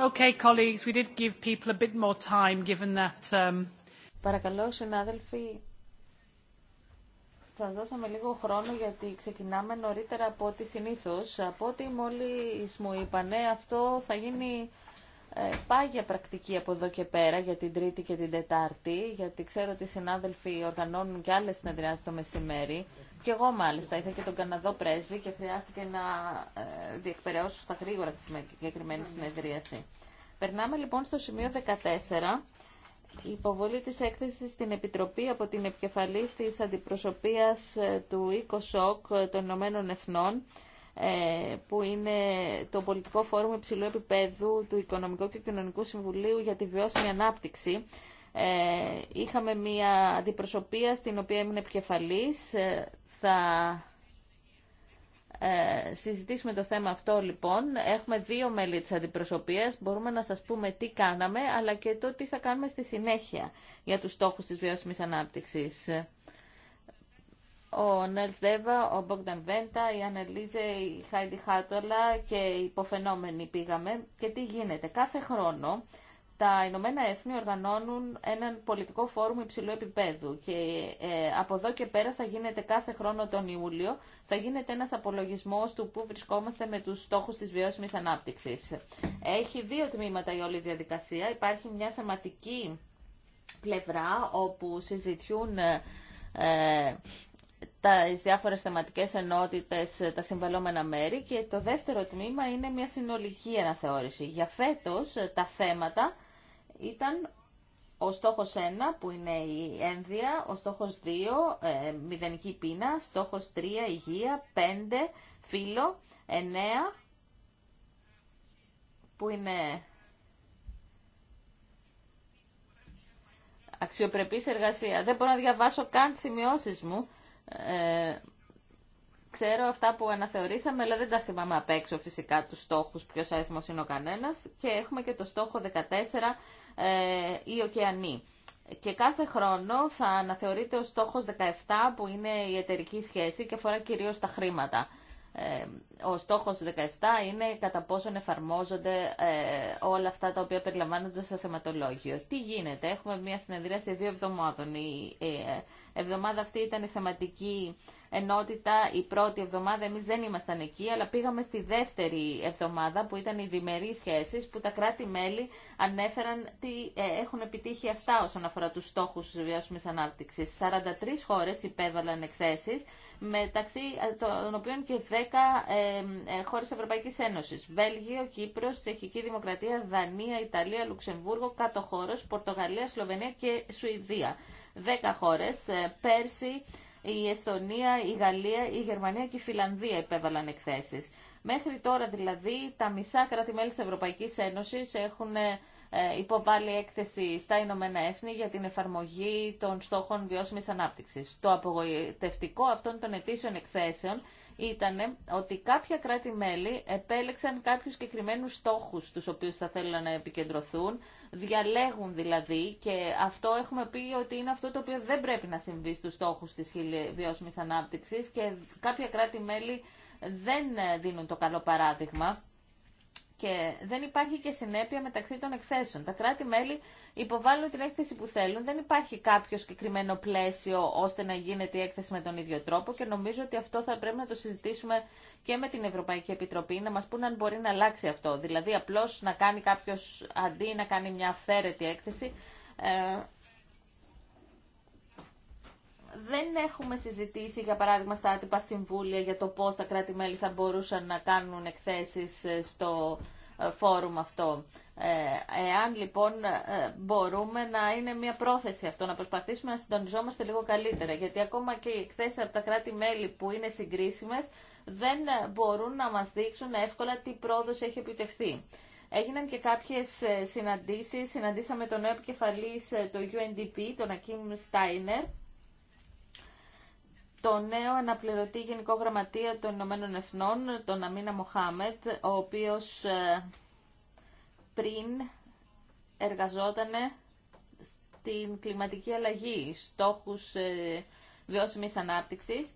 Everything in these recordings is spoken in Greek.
Okay, colleagues, we did give people a bit more time, given that. Um, Παρακαλώ, συνάδελφοι, θα δώσαμε λίγο χρόνο γιατί ξεκινάμε νωρίτερα από ό,τι συνήθω, Από ό,τι μόλι μου είπανε, αυτό θα γίνει ε, πάγια πρακτική από εδώ και πέρα για την Τρίτη και την Τετάρτη, γιατί ξέρω ότι οι συνάδελφοι οργανώνουν και άλλε συνεδριάσει το μεσημέρι. Και εγώ μάλιστα είχα και τον Καναδό πρέσβη και χρειάστηκε να ε, διεκπαιρεώσω στα γρήγορα τη συγκεκριμένη συνεδρίαση. Περνάμε λοιπόν στο σημείο 14. Η υποβολή της έκθεσης στην Επιτροπή από την επικεφαλής της αντιπροσωπείας ε, του ΙΚΟΣΟΚ ε, των Ηνωμένων Εθνών που είναι το πολιτικό φόρουμ υψηλού επίπεδου του Οικονομικού και Κοινωνικού Συμβουλίου για τη βιώσιμη ανάπτυξη. Είχαμε μία αντιπροσωπεία στην οποία επικεφαλής θα ε, συζητήσουμε το θέμα αυτό λοιπόν. Έχουμε δύο μέλη της αντιπροσωπείας. Μπορούμε να σας πούμε τι κάναμε, αλλά και το τι θα κάνουμε στη συνέχεια για τους στόχους της βιώσιμης ανάπτυξης. Ο Νελ Δέβα, ο Μπόγκταν Βέντα, η Ανελίζε, η Χάιντι Χάτολα και οι υποφαινόμενοι πήγαμε. Και τι γίνεται. Κάθε χρόνο τα Ηνωμένα Έθνη οργανώνουν έναν πολιτικό φόρουμ υψηλού επίπεδου και ε, από εδώ και πέρα θα γίνεται κάθε χρόνο τον Ιούλιο, θα γίνεται ένας απολογισμός του που βρισκόμαστε με τους στόχους της βιώσιμης ανάπτυξης. Έχει δύο τμήματα η όλη διαδικασία. Υπάρχει μια θεματική πλευρά όπου συζητιούν ε, τα διάφορες θεματικές ενότητες, ε, τα συμβαλόμενα μέρη και το δεύτερο τμήμα είναι μια συνολική αναθεώρηση. Για φέτος ε, τα θέματα ήταν ο στόχος 1 που είναι η ένδυα, ο στόχος 2 ε, μηδενική πείνα, στόχος 3 υγεία, 5 φύλλο, 9 που είναι αξιοπρεπής εργασία. Δεν μπορώ να διαβάσω καν τις σημειώσεις μου. Ε, ξέρω αυτά που αναθεωρήσαμε, αλλά δεν τα θυμάμαι απ' έξω φυσικά τους στόχους, ποιος αριθμός είναι ο κανένας. Και έχουμε και το στόχο 14 ή ε, ωκεανοί. Και κάθε χρόνο θα αναθεωρείται ο στόχος 17 που είναι η εταιρική σχέση και αφορά κυρίως τα χρήματα. Ε, ο στόχος 17 είναι κατά πόσον εφαρμόζονται ε, όλα αυτά τα οποία περιλαμβάνονται στο θεματολόγιο. Τι γίνεται, έχουμε μια συνεδρία σε δύο εβδομάδων. Η εβδομάδα αυτή ήταν η θεματική ενότητα η πρώτη εβδομάδα. Εμείς δεν ήμασταν εκεί, αλλά πήγαμε στη δεύτερη εβδομάδα που ήταν οι διμερεί σχέσει, που τα κράτη-μέλη ανέφεραν τι ε, έχουν επιτύχει αυτά όσον αφορά τους στόχους της βιώσιμη ανάπτυξη. 43 χώρες υπέβαλαν εκθέσει, μεταξύ ε, των οποίων και 10 ε, ε, χώρες Ευρωπαϊκής Ένωσης. Βέλγιο, Κύπρος, Τσεχική Δημοκρατία, Δανία, Ιταλία, Λουξεμβούργο, Κάτω χώρο, Πορτογαλία, Σλοβενία και Σουηδία. 10 χώρες. Πέρσι η Εστονία, η Γαλλία, η Γερμανία και η Φιλανδία επέβαλαν εκθέσεις. Μέχρι τώρα δηλαδή τα μισά κράτη-μέλη της Ευρωπαϊκής Ένωσης έχουν ε, υποβάλει έκθεση στα Ηνωμένα Έθνη για την εφαρμογή των στόχων βιώσιμης ανάπτυξης. Το απογοητευτικό αυτών των ετήσιων εκθέσεων ήταν ότι κάποια κράτη-μέλη επέλεξαν κάποιους συγκεκριμένου στόχους τους οποίους θα θέλουν να επικεντρωθούν, διαλέγουν δηλαδή και αυτό έχουμε πει ότι είναι αυτό το οποίο δεν πρέπει να συμβεί στους στόχους της βιώσιμης ανάπτυξης και κάποια κράτη-μέλη δεν δίνουν το καλό παράδειγμα και δεν υπάρχει και συνέπεια μεταξύ των εκθέσεων. Τα κράτη-μέλη υποβάλλουν την έκθεση που θέλουν, δεν υπάρχει κάποιο συγκεκριμένο πλαίσιο ώστε να γίνεται η έκθεση με τον ίδιο τρόπο και νομίζω ότι αυτό θα πρέπει να το συζητήσουμε και με την Ευρωπαϊκή Επιτροπή, να μα πούν αν μπορεί να αλλάξει αυτό. Δηλαδή, απλώ να κάνει κάποιο αντί να κάνει μια αυθαίρετη έκθεση, ε, δεν έχουμε συζητήσει, για παράδειγμα, στα άτυπα συμβούλια για το πώς τα κράτη-μέλη θα μπορούσαν να κάνουν εκθέσεις ε, στο ε, φόρουμ αυτό. Ε, εάν λοιπόν μπορούμε να είναι μια πρόθεση αυτό, να προσπαθήσουμε να συντονιζόμαστε λίγο καλύτερα, γιατί ακόμα και οι εκθέσεις από τα κράτη-μέλη που είναι συγκρίσιμες δεν μπορούν να μας δείξουν εύκολα τι πρόοδος έχει επιτευχθεί. Έγιναν και κάποιες συναντήσεις, συναντήσαμε τον νέο επικεφαλής του UNDP, τον Ακίμ Στάινερ, το νέο αναπληρωτή Γενικό Γραμματεία των Ηνωμένων Εθνών, τον Αμίνα Μοχάμετ, ο οποίος ε, πριν εργαζόταν στην κλιματική αλλαγή, στόχους ε, βιώσιμης ανάπτυξης.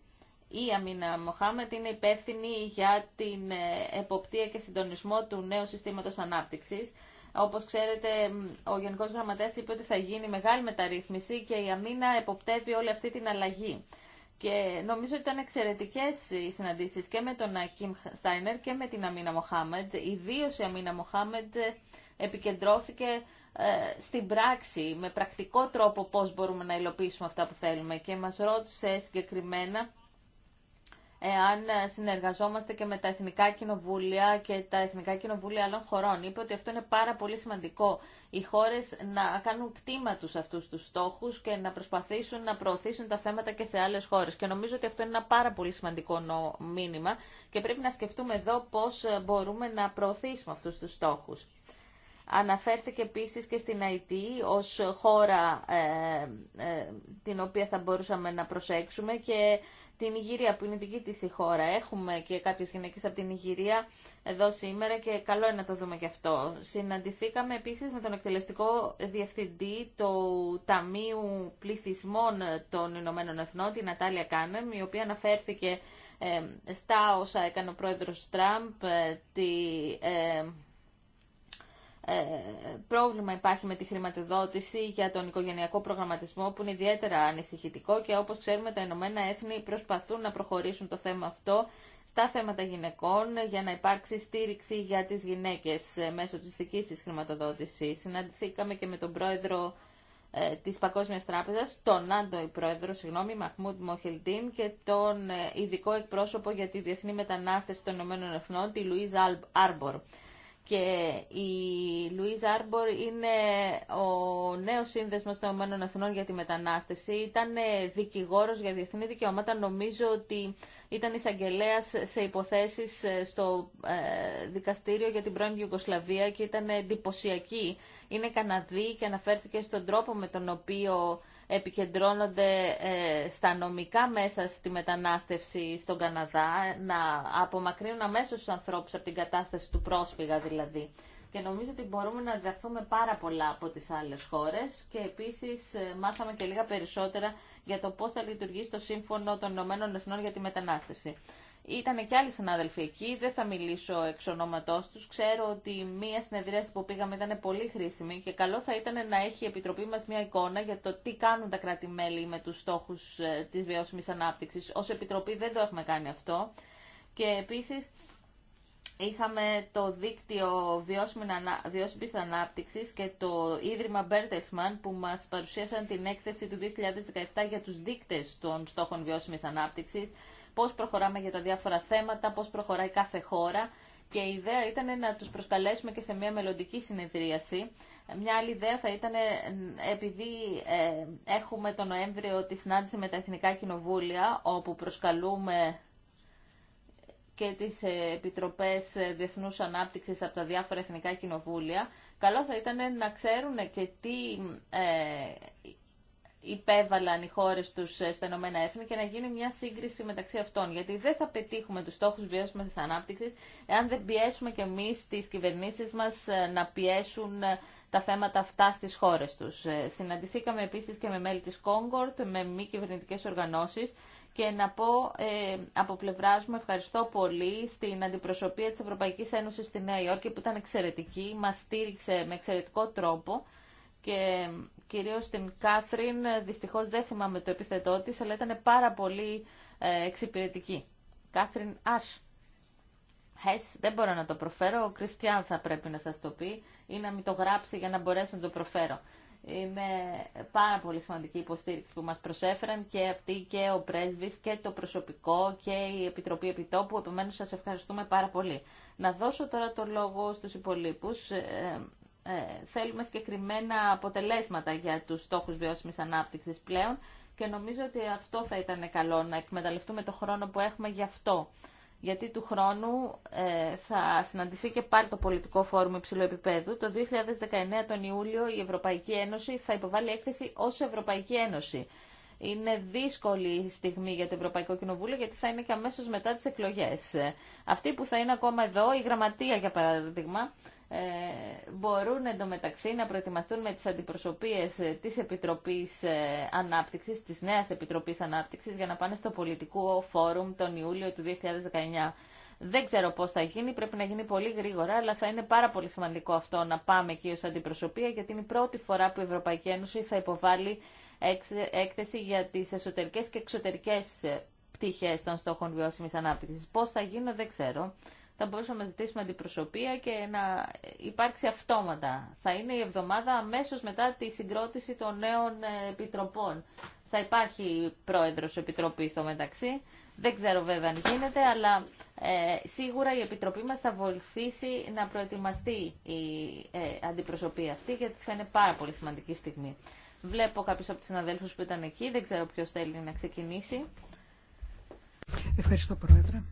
Η Αμίνα Μοχάμετ είναι υπεύθυνη για την ε, εποπτεία και συντονισμό του νέου συστήματος ανάπτυξης. Όπως ξέρετε, ο Γενικός Γραμματέας είπε ότι θα γίνει μεγάλη μεταρρύθμιση και η Αμίνα εποπτεύει όλη αυτή την αλλαγή. Και νομίζω ότι ήταν εξαιρετικέ οι συναντήσει και με τον Ακίμ Στάινερ και με την Αμίνα Μοχάμεντ. Ιδίω η Αμίνα Μοχάμεντ επικεντρώθηκε ε, στην πράξη, με πρακτικό τρόπο πώς μπορούμε να υλοποιήσουμε αυτά που θέλουμε και μας ρώτησε συγκεκριμένα εάν ε, συνεργαζόμαστε και με τα εθνικά κοινοβούλια και τα εθνικά κοινοβούλια άλλων χωρών. Είπε ότι αυτό είναι πάρα πολύ σημαντικό. Οι χώρε να κάνουν κτήμα του αυτού του στόχου και να προσπαθήσουν να προωθήσουν τα θέματα και σε άλλε χώρε. Και νομίζω ότι αυτό είναι ένα πάρα πολύ σημαντικό μήνυμα και πρέπει να σκεφτούμε εδώ πώ ε, μπορούμε να προωθήσουμε αυτού του στόχου. Αναφέρθηκε επίσης και στην ΑΕΤ ως χώρα ε, την οποία θα μπορούσαμε να προσέξουμε και την Ιγυρία που είναι δική της η χώρα. Έχουμε και κάποιες γυναίκες από την Ιγυρία εδώ σήμερα και καλό είναι να το δούμε και αυτό. Συναντηθήκαμε επίσης με τον εκτελεστικό διευθυντή του Ταμείου Πληθυσμών των Ηνωμένων Εθνών, την Νατάλια Κάνεμ, η οποία αναφέρθηκε ε, στα όσα έκανε ο πρόεδρος Τραμπ, ε, τη, ε, ε, πρόβλημα υπάρχει με τη χρηματοδότηση για τον οικογενειακό προγραμματισμό που είναι ιδιαίτερα ανησυχητικό και όπως ξέρουμε τα Ηνωμένα Έθνη προσπαθούν να προχωρήσουν το θέμα αυτό στα θέματα γυναικών για να υπάρξει στήριξη για τις γυναίκες ε, μέσω της δικής της χρηματοδότησης. Συναντηθήκαμε και με τον πρόεδρο ε, της Παγκόσμιας Τράπεζας, τον Άντο πρόεδρο, συγγνώμη, Μαχμούντ Μοχελτίν και τον ε, ειδικό εκπρόσωπο για τη Διεθνή Μετανάστευση των Ηνωμένων Εθνών, τη Λουίζα Άρμπορ και η Λουίζ Άρμπορ είναι ο νέος σύνδεσμος των ΟΕΕ για τη μετανάστευση. Ήταν δικηγόρος για διεθνή δικαιώματα. Νομίζω ότι ήταν εισαγγελέα σε υποθέσεις ε, στο ε, δικαστήριο για την πρώην Ιουγκοσλαβία και ήταν εντυπωσιακή. Είναι Καναδί και αναφέρθηκε στον τρόπο με τον οποίο επικεντρώνονται ε, στα νομικά μέσα στη μετανάστευση στον Καναδά, να απομακρύνουν αμέσως τους ανθρώπους από την κατάσταση του πρόσφυγα δηλαδή. Και νομίζω ότι μπορούμε να διδαχθούμε πάρα πολλά από τις άλλες χώρες και επίσης ε, μάθαμε και λίγα περισσότερα για το πώς θα λειτουργήσει το Σύμφωνο των Ηνωμένων Εθνών για τη Μετανάστευση. Ήταν και άλλοι συνάδελφοι εκεί, δεν θα μιλήσω εξ ονόματό του. Ξέρω ότι μία συνεδρίαση που πήγαμε ήταν πολύ χρήσιμη και καλό θα ήταν να έχει η Επιτροπή μα μία εικόνα για το τι κάνουν τα κράτη-μέλη με του στόχου ε, τη βιώσιμη ανάπτυξη. Ω Επιτροπή δεν το έχουμε κάνει αυτό. Και επίση είχαμε το δίκτυο βιώσιμη ανάπτυξη και το Ίδρυμα Bertelsmann που μα παρουσίασαν την έκθεση του 2017 για του δείκτε των στόχων βιώσιμη ανάπτυξη πώς προχωράμε για τα διάφορα θέματα, πώς προχωράει κάθε χώρα. Και η ιδέα ήταν να τους προσκαλέσουμε και σε μια μελλοντική συνεδρίαση. Μια άλλη ιδέα θα ήταν, επειδή ε, έχουμε τον Νοέμβριο τη συνάντηση με τα Εθνικά Κοινοβούλια, όπου προσκαλούμε και τις ε, Επιτροπές ε, Διεθνούς Ανάπτυξης από τα διάφορα Εθνικά Κοινοβούλια, καλό θα ήταν να ξέρουν και τι υπέβαλαν οι χώρες τους στα Ηνωμένα Έθνη και να γίνει μια σύγκριση μεταξύ αυτών. Γιατί δεν θα πετύχουμε τους στόχους βιώσιμης ανάπτυξης εάν δεν πιέσουμε και εμείς τις κυβερνήσεις μας ε, να πιέσουν ε, τα θέματα αυτά στις χώρες τους. Ε, συναντηθήκαμε επίσης και με μέλη της Κόγκορτ, με μη κυβερνητικέ οργανώσεις και να πω ε, από πλευρά μου ευχαριστώ πολύ στην αντιπροσωπεία της Ευρωπαϊκής Ένωσης στη Νέα Υόρκη που ήταν εξαιρετική, μας στήριξε με εξαιρετικό τρόπο και κυρίως την Κάθριν, δυστυχώς δεν θυμάμαι το επιθετό της, αλλά ήταν πάρα πολύ ε, εξυπηρετική. Κάθριν ας! Χες, δεν μπορώ να το προφέρω, ο Κριστιαν θα πρέπει να σας το πει ή να μην το γράψει για να μπορέσω να το προφέρω. Είναι πάρα πολύ σημαντική υποστήριξη που μας προσέφεραν και αυτή και ο πρέσβης και το προσωπικό και η Επιτροπή Επιτόπου. Επομένως σας ευχαριστούμε πάρα πολύ. Να δώσω τώρα το λόγο στους υπολείπους. Ε, ε, θέλουμε συγκεκριμένα αποτελέσματα για τους στόχους βιώσιμης ανάπτυξης πλέον και νομίζω ότι αυτό θα ήταν καλό, να εκμεταλλευτούμε το χρόνο που έχουμε γι' αυτό. Γιατί του χρόνου ε, θα συναντηθεί και πάλι το πολιτικό φόρουμ υψηλού επίπεδου. Το 2019 τον Ιούλιο η Ευρωπαϊκή Ένωση θα υποβάλει έκθεση ως Ευρωπαϊκή Ένωση. Είναι δύσκολη η στιγμή για το Ευρωπαϊκό Κοινοβούλιο γιατί θα είναι και αμέσω μετά τι εκλογέ. Ε, Αυτή που θα είναι ακόμα εδώ, η Γραμματεία για παράδειγμα, ε, μπορούν εντωμεταξύ να προετοιμαστούν με τις αντιπροσωπείες ε, της Επιτροπής ε, Ανάπτυξης, της νέας Επιτροπής Ανάπτυξης, για να πάνε στο πολιτικό φόρουμ τον Ιούλιο του 2019. Δεν ξέρω πώς θα γίνει, πρέπει να γίνει πολύ γρήγορα, αλλά θα είναι πάρα πολύ σημαντικό αυτό να πάμε εκεί ως αντιπροσωπεία, γιατί είναι η πρώτη φορά που η Ευρωπαϊκή Ένωση θα υποβάλει έκθεση για τις εσωτερικές και εξωτερικές πτυχές των στόχων βιώσιμης ανάπτυξης. Πώς θα γίνει δεν ξέρω θα μπορούσαμε να ζητήσουμε αντιπροσωπεία και να υπάρξει αυτόματα. Θα είναι η εβδομάδα αμέσως μετά τη συγκρότηση των νέων ε, επιτροπών. Θα υπάρχει πρόεδρος επιτροπή στο μεταξύ. Δεν ξέρω βέβαια αν γίνεται, αλλά ε, σίγουρα η Επιτροπή μας θα βοηθήσει να προετοιμαστεί η ε, αντιπροσωπεία αυτή, γιατί θα είναι πάρα πολύ σημαντική στιγμή. Βλέπω κάποιους από τους συναδέλφους που ήταν εκεί, δεν ξέρω ποιος θέλει να ξεκινήσει. Ευχαριστώ Πρόεδρε.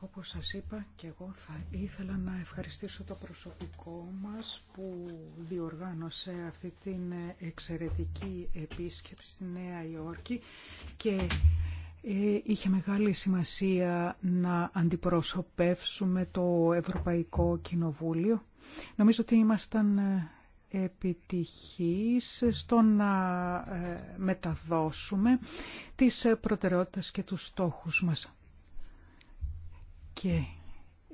Όπως σας είπα και εγώ θα ήθελα να ευχαριστήσω το προσωπικό μας που διοργάνωσε αυτή την εξαιρετική επίσκεψη στη Νέα Υόρκη και ε, είχε μεγάλη σημασία να αντιπροσωπεύσουμε το Ευρωπαϊκό Κοινοβούλιο. Νομίζω ότι ήμασταν ε, επιτυχής στο να ε, μεταδώσουμε τις προτεραιότητες και τους στόχους μας. Και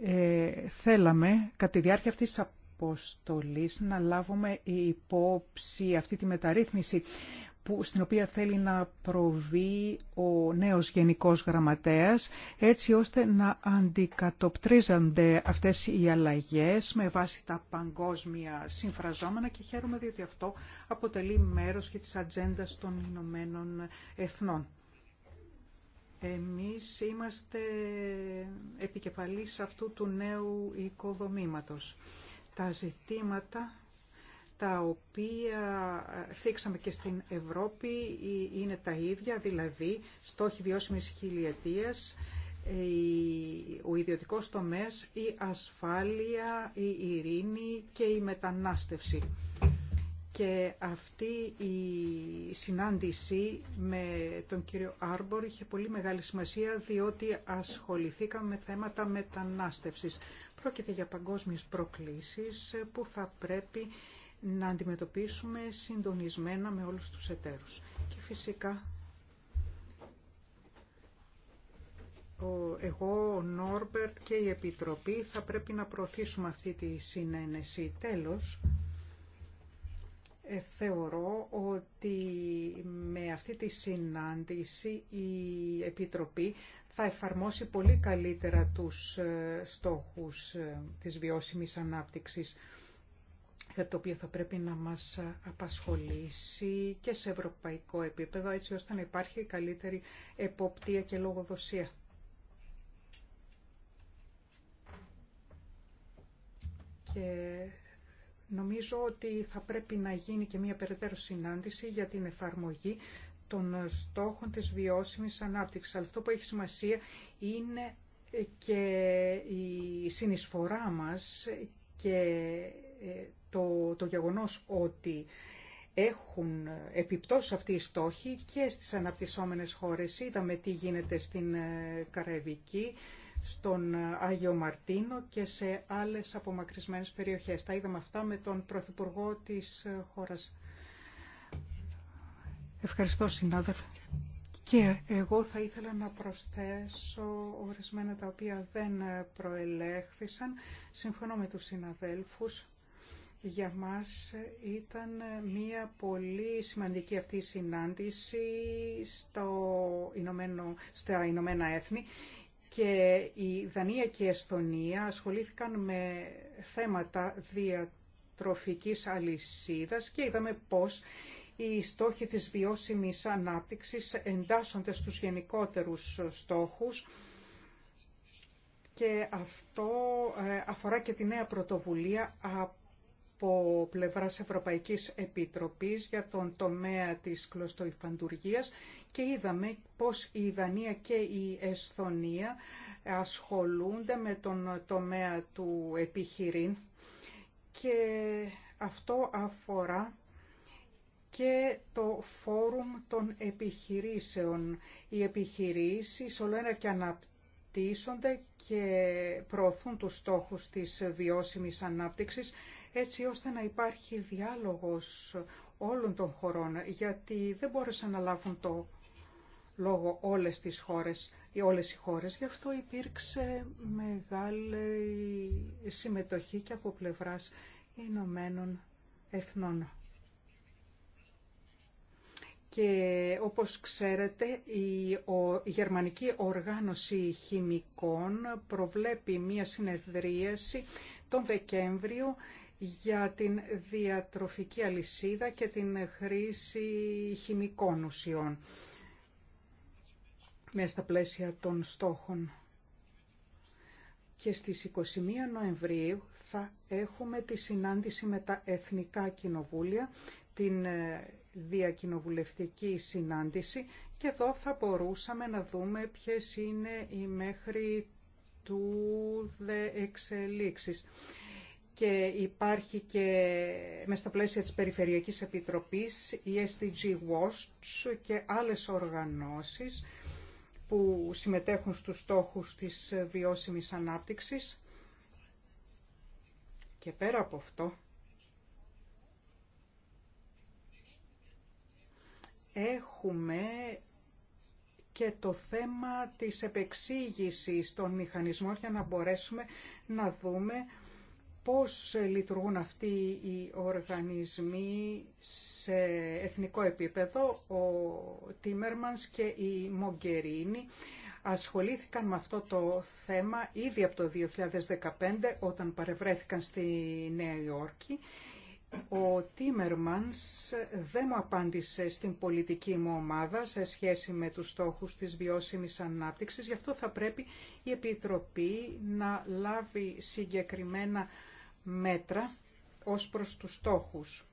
ε, θέλαμε κατά τη διάρκεια αυτής της αποστολής να λάβουμε υπόψη αυτή τη μεταρρύθμιση που, στην οποία θέλει να προβεί ο νέος Γενικός Γραμματέας, έτσι ώστε να αντικατοπτρίζονται αυτές οι αλλαγές με βάση τα παγκόσμια συμφραζόμενα και χαίρομαι διότι αυτό αποτελεί μέρος και της ατζέντα των Ηνωμένων Εθνών. Εμείς είμαστε επικεφαλής αυτού του νέου οικοδομήματος. Τα ζητήματα τα οποία θίξαμε και στην Ευρώπη είναι τα ίδια, δηλαδή στόχοι βιώσιμης χιλιετίας, ο ιδιωτικός τομέας, η ασφάλεια, η ειρήνη και η μετανάστευση και αυτή η συνάντηση με τον κύριο Άρμπορ είχε πολύ μεγάλη σημασία διότι ασχοληθήκαμε με θέματα μετανάστευσης. Πρόκειται για παγκόσμιες προκλήσεις που θα πρέπει να αντιμετωπίσουμε συντονισμένα με όλους τους εταίρους. Και φυσικά εγώ, ο Νόρμπερτ και η Επιτροπή θα πρέπει να προωθήσουμε αυτή τη συνένεση. Τέλος, ε, θεωρώ ότι με αυτή τη συνάντηση η Επιτροπή θα εφαρμόσει πολύ καλύτερα τους ε, στόχους ε, της βιώσιμης ανάπτυξης για το οποίο θα πρέπει να μας απασχολήσει και σε ευρωπαϊκό επίπεδο, έτσι ώστε να υπάρχει καλύτερη εποπτεία και λογοδοσία. Και Νομίζω ότι θα πρέπει να γίνει και μία περαιτέρω συνάντηση για την εφαρμογή των στόχων της βιώσιμης ανάπτυξης. αυτό που έχει σημασία είναι και η συνεισφορά μας και ε, το, το γεγονός ότι έχουν επιπτώσει αυτοί οι στόχοι και στις αναπτυσσόμενες χώρες. Είδαμε τι γίνεται στην ε, Καραϊβική, στον Άγιο Μαρτίνο και σε άλλες απομακρυσμένες περιοχές. Τα είδαμε αυτά με τον Πρωθυπουργό της χώρας. Ευχαριστώ συνάδελφε. Και εγώ θα ήθελα να προσθέσω ορισμένα τα οποία δεν προελέχθησαν. Συμφωνώ με τους συναδέλφους. Για μας ήταν μια πολύ σημαντική αυτή η συνάντηση στο Ηνωμένο, στα Ηνωμένα Έθνη και η Δανία και η Εστονία ασχολήθηκαν με θέματα διατροφικής αλυσίδας και είδαμε πώς οι στόχοι της βιώσιμης ανάπτυξης εντάσσονται στους γενικότερους στόχους και αυτό ε, αφορά και τη νέα πρωτοβουλία από πλευράς Ευρωπαϊκής Επιτροπής για τον τομέα της κλωστοϊφαντουργίας και είδαμε πώς η Ιδανία και η Εσθονία ασχολούνται με τον τομέα του επιχειρήν και αυτό αφορά και το φόρουμ των επιχειρήσεων. Οι επιχειρήσεις όλο και αναπτύσσονται και προωθούν τους στόχους της βιώσιμης ανάπτυξης έτσι ώστε να υπάρχει διάλογος όλων των χωρών, γιατί δεν μπόρεσαν να λάβουν το λόγω όλες τις χώρες ή όλες οι χώρες. Γι' αυτό υπήρξε μεγάλη συμμετοχή και από πλευράς Ηνωμένων Εθνών. Και όπως ξέρετε, η Γερμανική Οργάνωση Χημικών προβλέπει μία συνεδρίαση τον Δεκέμβριο για την διατροφική αλυσίδα και την χρήση χημικών ουσιών μέσα στα πλαίσια των στόχων. Και στις 21 Νοεμβρίου θα έχουμε τη συνάντηση με τα Εθνικά Κοινοβούλια, την ε, διακοινοβουλευτική συνάντηση και εδώ θα μπορούσαμε να δούμε ποιες είναι οι μέχρι του δε εξελίξεις. Και υπάρχει και με στα πλαίσια της Περιφερειακής Επιτροπής η SDG Watch και άλλες οργανώσεις που συμμετέχουν στους στόχους της βιώσιμης ανάπτυξης. Και πέρα από αυτό, έχουμε και το θέμα της επεξήγησης των μηχανισμών για να μπορέσουμε να δούμε πώς λειτουργούν αυτοί οι οργανισμοί σε εθνικό επίπεδο. Ο Τίμερμανς και η Μογκερίνη ασχολήθηκαν με αυτό το θέμα ήδη από το 2015 όταν παρευρέθηκαν στη Νέα Υόρκη. Ο Τίμερμανς δεν μου απάντησε στην πολιτική μου ομάδα σε σχέση με τους στόχους της βιώσιμης ανάπτυξης, γι' αυτό θα πρέπει η Επιτροπή να λάβει συγκεκριμένα μέτρα ως προς τους στόχους.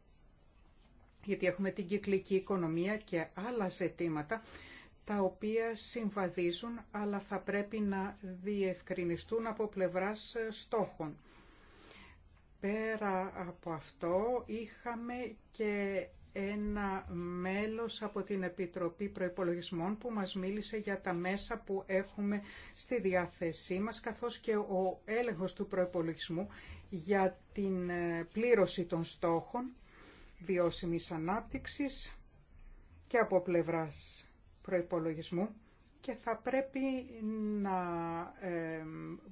Γιατί έχουμε την κυκλική οικονομία και άλλα ζητήματα τα οποία συμβαδίζουν αλλά θα πρέπει να διευκρινιστούν από πλευράς στόχων. Πέρα από αυτό είχαμε και ένα μέλος από την Επιτροπή Προϋπολογισμών που μας μίλησε για τα μέσα που έχουμε στη διάθεσή μας καθώς και ο έλεγχος του προϋπολογισμού για την ε, πλήρωση των στόχων βιώσιμης ανάπτυξης και από πλευράς προϋπολογισμού και θα πρέπει να ε,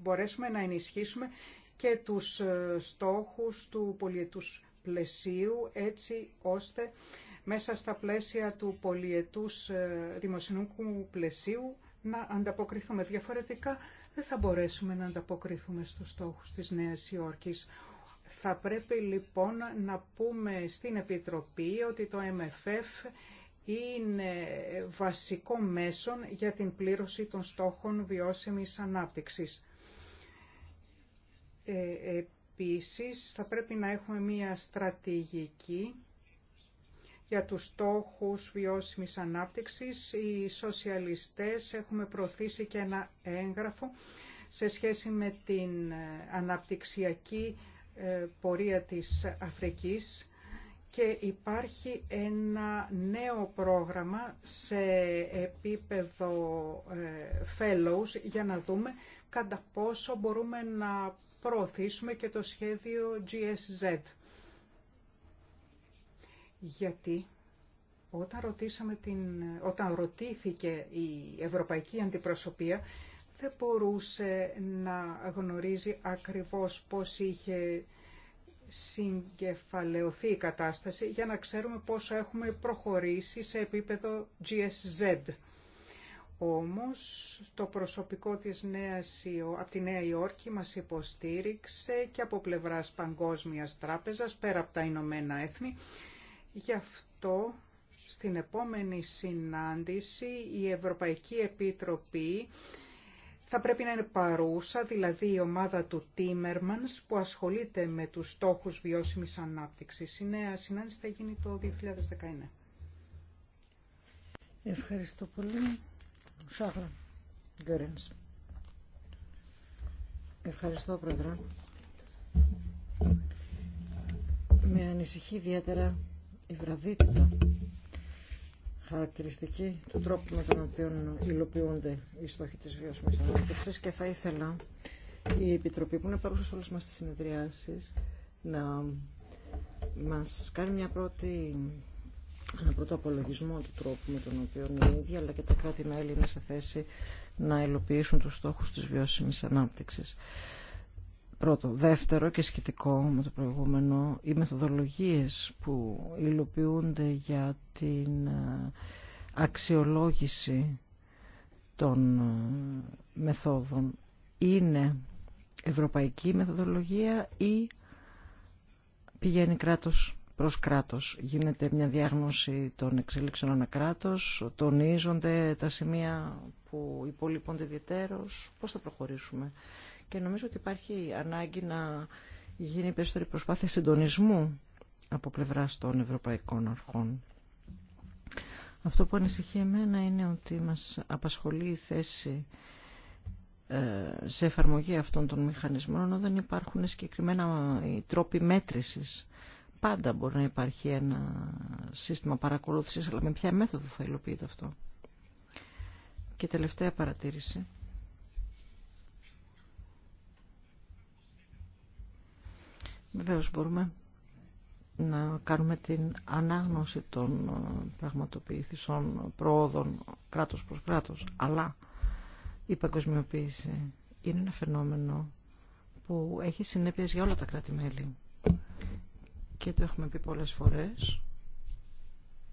μπορέσουμε να ενισχύσουμε και τους ε, στόχους του πολιετούς πλαισίου έτσι ώστε μέσα στα πλαίσια του πολιετούς ε, δημοσιονομικού πλαισίου να ανταποκριθούμε. Διαφορετικά δεν θα μπορέσουμε να ανταποκριθούμε στους στόχους της Νέας Υόρκης. Θα πρέπει λοιπόν να πούμε στην Επιτροπή ότι το MFF είναι βασικό μέσον για την πλήρωση των στόχων βιώσιμης ανάπτυξης. Ε, ε, Επίσης, θα πρέπει να έχουμε μία στρατηγική για τους στόχους βιώσιμης ανάπτυξης. Οι σοσιαλιστές έχουμε προωθήσει και ένα έγγραφο σε σχέση με την αναπτυξιακή ε, πορεία της Αφρικής και υπάρχει ένα νέο πρόγραμμα σε επίπεδο ε, fellows για να δούμε κατά πόσο μπορούμε να προωθήσουμε και το σχέδιο GSZ. Γιατί όταν, ρωτήσαμε την, όταν ρωτήθηκε η Ευρωπαϊκή Αντιπροσωπεία, δεν μπορούσε να γνωρίζει ακριβώς πώς είχε συγκεφαλαιωθεί η κατάσταση για να ξέρουμε πόσο έχουμε προχωρήσει σε επίπεδο GSZ. Όμως το προσωπικό της Νέας, από τη Νέα Υόρκη μας υποστήριξε και από πλευράς Παγκόσμιας Τράπεζας πέρα από τα Ηνωμένα Έθνη. Γι' αυτό στην επόμενη συνάντηση η Ευρωπαϊκή Επίτροπη θα πρέπει να είναι παρούσα, δηλαδή η ομάδα του Τίμερμανς που ασχολείται με τους στόχους βιώσιμης ανάπτυξης. Η νέα συνάντηση θα γίνει το 2019. Ευχαριστώ πολύ. Γκέρενς. Ευχαριστώ, Πρόεδρε. Με ανησυχεί ιδιαίτερα η βραδύτητα χαρακτηριστική του τρόπου με τον οποίο υλοποιούνται οι στόχοι της βιώσιμης ανάπτυξης και θα ήθελα η Επιτροπή που είναι παρούσα σε όλες μας τις συνεδριάσεις να μας κάνει μια πρώτη ένα πρώτο απολογισμό του τρόπου με τον οποίο η ίδια αλλά και τα κράτη-μέλη είναι σε θέση να υλοποιήσουν τους στόχους της βιώσιμης ανάπτυξης. Πρώτο. Δεύτερο και σχετικό με το προηγούμενο, οι μεθοδολογίες που υλοποιούνται για την ε, αξιολόγηση των ε, μεθόδων είναι ευρωπαϊκή μεθοδολογία ή πηγαίνει κράτος προς κράτος. Γίνεται μια διάγνωση των εξελίξεων ανακράτος, τονίζονται τα σημεία που υπολείπονται ιδιαίτερως, πώς θα προχωρήσουμε. Και νομίζω ότι υπάρχει ανάγκη να γίνει περισσότερη προσπάθεια συντονισμού από πλευράς των ευρωπαϊκών αρχών. Αυτό που ανησυχεί εμένα είναι ότι μας απασχολεί η θέση ε, σε εφαρμογή αυτών των μηχανισμών, ενώ δεν υπάρχουν συγκεκριμένα τρόποι μέτρησης πάντα μπορεί να υπάρχει ένα σύστημα παρακολούθησης, αλλά με ποια μέθοδο θα υλοποιείται αυτό. Και τελευταία παρατήρηση. Βεβαίως μπορούμε να κάνουμε την ανάγνωση των ε, πραγματοποιηθήσεων προόδων κράτος προς κράτος. Αλλά η παγκοσμιοποίηση είναι ένα φαινόμενο που έχει συνέπειες για όλα τα κράτη-μέλη και το έχουμε πει πολλές φορές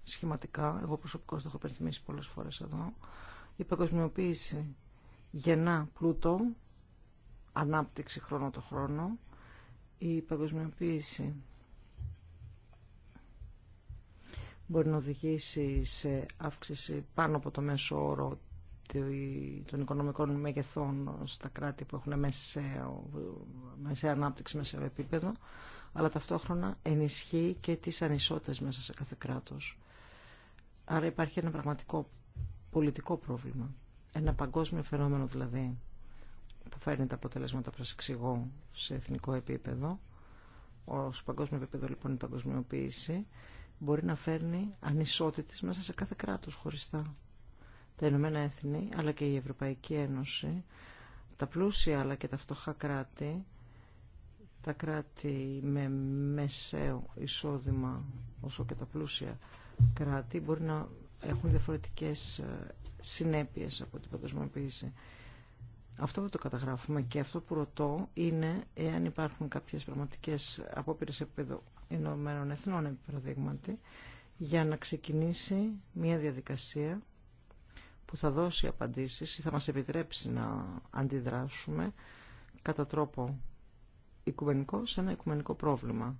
σχηματικά, εγώ προσωπικά το έχω υπενθυμίσει πολλές φορές εδώ, η παγκοσμιοποίηση γεννά πλούτο, ανάπτυξη χρόνο το χρόνο, η παγκοσμιοποίηση μπορεί να οδηγήσει σε αύξηση πάνω από το μέσο όρο των οικονομικών μεγεθών στα κράτη που έχουν μέσα μεσαία ανάπτυξη, μεσαίο επίπεδο αλλά ταυτόχρονα ενισχύει και τις ανισότητες μέσα σε κάθε κράτος. Άρα υπάρχει ένα πραγματικό πολιτικό πρόβλημα, ένα παγκόσμιο φαινόμενο δηλαδή, που φέρνει τα αποτελέσματα που σας εξηγώ σε εθνικό επίπεδο, ως παγκόσμιο επίπεδο λοιπόν η παγκοσμιοποίηση, μπορεί να φέρνει ανισότητες μέσα σε κάθε κράτος χωριστά. Τα Ηνωμένα Έθνη, αλλά και η Ευρωπαϊκή Ένωση, τα πλούσια αλλά και τα φτωχά κράτη, τα κράτη με μεσαίο εισόδημα όσο και τα πλούσια κράτη μπορεί να έχουν διαφορετικές ε, συνέπειες από την παντοσμοποίηση. Αυτό δεν το καταγράφουμε και αυτό που ρωτώ είναι εάν υπάρχουν κάποιες πραγματικές απόπειρες επίπεδο Ηνωμένων Εθνών, επί για να ξεκινήσει μια διαδικασία που θα δώσει απαντήσεις ή θα μας επιτρέψει να αντιδράσουμε κατά τρόπο οικουμενικό σε ένα οικουμενικό πρόβλημα.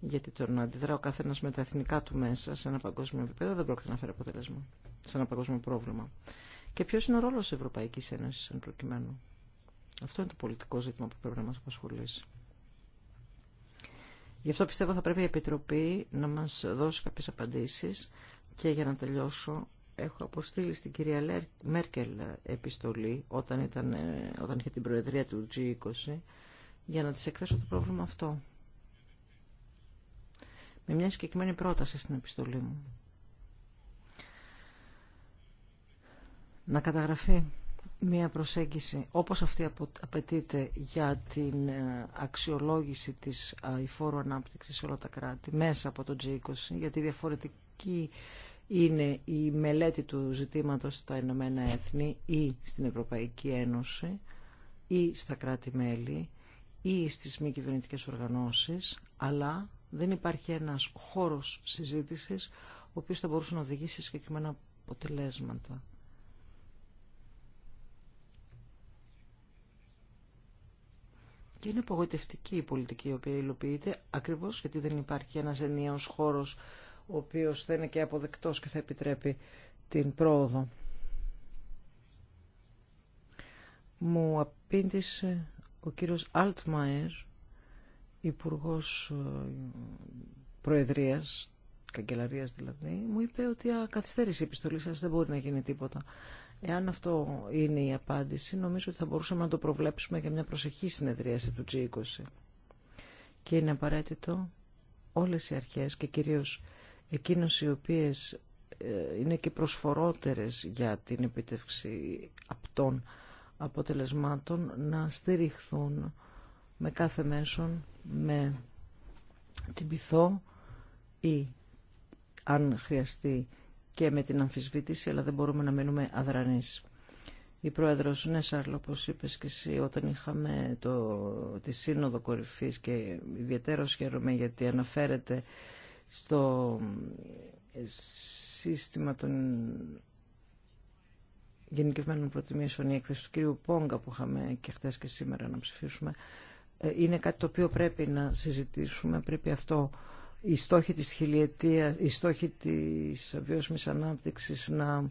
Γιατί το να αντιδρά ο καθένα με τα εθνικά του μέσα σε ένα παγκόσμιο επίπεδο δεν πρόκειται να φέρει αποτέλεσμα. Σε ένα παγκόσμιο πρόβλημα. Και ποιο είναι ο ρόλο τη Ευρωπαϊκή Ένωση εν προκειμένου. Αυτό είναι το πολιτικό ζήτημα που πρέπει να μα απασχολήσει. Γι' αυτό πιστεύω θα πρέπει η Επιτροπή να μα δώσει κάποιε απαντήσει και για να τελειώσω έχω αποστείλει στην κυρία Μέρκελ επιστολή όταν, ήταν, ε, όταν είχε την προεδρία του G20 για να τις εκθέσω το πρόβλημα αυτό. Με μια συγκεκριμένη πρόταση στην επιστολή μου. Να καταγραφεί μια προσέγγιση όπως αυτή απαιτείται για την ε, αξιολόγηση της υφόρου ανάπτυξης σε όλα τα κράτη μέσα από το G20 γιατί διαφορετική είναι η μελέτη του ζητήματος στα Ηνωμένα Έθνη ή στην Ευρωπαϊκή Ένωση ή στα κράτη-μέλη ή στις μη κυβερνητικέ οργανώσεις, αλλά δεν υπάρχει ένας χώρος συζήτησης ο οποίος θα μπορούσε να οδηγήσει σε συγκεκριμένα αποτελέσματα. Και είναι απογοητευτική η πολιτική η οποία υλοποιείται, ακριβώς γιατί δεν υπάρχει ένας ενιαίος χώρος ο οποίος θα είναι και αποδεκτός και θα επιτρέπει την πρόοδο. Μου απήντησε ο κύριος Αλτμαερ, υπουργός ε, προεδρίας, καγκελαρίας δηλαδή, μου είπε ότι α, καθυστέρησε η επιστολή σας, δεν μπορεί να γίνει τίποτα. Εάν αυτό είναι η απάντηση, νομίζω ότι θα μπορούσαμε να το προβλέψουμε για μια προσεχή συνεδρίαση του G20. Και είναι απαραίτητο όλες οι αρχές και κυρίως εκείνες οι οποίες ε, είναι και προσφορότερες για την επίτευξη απτών αποτελεσμάτων να στηριχθούν με κάθε μέσον, με την πυθό ή αν χρειαστεί και με την αμφισβήτηση, αλλά δεν μπορούμε να μείνουμε αδρανείς. Η Πρόεδρος Νέσαρλ, ναι, όπως είπες και εσύ, όταν είχαμε το, τη Σύνοδο Κορυφής και ιδιαίτερο χαίρομαι γιατί αναφέρεται στο ε, σύστημα των γενικευμένων προτιμήσεων η έκθεση του κύριου Πόγκα που είχαμε και χθε και σήμερα να ψηφίσουμε ε, είναι κάτι το οποίο πρέπει να συζητήσουμε, πρέπει αυτό η στόχοι της χιλιετίας, η στοχή της βιώσιμης ανάπτυξης να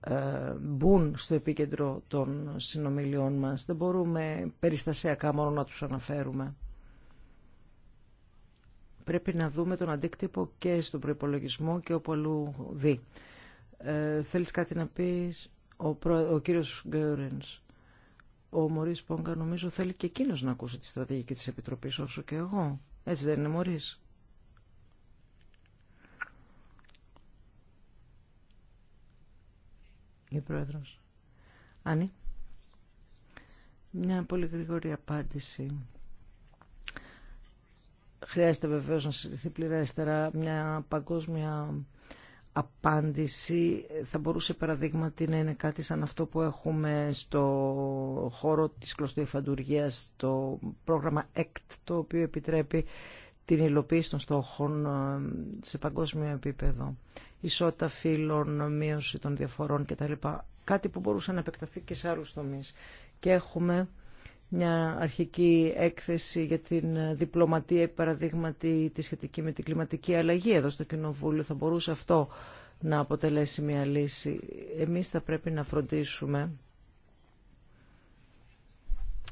ε, μπουν στο επίκεντρο των συνομιλιών μας. Δεν μπορούμε περιστασιακά μόνο να τους αναφέρουμε. Πρέπει να δούμε τον αντίκτυπο και στον προϋπολογισμό και όπου αλλού δει. Ε, θέλεις κάτι να πεις? ο, προ... ο κύριος Γκέρενς, ο Μωρίς Πόγκα νομίζω θέλει και εκείνος να ακούσει τη στρατηγική της Επιτροπής όσο και εγώ. Έτσι δεν είναι Μωρίς. Η Πρόεδρος. Άννη. Μια πολύ γρήγορη απάντηση. Χρειάζεται βεβαίως να συζητηθεί πληρέστερα μια παγκόσμια απάντηση θα μπορούσε παραδείγματι να είναι κάτι σαν αυτό που έχουμε στο χώρο της κλωστοϊφαντουργίας, το πρόγραμμα ECT, το οποίο επιτρέπει την υλοποίηση των στόχων ε, σε παγκόσμιο επίπεδο. Ισότητα φύλων, μείωση των διαφορών κτλ. Κάτι που μπορούσε να επεκταθεί και σε άλλους τομείς. Και έχουμε μια αρχική έκθεση για την διπλωματία παραδείγματι τη σχετική με την κλιματική αλλαγή εδώ στο Κοινοβούλιο. Θα μπορούσε αυτό να αποτελέσει μια λύση. Εμείς θα πρέπει να φροντίσουμε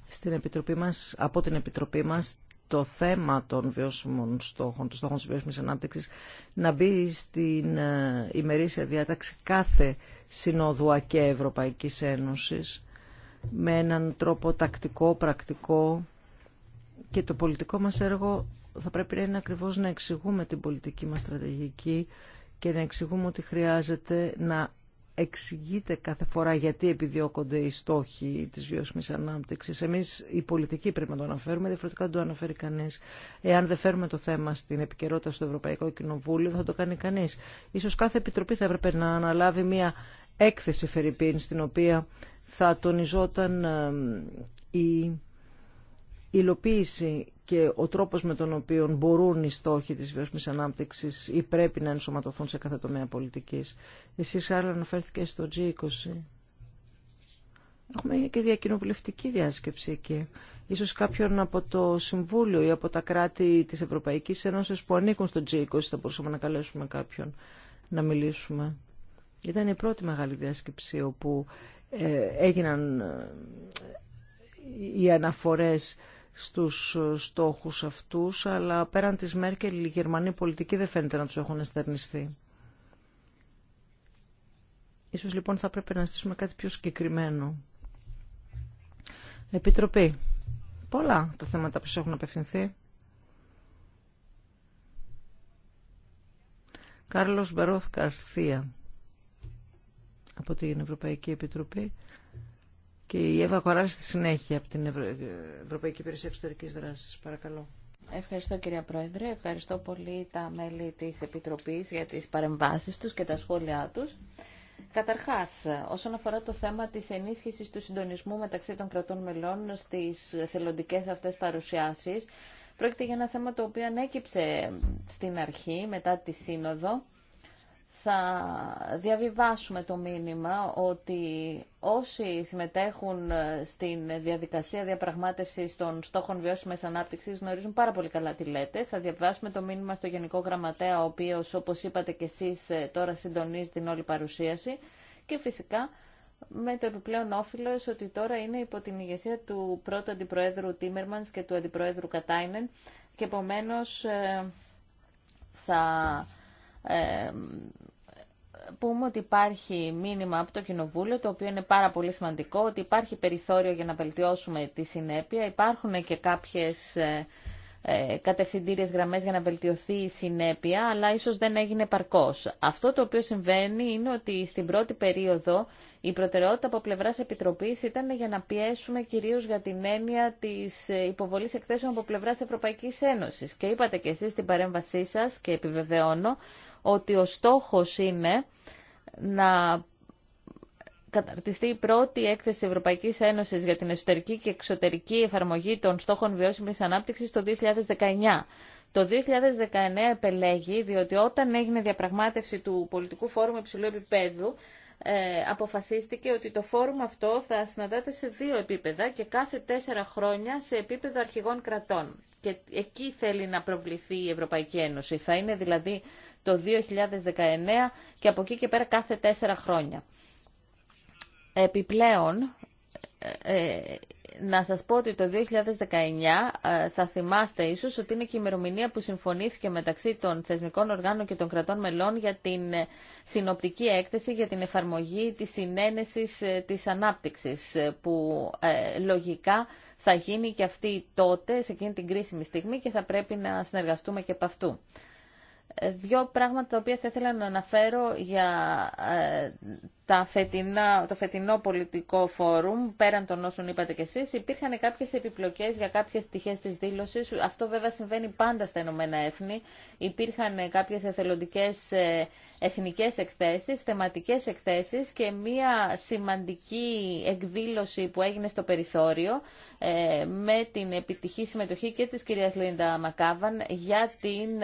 στην Επιτροπή μας, από την Επιτροπή μας το θέμα των βιώσιμων στόχων, των στόχων της βιώσιμης ανάπτυξης, να μπει στην ε, ημερήσια διάταξη κάθε συνόδου ΑΚΕ Ευρωπαϊκής Ένωσης με έναν τρόπο τακτικό, πρακτικό και το πολιτικό μας έργο θα πρέπει να είναι ακριβώς να εξηγούμε την πολιτική μας στρατηγική και να εξηγούμε ότι χρειάζεται να εξηγείται κάθε φορά γιατί επιδιώκονται οι στόχοι της βιώσιμης ανάπτυξης. Εμείς οι πολιτική πρέπει να το αναφέρουμε, διαφορετικά δεν το αναφέρει κανείς. Εάν δεν φέρουμε το θέμα στην επικαιρότητα στο Ευρωπαϊκό Κοινοβούλιο θα το κάνει κανείς. Ίσως κάθε επιτροπή θα έπρεπε να αναλάβει μια έκθεση Φερρυπίν στην οποία θα τονιζόταν η υλοποίηση και ο τρόπος με τον οποίο μπορούν οι στόχοι της βιώσιμης ανάπτυξης ή πρέπει να ενσωματωθούν σε κάθε τομέα πολιτικής. Εσείς, Χάρλα, αναφέρθηκε στο G20. Έχουμε και διακοινοβουλευτική διάσκεψη εκεί. Ίσως κάποιον από το Συμβούλιο ή από τα κράτη της Ευρωπαϊκής Ένωσης που ανήκουν στο G20 θα μπορούσαμε να καλέσουμε κάποιον να μιλήσουμε. Ήταν η πρεπει να ενσωματωθουν σε καθε τομεα πολιτικης εσυ αλλα αναφερθηκε στο g μεγάλη διάσκεψη όπου ε, έγιναν ε, οι αναφορές στους στόχους αυτούς, αλλά πέραν της Μέρκελ οι Γερμανοί πολιτικοί δεν φαίνεται να τους έχουν εστερνιστεί. Ίσως λοιπόν θα πρέπει να στήσουμε κάτι πιο συγκεκριμένο. Επιτροπή. Πολλά τα θέματα που έχουν απευθυνθεί. Κάρλος Μπερόθ Καρθία από την Ευρωπαϊκή Επιτροπή και η Εύα Κοράς στη συνέχεια από την Ευρω... Ευρωπαϊκή Υπηρεσία Εξωτερικής Δράσης. Παρακαλώ. Ευχαριστώ κυρία Πρόεδρε, ευχαριστώ πολύ τα μέλη της Επιτροπής για τις παρεμβάσεις τους και τα σχόλιά τους. Καταρχάς, όσον αφορά το θέμα της ενίσχυσης του συντονισμού μεταξύ των κρατών μελών στις θελοντικές αυτές παρουσιάσεις, πρόκειται για ένα θέμα το οποίο ανέκυψε στην αρχή μετά τη Σύνοδο θα διαβιβάσουμε το μήνυμα ότι όσοι συμμετέχουν ε, στην διαδικασία διαπραγμάτευσης των στόχων βιώσιμης ανάπτυξης γνωρίζουν πάρα πολύ καλά τι λέτε. Θα διαβιβάσουμε το μήνυμα στο Γενικό Γραμματέα, ο οποίος, όπως είπατε και εσείς, ε, τώρα συντονίζει την όλη παρουσίαση. Και φυσικά με το επιπλέον όφιλο ότι τώρα είναι υπό την ηγεσία του πρώτου αντιπροέδρου Τίμερμανς και του αντιπροέδρου Κατάινεν και επομένως ε, θα πούμε ότι υπάρχει μήνυμα από το Κοινοβούλιο, το οποίο είναι πάρα πολύ σημαντικό, ότι υπάρχει περιθώριο για να βελτιώσουμε τη συνέπεια. Υπάρχουν και κάποιες ε, ε, κατευθυντήριες γραμμές για να βελτιωθεί η συνέπεια, αλλά ίσως δεν έγινε παρκώς. Αυτό το οποίο συμβαίνει είναι ότι στην πρώτη περίοδο η προτεραιότητα από πλευρά Επιτροπή ήταν για να πιέσουμε κυρίω για την έννοια τη ε, υποβολή εκθέσεων από πλευρά Ευρωπαϊκή Ένωση. Και είπατε και εσεί στην παρέμβασή σα και επιβεβαιώνω ότι ο στόχος είναι να καταρτιστεί η πρώτη έκθεση Ευρωπαϊκής Ένωσης για την εσωτερική και εξωτερική εφαρμογή των στόχων βιώσιμης ανάπτυξης το 2019. Το 2019 επελέγει, διότι όταν έγινε διαπραγμάτευση του πολιτικού φόρουμ υψηλού επίπεδου, ε, αποφασίστηκε ότι το φόρουμ αυτό θα συναντάται σε δύο επίπεδα και κάθε τέσσερα χρόνια σε επίπεδο αρχηγών κρατών. Και εκεί θέλει να προβληθεί η Ευρωπαϊκή Ένωση. Θα είναι δηλαδή το 2019 και από εκεί και πέρα κάθε τέσσερα χρόνια. Επιπλέον, ε, ε, να σας πω ότι το 2019 ε, θα θυμάστε ίσως ότι είναι και η ημερομηνία που συμφωνήθηκε μεταξύ των θεσμικών οργάνων και των κρατών μελών για την συνοπτική έκθεση για την εφαρμογή της συνένεσης της ανάπτυξης που λογικά θα γίνει και αυτή τότε σε εκείνη την κρίσιμη στιγμή και θα πρέπει να συνεργαστούμε και από αυτού δύο πράγματα τα οποία θα ήθελα να αναφέρω για ε, φετινά, το φετινό πολιτικό φόρουμ, πέραν των όσων είπατε κι εσείς, υπήρχαν κάποιες επιπλοκές για κάποιες πτυχές της δήλωσης. Αυτό βέβαια συμβαίνει πάντα στα Ηνωμένα Έθνη. Υπήρχαν ε, κάποιες εθελοντικές ε, εθνικές εκθέσεις, θεματικές εκθέσεις και μία σημαντική εκδήλωση που έγινε στο περιθώριο ε, με την επιτυχή συμμετοχή και της κυρίας Λίντα Μακάβαν για την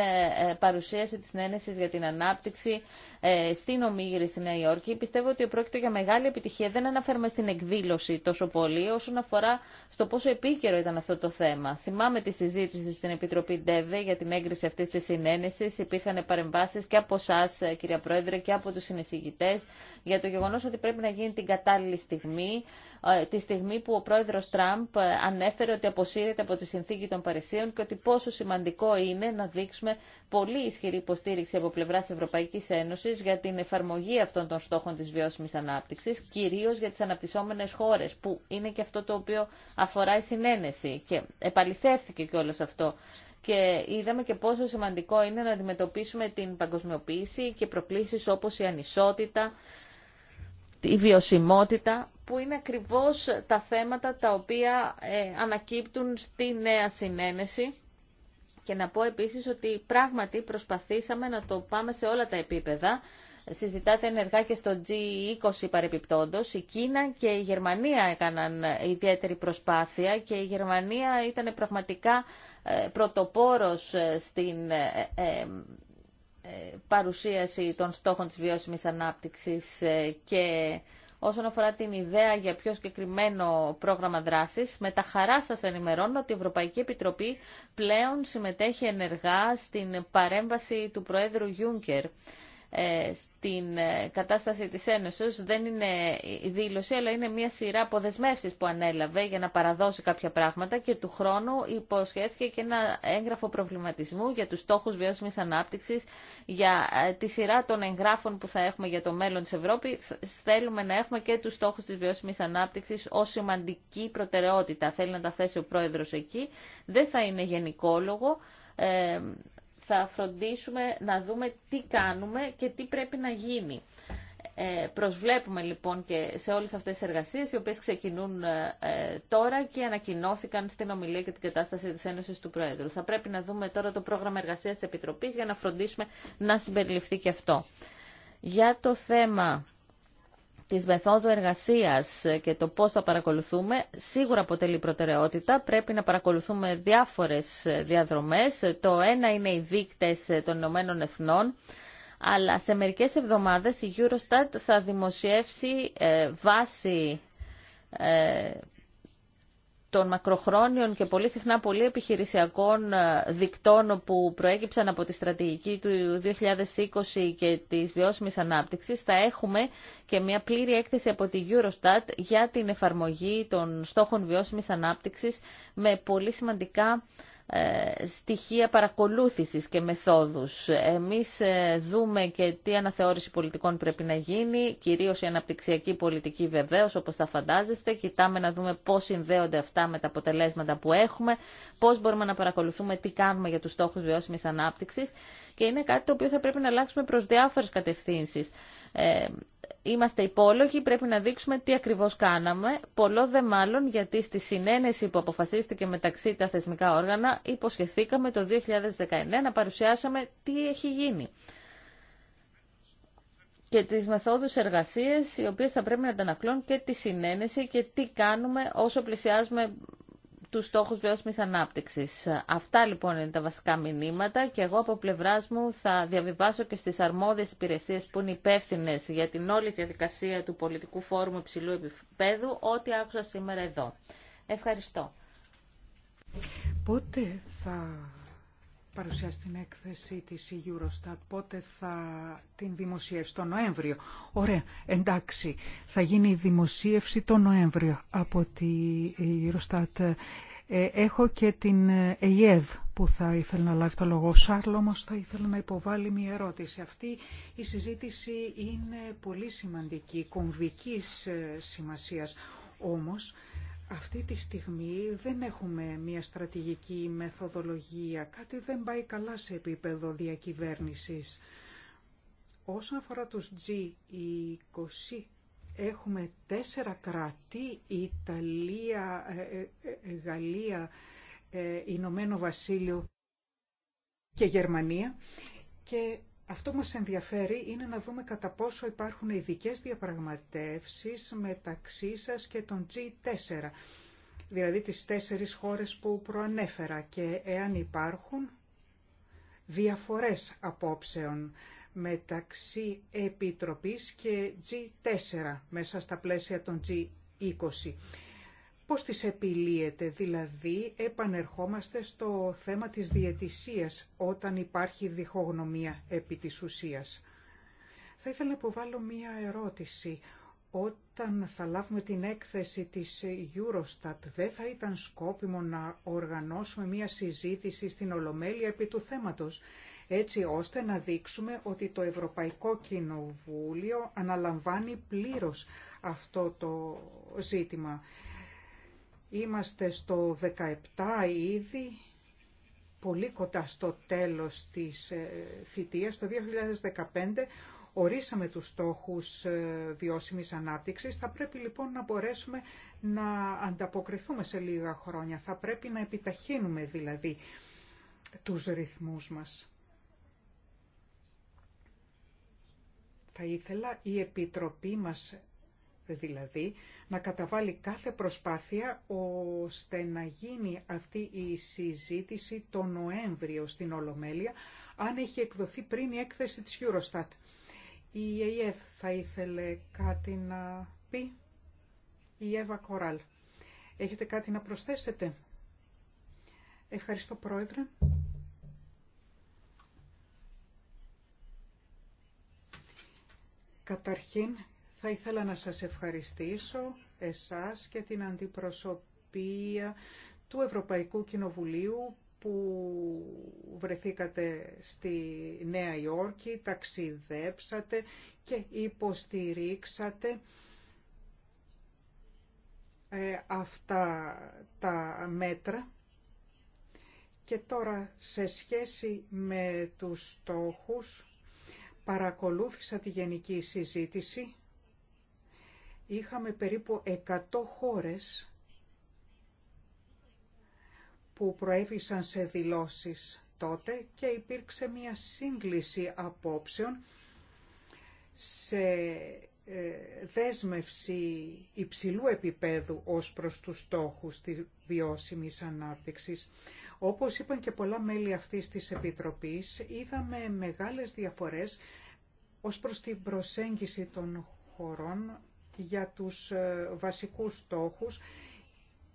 παρουσίαση της νένεσης για την ανάπτυξη ε, στην Ομίγυρη στη Νέα Υόρκη. Πιστεύω ότι πρόκειται για μεγάλη επιτυχία. Δεν αναφέρουμε στην εκδήλωση τόσο πολύ όσον αφορά στο πόσο επίκαιρο ήταν αυτό το θέμα. Θυμάμαι τη συζήτηση στην Επιτροπή ΔΕΒΕ για την έγκριση αυτή τη συνένεση. Υπήρχαν παρεμβάσει και από εσά, ε, κυρία Πρόεδρε, και από του συνεισηγητέ για το γεγονό ότι πρέπει να γίνει την κατάλληλη στιγμή. Ε, τη στιγμή που ο πρόεδρος Τραμπ ε, ανέφερε ότι αποσύρεται από τη συνθήκη των Παρισίων και ότι πόσο σημαντικό είναι να δείξουμε πολύ ισχυρή υποστήριξη από πλευρά Ευρωπαϊκής Ένωσης για την εφαρμογή αυτών των στόχων της βιώσιμη ανάπτυξη, κυρίω για τις αναπτυσσόμενες χώρες, που είναι και αυτό το οποίο αφορά η συνένεση. Και επαληθεύθηκε και όλο αυτό και είδαμε και πόσο σημαντικό είναι να αντιμετωπίσουμε την παγκοσμιοποίηση και προκλήσεις όπως η ανισότητα, η βιωσιμότητα που είναι ακριβώς τα θέματα τα οποία ε, ανακύπτουν στη νέα συνένεση. Και να πω επίσης ότι πράγματι προσπαθήσαμε να το πάμε σε όλα τα επίπεδα. Συζητάτε ενεργά και στο G20 παρεπιπτόντος. Η Κίνα και η Γερμανία έκαναν ιδιαίτερη προσπάθεια και η Γερμανία ήταν πραγματικά ε, πρωτοπόρος ε, στην παρουσίαση των στόχων της βιώσιμης ανάπτυξης και Όσον αφορά την ιδέα για πιο συγκεκριμένο πρόγραμμα δράση, με τα χαρά σα ενημερώνω ότι η Ευρωπαϊκή Επιτροπή πλέον συμμετέχει ενεργά στην παρέμβαση του Προέδρου Γιούγκερ. Ε, στην ε, κατάσταση της Ένωσης δεν είναι η δήλωση αλλά είναι μια σειρά από που ανέλαβε για να παραδώσει κάποια πράγματα και του χρόνου υποσχέθηκε και ένα έγγραφο προβληματισμού για τους στόχους βιώσιμης ανάπτυξης για ε, τη σειρά των εγγράφων που θα έχουμε για το μέλλον της Ευρώπης θέλουμε να έχουμε και τους στόχους της βιώσιμης ανάπτυξης ως σημαντική προτεραιότητα θέλει να τα θέσει ο πρόεδρος εκεί δεν θα είναι γενικόλογο θα φροντίσουμε να δούμε τι κάνουμε και τι πρέπει να γίνει. Ε, προσβλέπουμε λοιπόν και σε όλες αυτές τις εργασίες οι οποίες ξεκινούν ε, τώρα και ανακοινώθηκαν στην ομιλία και την κατάσταση της Ένωσης του Πρόεδρου. Θα πρέπει να δούμε τώρα το πρόγραμμα εργασίας της Επιτροπής για να φροντίσουμε να συμπεριληφθεί και αυτό. Για το θέμα της μεθόδου εργασίας και το πώς θα παρακολουθούμε σίγουρα αποτελεί προτεραιότητα. Πρέπει να παρακολουθούμε διάφορες διαδρομές. Το ένα είναι οι δείκτες των Ηνωμένων Εθνών, αλλά σε μερικές εβδομάδες η Eurostat θα δημοσιεύσει ε, βάση ε, των μακροχρόνιων και πολύ συχνά πολύ επιχειρησιακών ε, δικτών που προέκυψαν από τη στρατηγική του 2020 και της βιώσιμης ανάπτυξης, θα έχουμε και μια πλήρη έκθεση από τη Eurostat για την εφαρμογή των στόχων βιώσιμης ανάπτυξης με πολύ σημαντικά ε, στοιχεία παρακολούθησης και μεθόδους. Εμείς ε, δούμε και τι αναθεώρηση πολιτικών πρέπει να γίνει, κυρίως η αναπτυξιακή πολιτική βεβαίως, όπως θα φαντάζεστε. Κοιτάμε να δούμε πώς συνδέονται αυτά με τα αποτελέσματα που έχουμε, πώς μπορούμε να παρακολουθούμε τι κάνουμε για τους στόχους βιώσιμης ανάπτυξης και είναι κάτι το οποίο θα πρέπει να αλλάξουμε προς διάφορες κατευθύνσεις. Ε, είμαστε υπόλογοι, πρέπει να δείξουμε τι ακριβώς κάναμε, πολλό δε μάλλον γιατί στη συνένεση που αποφασίστηκε μεταξύ τα θεσμικά όργανα υποσχεθήκαμε το 2019 να παρουσιάσαμε τι έχει γίνει και τις μεθόδους εργασίες οι οποίες θα πρέπει να αντανακλώνουν και τη συνένεση και τι κάνουμε όσο πλησιάζουμε τους στόχους βιώσιμης ανάπτυξης. Αυτά λοιπόν είναι τα βασικά μηνύματα και εγώ από πλευρά μου θα διαβιβάσω και στις αρμόδιες υπηρεσίες που είναι υπεύθυνε για την όλη διαδικασία του πολιτικού Φόρουμου υψηλού επίπεδου ό,τι άκουσα σήμερα εδώ. Ευχαριστώ. Πότε θα παρουσιάσει την έκθεση της Eurostat. Πότε θα την δημοσιεύσει, το Νοέμβριο. Ωραία, εντάξει, θα γίνει η δημοσίευση το Νοέμβριο από τη Eurostat. Ε, έχω και την ΕΙΕΔ που θα ήθελε να λάβει το λόγο. Ο Σάρλ όμως θα ήθελα να υποβάλει μια ερώτηση. Αυτή η συζήτηση είναι πολύ σημαντική, κομβικής ε, σημασίας. Όμως αυτή τη στιγμή δεν έχουμε μια στρατηγική μεθοδολογία. Κάτι δεν πάει καλά σε επίπεδο διακυβέρνησης. Όσον αφορά τους G20, έχουμε τέσσερα κράτη, Ιταλία, ε, ε, ε, Γαλλία, Ηνωμένο Βασίλειο και Γερμανία και αυτό που μας ενδιαφέρει είναι να δούμε κατά πόσο υπάρχουν ειδικέ διαπραγματεύσεις μεταξύ σας και των G4, δηλαδή τις τέσσερις χώρες που προανέφερα και εάν υπάρχουν διαφορές απόψεων μεταξύ Επιτροπής και G4 μέσα στα πλαίσια των G20 πώς τις επιλύεται, δηλαδή επανερχόμαστε στο θέμα της διαιτησίας όταν υπάρχει διχογνωμία επί της ουσίας. Θα ήθελα να υποβάλω μία ερώτηση. Όταν θα λάβουμε την έκθεση της Eurostat, δεν θα ήταν σκόπιμο να οργανώσουμε μία συζήτηση στην Ολομέλεια επί του θέματος, έτσι ώστε να δείξουμε ότι το Ευρωπαϊκό Κοινοβούλιο αναλαμβάνει πλήρως αυτό το ζήτημα. Είμαστε στο 17 ήδη, πολύ κοντά στο τέλος της ε, θητείας. Το 2015 ορίσαμε τους στόχους ε, βιώσιμης ανάπτυξης. Θα πρέπει λοιπόν να μπορέσουμε να ανταποκριθούμε σε λίγα χρόνια. Θα πρέπει να επιταχύνουμε δηλαδή τους ρυθμούς μας. Θα ήθελα η Επιτροπή μας δηλαδή να καταβάλει κάθε προσπάθεια ώστε να γίνει αυτή η συζήτηση το Νοέμβριο στην Ολομέλεια, αν έχει εκδοθεί πριν η έκθεση της Eurostat. Η ΕΕ θα ήθελε κάτι να πει. Η Εύα Κοράλ. Έχετε κάτι να προσθέσετε. Ευχαριστώ Πρόεδρε. Καταρχήν θα ήθελα να σας ευχαριστήσω εσάς και την αντιπροσωπεία του Ευρωπαϊκού Κοινοβουλίου που βρεθήκατε στη Νέα Υόρκη, ταξιδέψατε και υποστηρίξατε ε, αυτά τα μέτρα. Και τώρα σε σχέση με τους στόχους παρακολούθησα τη γενική συζήτηση είχαμε περίπου 100 χώρες που προέβησαν σε δηλώσεις τότε και υπήρξε μια σύγκληση απόψεων σε ε, δέσμευση υψηλού επίπεδου ως προς τους στόχους της βιώσιμης ανάπτυξης. Όπως είπαν και πολλά μέλη αυτής της Επιτροπής, είδαμε μεγάλες διαφορές ως προς την προσέγγιση των χωρών για τους ε, βασικούς στόχους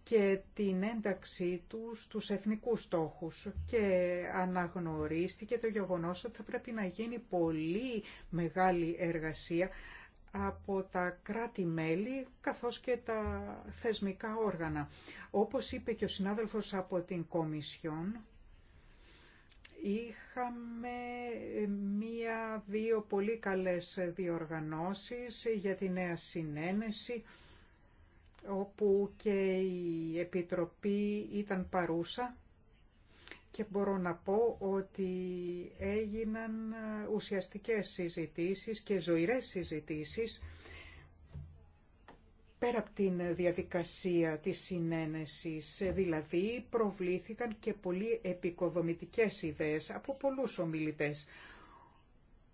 και την ένταξή του στους εθνικούς στόχους και αναγνωρίστηκε το γεγονός ότι θα πρέπει να γίνει πολύ μεγάλη εργασία από τα κράτη-μέλη καθώς και τα θεσμικά όργανα. Όπως είπε και ο συνάδελφος από την Κομισιόν, Είχαμε ε, μία-δύο πολύ καλές διοργανώσεις για τη νέα συνένεση, όπου και η Επιτροπή ήταν παρούσα και μπορώ να πω ότι έγιναν ε, ουσιαστικές συζητήσεις και ζωηρές συζητήσεις πέρα από την διαδικασία της συνένεσης, δηλαδή προβλήθηκαν και πολύ επικοδομητικές ιδέες από πολλούς ομιλητές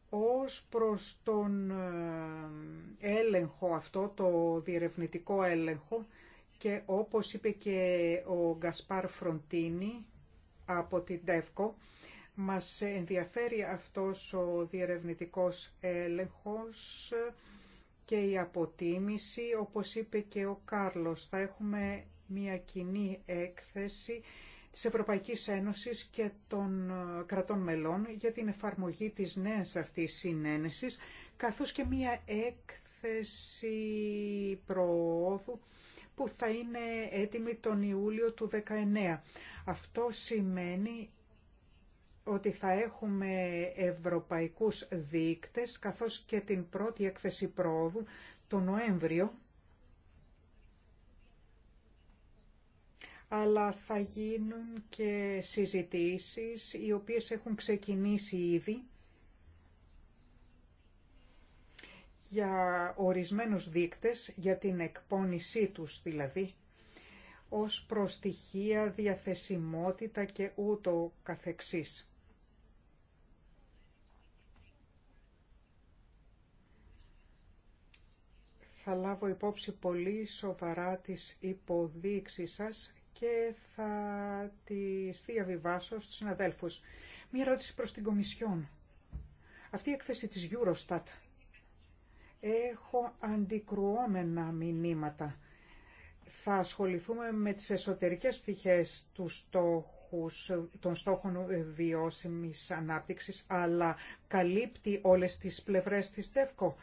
ως προς τον ε, έλεγχο αυτό, το διερευνητικό έλεγχο και όπως είπε και ο Γκασπάρ Φροντίνη από την ΤΕΦΚΟ, μας ενδιαφέρει αυτός ο διερευνητικός έλεγχος και η αποτίμηση, όπως είπε και ο Κάρλος, θα έχουμε μια κοινή έκθεση της Ευρωπαϊκής Ένωσης και των ε, κρατών μελών για την εφαρμογή της νέας αυτής συνένεσης, καθώς και μια έκθεση προόδου που θα είναι έτοιμη τον Ιούλιο του 2019. Αυτό σημαίνει ότι θα έχουμε ευρωπαϊκούς δείκτες, καθώς και την πρώτη έκθεση πρόοδου το Νοέμβριο, αλλά θα γίνουν και συζητήσεις οι οποίες έχουν ξεκινήσει ήδη για ορισμένους δείκτες, για την εκπόνησή τους δηλαδή, ως προστοιχεία, διαθεσιμότητα και ούτω καθεξής. θα λάβω υπόψη πολύ σοβαρά τις υποδείξεις σας και θα τις διαβιβάσω στους συναδέλφους. Μία ερώτηση προς την Κομισιόν. Αυτή η έκθεση της Eurostat. Έχω αντικρουόμενα μηνύματα. Θα ασχοληθούμε με τις εσωτερικές πτυχές του στόχου των στόχων βιώσιμης ανάπτυξης, αλλά καλύπτει όλες τις πλευρές της ΤΕΦΚΟ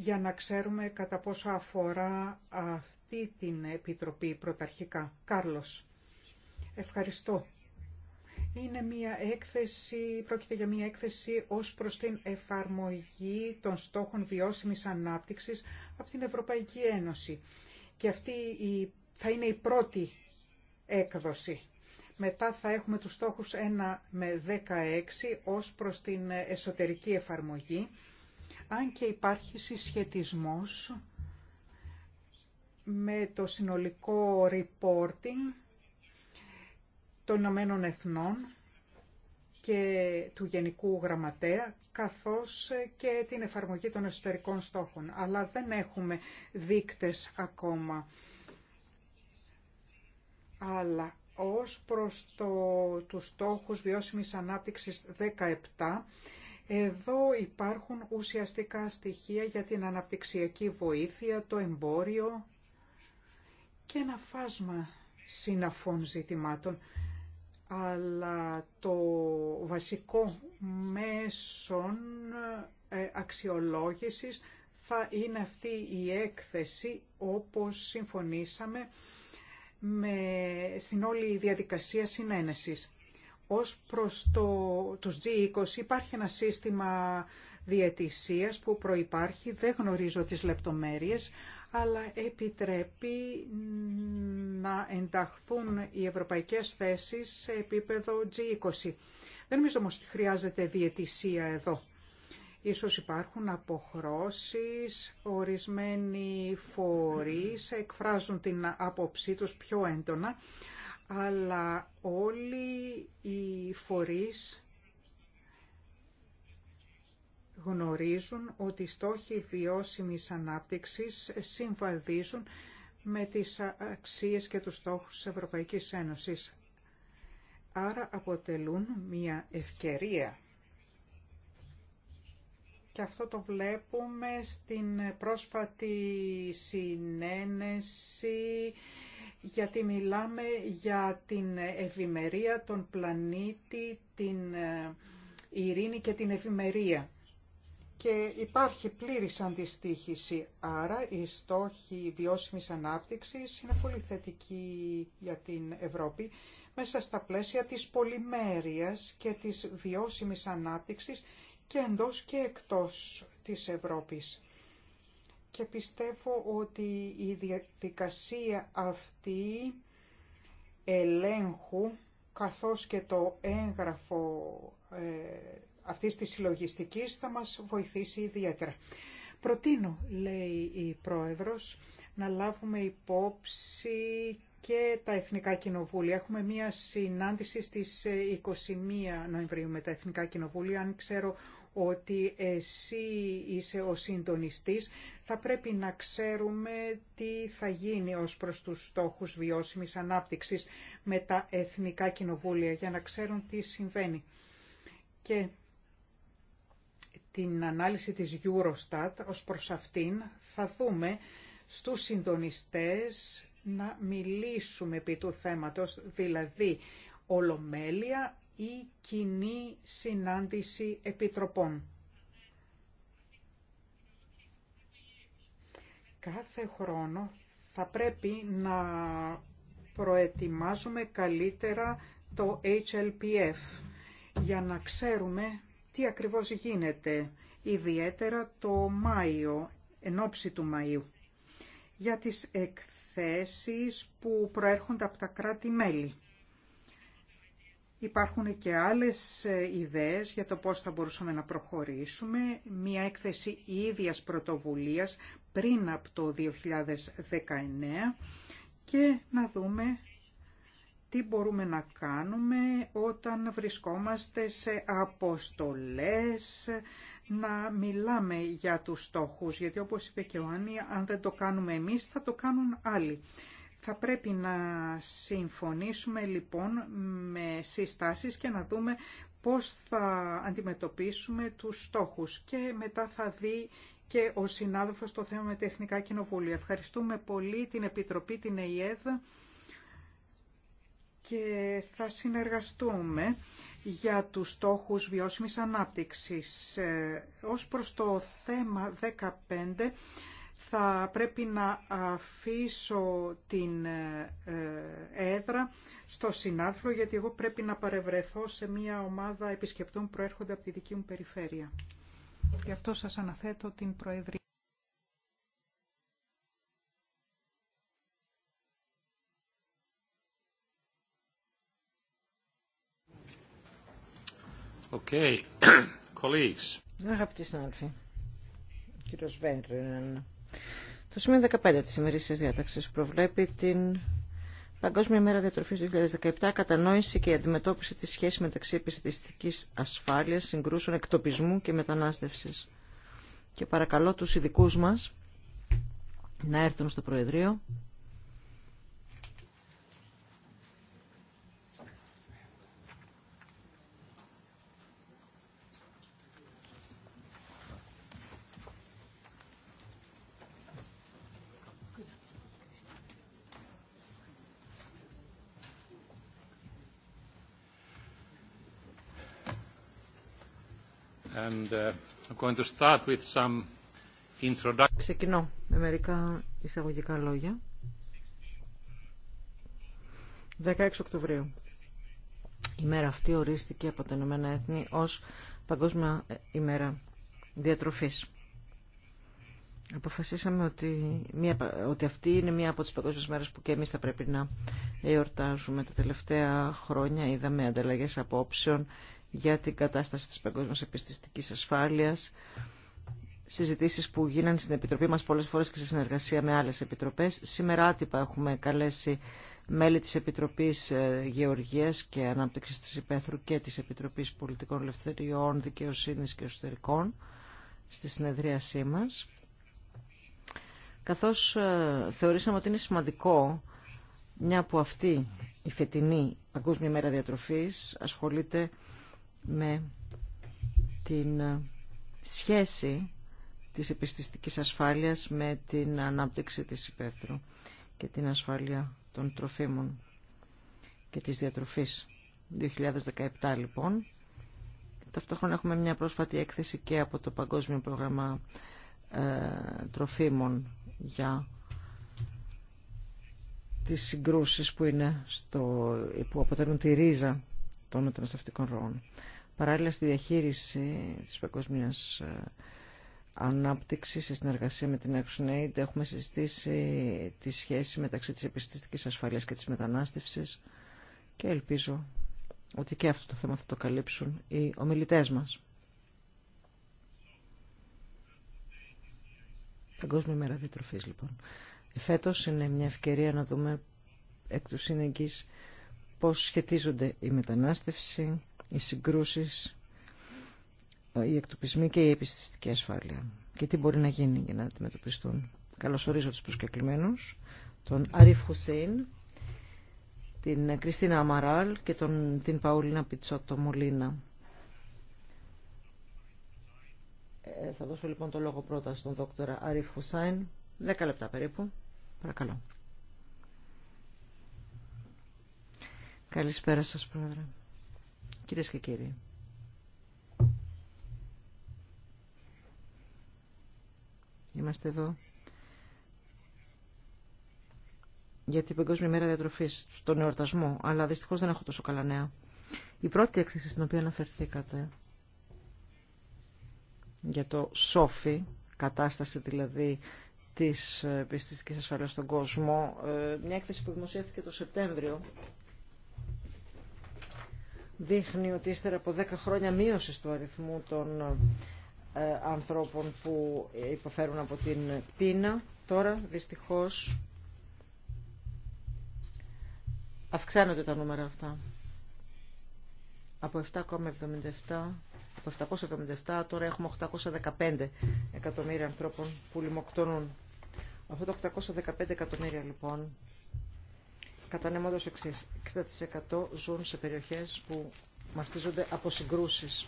για να ξέρουμε κατά πόσο αφορά αυτή την Επιτροπή πρωταρχικά. Κάρλος, ευχαριστώ. Είναι μια έκθεση, πρόκειται για μια έκθεση ως προς την εφαρμογή των στόχων βιώσιμης ανάπτυξης από την Ευρωπαϊκή Ένωση. Και αυτή η, θα είναι η πρώτη έκδοση. Μετά θα έχουμε τους στόχους 1 με 16 ως προς την εσωτερική εφαρμογή αν και υπάρχει συσχετισμός με το συνολικό reporting των Ηνωμένων Εθνών και του Γενικού Γραμματέα, καθώς και την εφαρμογή των εσωτερικών στόχων. Αλλά δεν έχουμε δείκτες ακόμα. Αλλά ως προς το, τους στόχους βιώσιμης ανάπτυξης 17, εδώ υπάρχουν ουσιαστικά στοιχεία για την αναπτυξιακή βοήθεια, το εμπόριο και ένα φάσμα συναφών ζητημάτων. Αλλά το βασικό μέσον ε, αξιολόγησης θα είναι αυτή η έκθεση όπως συμφωνήσαμε με, στην όλη διαδικασία συνένεσης. Ως προς το, τους G20 υπάρχει ένα σύστημα διαιτησίας που προϋπάρχει, δεν γνωρίζω τις λεπτομέρειες, αλλά επιτρέπει να ενταχθούν οι ευρωπαϊκές θέσεις σε επίπεδο G20. Δεν νομίζω όμως ότι χρειάζεται διαιτησία εδώ. Ίσως υπάρχουν αποχρώσεις, ορισμένοι φορείς εκφράζουν την άποψή τους πιο έντονα, αλλά όλοι οι φορείς γνωρίζουν ότι οι στόχοι βιώσιμης ανάπτυξης συμβαδίζουν με τις αξίες και τους στόχους της Ευρωπαϊκής Ένωσης. Άρα αποτελούν μια ευκαιρία. Και αυτό το βλέπουμε στην πρόσφατη συνένεση γιατί μιλάμε για την ευημερία, τον πλανήτη, την ε, ειρήνη και την ευημερία. Και υπάρχει πλήρης αντιστοίχηση, άρα οι στόχοι βιώσιμης ανάπτυξης είναι πολύ θετικοί για την Ευρώπη μέσα στα πλαίσια της πολυμέρειας και της βιώσιμης ανάπτυξης και εντός και εκτός της Ευρώπης και πιστεύω ότι η διαδικασία αυτή ελέγχου καθώς και το έγγραφο ε, αυτής της συλλογιστικής θα μας βοηθήσει ιδιαίτερα. Προτείνω, λέει η Πρόεδρος, να λάβουμε υπόψη και τα Εθνικά Κοινοβούλια. Έχουμε μία συνάντηση στις 21 ε, Νοεμβρίου με τα Εθνικά Κοινοβούλια. Αν ξέρω ότι εσύ είσαι ο συντονιστής, θα πρέπει να ξέρουμε τι θα γίνει ως προς τους στόχους βιώσιμης ανάπτυξης με τα εθνικά κοινοβούλια, για να ξέρουν τι συμβαίνει. Και την ανάλυση της Eurostat ως προς αυτήν θα δούμε στους συντονιστές να μιλήσουμε επί του θέματος, δηλαδή ολομέλεια ή κοινή συνάντηση επιτροπών. Κάθε χρόνο θα πρέπει να προετοιμάζουμε καλύτερα το HLPF για να ξέρουμε τι ακριβώς γίνεται, ιδιαίτερα το Μάιο, εν ώψη του Μαΐου, για τις εκθέσεις που προέρχονται από τα κράτη-μέλη. Υπάρχουν και άλλες ε, ιδέες για το πώς θα μπορούσαμε να προχωρήσουμε. Μία έκθεση ίδιας πρωτοβουλίας πριν από το 2019 και να δούμε τι μπορούμε να κάνουμε όταν βρισκόμαστε σε αποστολές, να μιλάμε για τους στόχους, γιατί όπως είπε και ο Άννη, αν δεν το κάνουμε εμείς θα το κάνουν άλλοι. Θα πρέπει να συμφωνήσουμε λοιπόν με συστάσεις και να δούμε πώς θα αντιμετωπίσουμε τους στόχους και μετά θα δει και ο συνάδελφος το θέμα με τα Εθνικά Κοινοβούλια. Ευχαριστούμε πολύ την Επιτροπή, την ΕΙΕΔ και θα συνεργαστούμε για τους στόχους βιώσιμης ανάπτυξης. Ε, ως προς το θέμα 15 θα πρέπει να αφήσω την ε, έδρα στο συνάδελφο γιατί εγώ πρέπει να παρευρεθώ σε μια ομάδα επισκεπτών που προέρχονται από τη δική μου περιφέρεια. Γι' αυτό σας αναθέτω την Προεδρία. Okay. Colleagues. Αγαπητοί συνάδελφοι, κύριος το σημείο 15 της ημερήσιας διάταξης προβλέπει την Παγκόσμια Μέρα Διατροφής 2017, κατανόηση και αντιμετώπιση της σχέσης μεταξύ επιστημιστικής ασφάλειας, συγκρούσεων, εκτοπισμού και μετανάστευσης. Και παρακαλώ τους ειδικού μας να έρθουν στο Προεδρείο Uh, Ξεκινώ με μερικά εισαγωγικά λόγια. 16 Οκτωβρίου. Η μέρα αυτή ορίστηκε από τα Ηνωμένα Έθνη ως Παγκόσμια ημέρα διατροφής. Αποφασίσαμε ότι, μια, ότι αυτή είναι μία από τις παγκόσμιες μέρες που και εμείς θα πρέπει να εορτάζουμε. Τα τελευταία χρόνια είδαμε ανταλλαγές απόψεων για την κατάσταση της παγκόσμιας επιστηστικής ασφάλειας. Συζητήσεις που γίνανε στην Επιτροπή μας πολλές φορές και σε συνεργασία με άλλες επιτροπές. Σήμερα άτυπα έχουμε καλέσει μέλη της Επιτροπής ε, Γεωργίας και Ανάπτυξης της Υπέθρου και της Επιτροπής Πολιτικών Ελευθεριών, Δικαιοσύνης και Εσωτερικών στη συνεδρίασή μας. Καθώς ε, θεωρήσαμε ότι είναι σημαντικό, μια που αυτή η φετινή Παγκόσμια Μέρα Διατροφής ασχολείται με την σχέση της επιστηστικής ασφάλειας με την ανάπτυξη της υπαίθρου και την ασφάλεια των τροφίμων και της διατροφής. 2017 λοιπόν. Ταυτόχρονα έχουμε μια πρόσφατη έκθεση και από το Παγκόσμιο Πρόγραμμα ε, Τροφίμων για τις συγκρούσεις που, είναι στο, που αποτελούν τη ρίζα των μεταναστευτικών ροών. Παράλληλα στη διαχείριση της παγκοσμίας ε, ανάπτυξη σε συνεργασία με την ActionAid έχουμε συζητήσει τη σχέση μεταξύ της επιστημικής ασφαλείας και της μετανάστευσης και ελπίζω ότι και αυτό το θέμα θα το καλύψουν οι ομιλητές μας. Παγκόσμια μέρα διατροφής λοιπόν. Φέτος είναι μια ευκαιρία να δούμε εκ του συνεγγύς πώς σχετίζονται η μετανάστευση, οι συγκρούσεις, οι εκτοπισμοί και η επιστηστική ασφάλεια και τι μπορεί να γίνει για να αντιμετωπιστούν. Καλωσορίζω τους προσκεκλημένους, τον Αρίφ Χουσέιν, την Κριστίνα Αμαράλ και τον, την Παούλινα Πιτσότο Μολίνα. Ε, θα δώσω λοιπόν το λόγο πρώτα στον δόκτωρα Αρίφ Χουσάιν, Δέκα λεπτά περίπου. Παρακαλώ. Καλησπέρα σας, Πρόεδρε. Κυρίες και κύριοι. Είμαστε εδώ για την Παγκόσμια Μέρα Διατροφής, στον εορτασμό, αλλά δυστυχώς δεν έχω τόσο καλά νέα. Η πρώτη έκθεση στην οποία αναφερθήκατε για το σόφι, κατάσταση δηλαδή της ε, πιστιστικής ασφαλείας στον κόσμο, ε, μια έκθεση που δημοσιεύτηκε το Σεπτέμβριο δείχνει ότι ύστερα από 10 χρόνια μείωση του αριθμού των ε, ανθρώπων που υποφέρουν από την πείνα, τώρα δυστυχώς αυξάνονται τα νούμερα αυτά. Από 7,77 από 777 τώρα έχουμε 815 εκατομμύρια ανθρώπων που λιμοκτονούν. Αυτό το 815 εκατομμύρια λοιπόν κατανέμοντας εξής. 60% ζουν σε περιοχές που μαστίζονται από συγκρούσεις.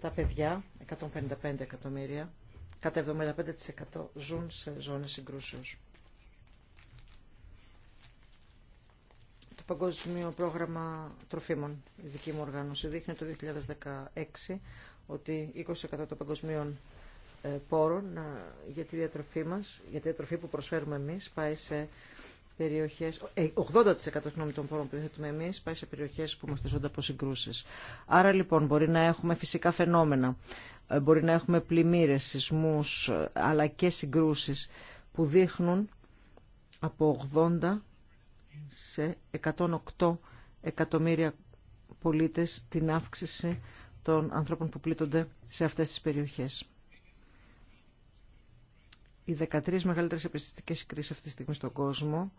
Τα παιδιά, 155 εκατομμύρια, κατά 75% ζουν σε ζώνες συγκρούσεως. Το Παγκόσμιο Πρόγραμμα Τροφίμων, η δική μου οργάνωση, δείχνει το 2016 ότι 20% των παγκοσμίων ε, πόρων για τη διατροφή μας, για τη διατροφή που προσφέρουμε εμείς, πάει σε περιοχές, 80% ε, των πόρων που διαθέτουμε εμείς πάει σε περιοχές που μας ζώντα από συγκρούσεις. Άρα λοιπόν μπορεί να έχουμε φυσικά φαινόμενα, ε, μπορεί να έχουμε πλημμύρες, σεισμούς, αλλά και συγκρούσεις που δείχνουν από 80 σε 108 εκατομμύρια πολίτες την αύξηση των ανθρώπων που πλήττονται σε αυτές τις περιοχές οι 13 μεγαλύτερες επιστημονικέ κρίσεις αυτή τη στιγμή στον κόσμο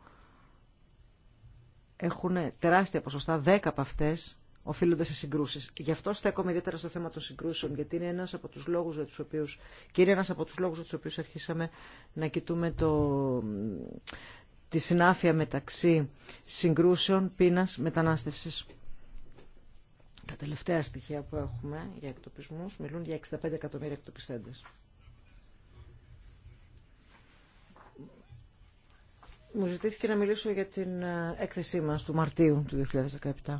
έχουν τεράστια ποσοστά, 10 από αυτές οφείλονται σε συγκρούσεις. Γι' αυτό στέκομαι ιδιαίτερα στο θέμα των συγκρούσεων, γιατί είναι ένας από τους λόγους για τους οποίους, και ένας από τους λόγους για οποίους αρχίσαμε να κοιτούμε το, τη συνάφεια μεταξύ συγκρούσεων, πείνας, μετανάστευσης. Τα τελευταία στοιχεία που έχουμε για εκτοπισμούς μιλούν για 65 εκατομμύρια εκτοπιστέντες. Μου ζητήθηκε να μιλήσω για την ε, έκθεσή μας του Μαρτίου του 2017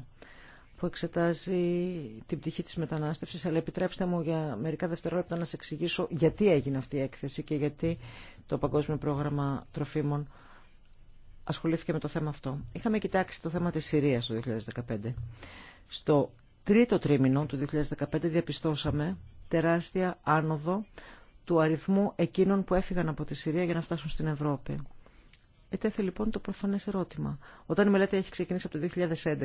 που εξετάζει την πτυχή της μετανάστευσης, αλλά επιτρέψτε μου για μερικά δευτερόλεπτα να σας εξηγήσω γιατί έγινε αυτή η έκθεση και γιατί το Παγκόσμιο Πρόγραμμα Τροφίμων ασχολήθηκε με το θέμα αυτό. Είχαμε κοιτάξει το θέμα της Συρίας το 2015. Στο τρίτο τρίμηνο του 2015 διαπιστώσαμε τεράστια άνοδο του αριθμού εκείνων που έφυγαν από τη Συρία για να φτάσουν στην Ευρώπη. Ετέθη λοιπόν το προφανέ ερώτημα. Όταν η μελέτη έχει ξεκινήσει από το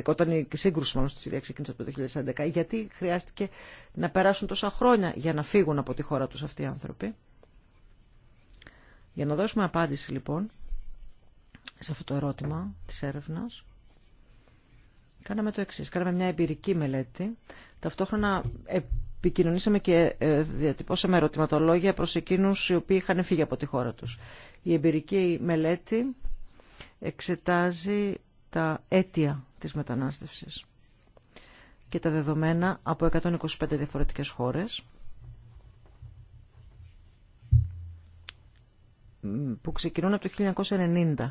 2011, όταν η σύγκρουση μάλλον στη Συρία ξεκίνησε από το 2011, γιατί χρειάστηκε να περάσουν τόσα χρόνια για να φύγουν από τη χώρα του αυτοί οι άνθρωποι. Για να δώσουμε απάντηση λοιπόν σε αυτό το ερώτημα τη έρευνα, κάναμε το εξή. Κάναμε μια εμπειρική μελέτη, ταυτόχρονα ε, επικοινωνήσαμε και ε, διατυπώσαμε ερωτηματολόγια προς εκείνους οι οποίοι είχαν φύγει από τη χώρα τους. Η εμπειρική μελέτη εξετάζει τα αίτια της μετανάστευσης και τα δεδομένα από 125 διαφορετικές χώρες που ξεκινούν από το 1990.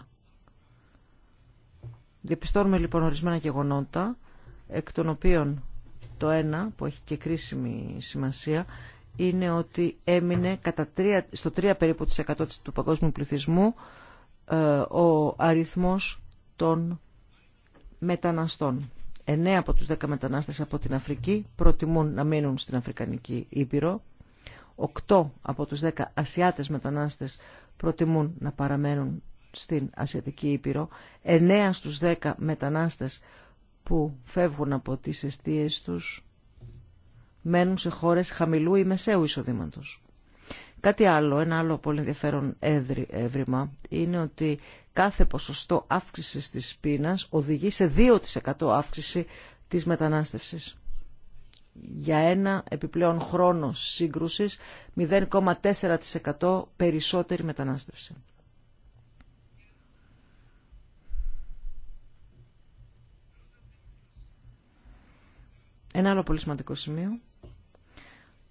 Διαπιστώνουμε λοιπόν ορισμένα γεγονότα εκ των οποίων το ένα που έχει και κρίσιμη σημασία είναι ότι έμεινε κατά 3, στο 3 περίπου της 100 του παγκόσμιου πληθυσμού ε, ο αριθμός των μεταναστών. 9 από τους 10 μετανάστες από την Αφρική προτιμούν να μείνουν στην Αφρικανική Ήπειρο. 8 από τους 10 Ασιάτες μετανάστες προτιμούν να παραμένουν στην Ασιατική Ήπειρο. 9 στους 10 μετανάστες που φεύγουν από τις αιστείες τους μένουν σε χώρες χαμηλού ή μεσαίου εισοδήματος. Κάτι άλλο, ένα άλλο πολύ ενδιαφέρον έβριμα είναι ότι κάθε ποσοστό αύξησης της πείνας οδηγεί σε 2% αύξηση της μετανάστευσης. Για ένα επιπλέον χρόνο σύγκρουσης 0,4% περισσότερη μετανάστευση. Ένα άλλο πολύ σημαντικό σημείο.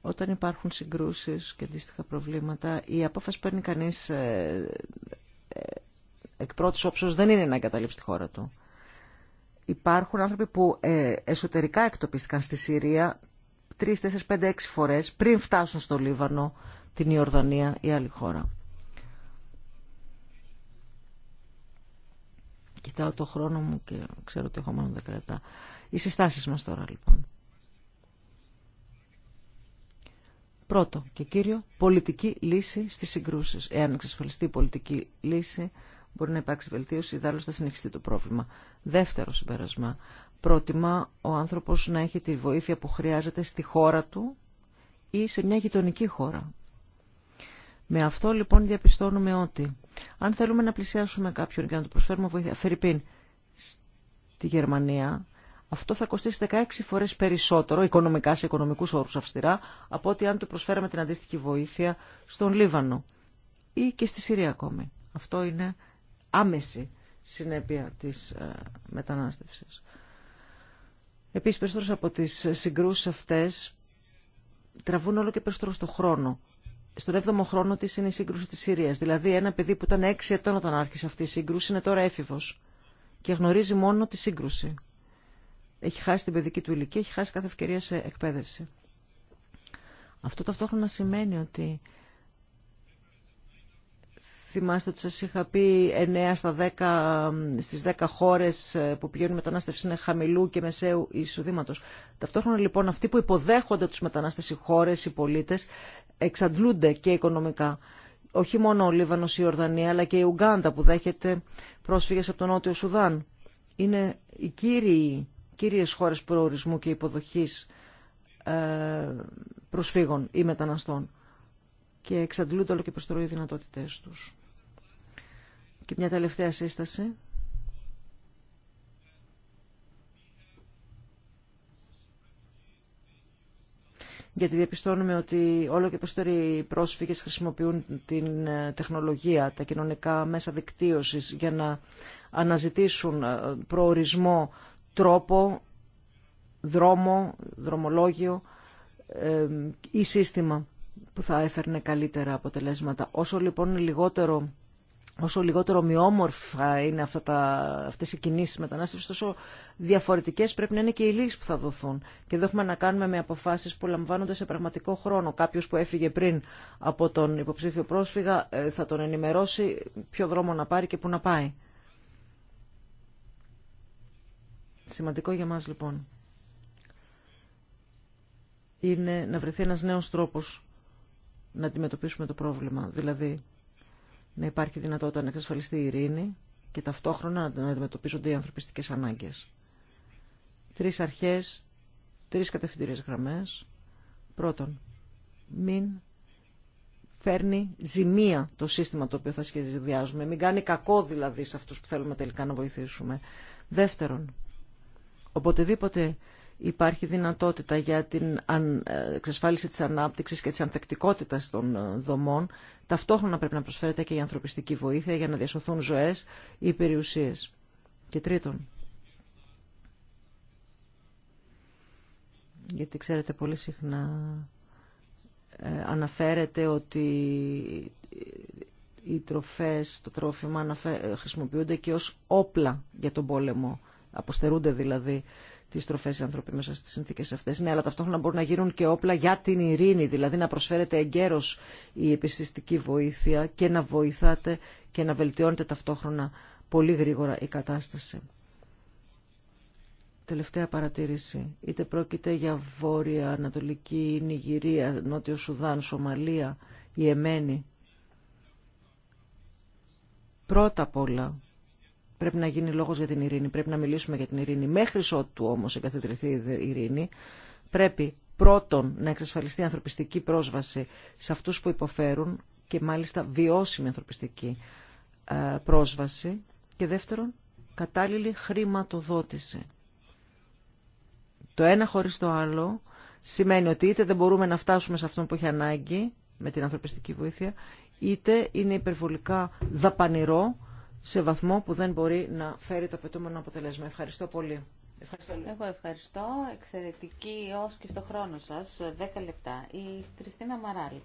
Όταν υπάρχουν συγκρούσεις και αντίστοιχα προβλήματα, η απόφαση που παίρνει κανείς ε, ε, εκ πρώτης όψεως δεν είναι να εγκαταλείψει τη χώρα του. Υπάρχουν άνθρωποι που ε, εσωτερικά εκτοπίστηκαν στη Συρία 3, 4, 5, 6 φορές πριν φτάσουν στο Λίβανο, την Ιορδανία ή άλλη χώρα. Κοιτάω το χρόνο μου και ξέρω ότι έχω μόνο δεκαετά. λεπτά. Οι συστάσεις μας τώρα λοιπόν. Πρώτο και κύριο, πολιτική λύση στις συγκρούσεις. Εάν εξασφαλιστεί η πολιτική λύση, μπορεί να υπάρξει βελτίωση, ιδάλλως θα συνεχιστεί το πρόβλημα. Δεύτερο συμπέρασμα, πρότιμα ο άνθρωπος να έχει τη βοήθεια που χρειάζεται στη χώρα του ή σε μια γειτονική χώρα. Με αυτό λοιπόν διαπιστώνουμε ότι αν θέλουμε να πλησιάσουμε κάποιον και να του προσφέρουμε βοήθεια, Φερρυπίν, στη Γερμανία, αυτό θα κοστίσει 16 φορέ περισσότερο, οικονομικά σε οικονομικού όρου αυστηρά, από ότι αν του προσφέραμε την αντίστοιχη βοήθεια στον Λίβανο ή και στη Συρία ακόμη. Αυτό είναι άμεση συνέπεια τη ε, μετανάστευση. Επίση, περισσότερε από τι συγκρούσει αυτέ τραβούν όλο και περισσότερο στον χρόνο στον 7ο χρόνο τη είναι η σύγκρουση της Συρίας. Δηλαδή ένα παιδί που ήταν 6 ετών όταν άρχισε αυτή η σύγκρουση είναι τώρα έφηβος και γνωρίζει μόνο τη σύγκρουση. Έχει χάσει την παιδική του ηλικία, έχει χάσει κάθε ευκαιρία σε εκπαίδευση. Αυτό ταυτόχρονα σημαίνει ότι Θυμάστε ότι σας είχα πει 9 στα 10, στις 10 χώρες ε, που πηγαίνουν μετανάστευση είναι χαμηλού και μεσαίου εισοδήματο. Ταυτόχρονα λοιπόν αυτοί που υποδέχονται τους μετανάστες οι χώρες, οι πολίτες, εξαντλούνται και οικονομικά. Όχι μόνο ο Λίβανος, η η Ορδανία, αλλά και η Ουγγάντα που δέχεται πρόσφυγες από τον Νότιο Σουδάν. Είναι οι κύριοι, κύριες χώρες προορισμού και υποδοχής ε, προσφύγων ή μεταναστών και εξαντλούνται όλο και προς το οι δυνατότητές τους. Και μια τελευταία σύσταση. γιατί διαπιστώνουμε ότι όλο και περισσότεροι πρόσφυγες χρησιμοποιούν την ε, τεχνολογία, τα κοινωνικά μέσα δικτύωσης για να αναζητήσουν ε, προορισμό, τρόπο, δρόμο, δρομολόγιο ε, ή σύστημα που θα έφερνε καλύτερα αποτελέσματα. Όσο λοιπόν λιγότερο όσο λιγότερο ομοιόμορφα είναι αυτά τα, αυτές οι κινήσεις μετανάστευσης, τόσο διαφορετικές πρέπει να είναι και οι λύσεις που θα δοθούν. Και εδώ έχουμε να κάνουμε με αποφάσεις που λαμβάνονται σε πραγματικό χρόνο. Κάποιος που έφυγε πριν από τον υποψήφιο πρόσφυγα ε, θα τον ενημερώσει ποιο δρόμο να πάρει και πού να πάει. Σημαντικό για μας λοιπόν είναι να βρεθεί ένας νέος τρόπος να αντιμετωπίσουμε το πρόβλημα. Δηλαδή να υπάρχει δυνατότητα να εξασφαλιστεί η ειρήνη και ταυτόχρονα να αντιμετωπίζονται οι ανθρωπιστικές ανάγκες. Τρεις αρχές, τρεις κατευθυντήριες γραμμές. Πρώτον, μην φέρνει ζημία το σύστημα το οποίο θα σχεδιάζουμε. Μην κάνει κακό δηλαδή σε αυτούς που θέλουμε τελικά να βοηθήσουμε. Δεύτερον, οποτεδήποτε υπάρχει δυνατότητα για την ε, εξασφάλιση της ανάπτυξης και της ανθεκτικότητας των ε, δομών, ταυτόχρονα πρέπει να προσφέρεται και η ανθρωπιστική βοήθεια για να διασωθούν ζωές ή περιουσίες. Και τρίτον, γιατί ξέρετε πολύ συχνά ε, αναφέρεται ότι οι τροφές, το τρόφιμα χρησιμοποιούνται και ως όπλα για τον πόλεμο, αποστερούνται δηλαδή τις τροφές οι άνθρωποι μέσα στι συνθήκε αυτέ. Ναι, αλλά ταυτόχρονα μπορούν να γίνουν και όπλα για την ειρήνη, δηλαδή να προσφέρετε εγκαίρως η επιστηστική βοήθεια και να βοηθάτε και να βελτιώνετε ταυτόχρονα πολύ γρήγορα η κατάσταση. Τελευταία παρατήρηση. Είτε πρόκειται για Βόρεια, Ανατολική, Νιγηρία, Νότιο Σουδάν, Σομαλία, η Πρώτα απ' όλα Πρέπει να γίνει λόγος για την ειρήνη, πρέπει να μιλήσουμε για την ειρήνη. Μέχρι ότου όμως εγκαθιδρυθεί η ειρήνη, πρέπει πρώτον να εξασφαλιστεί ανθρωπιστική πρόσβαση σε αυτούς που υποφέρουν και μάλιστα βιώσιμη ανθρωπιστική ε, πρόσβαση και δεύτερον κατάλληλη χρηματοδότηση. Το ένα χωρίς το άλλο σημαίνει ότι είτε δεν μπορούμε να φτάσουμε σε αυτόν που έχει ανάγκη με την ανθρωπιστική βοήθεια, είτε είναι υπερβολικά δαπανηρό σε βαθμό που δεν μπορεί να φέρει το απαιτούμενο αποτελέσμα. Ευχαριστώ πολύ. Ευχαριστώ. Εγώ ευχαριστώ. Εξαιρετική ως και στο χρόνο σας. 10 λεπτά. Η Κριστίνα Μαράλη.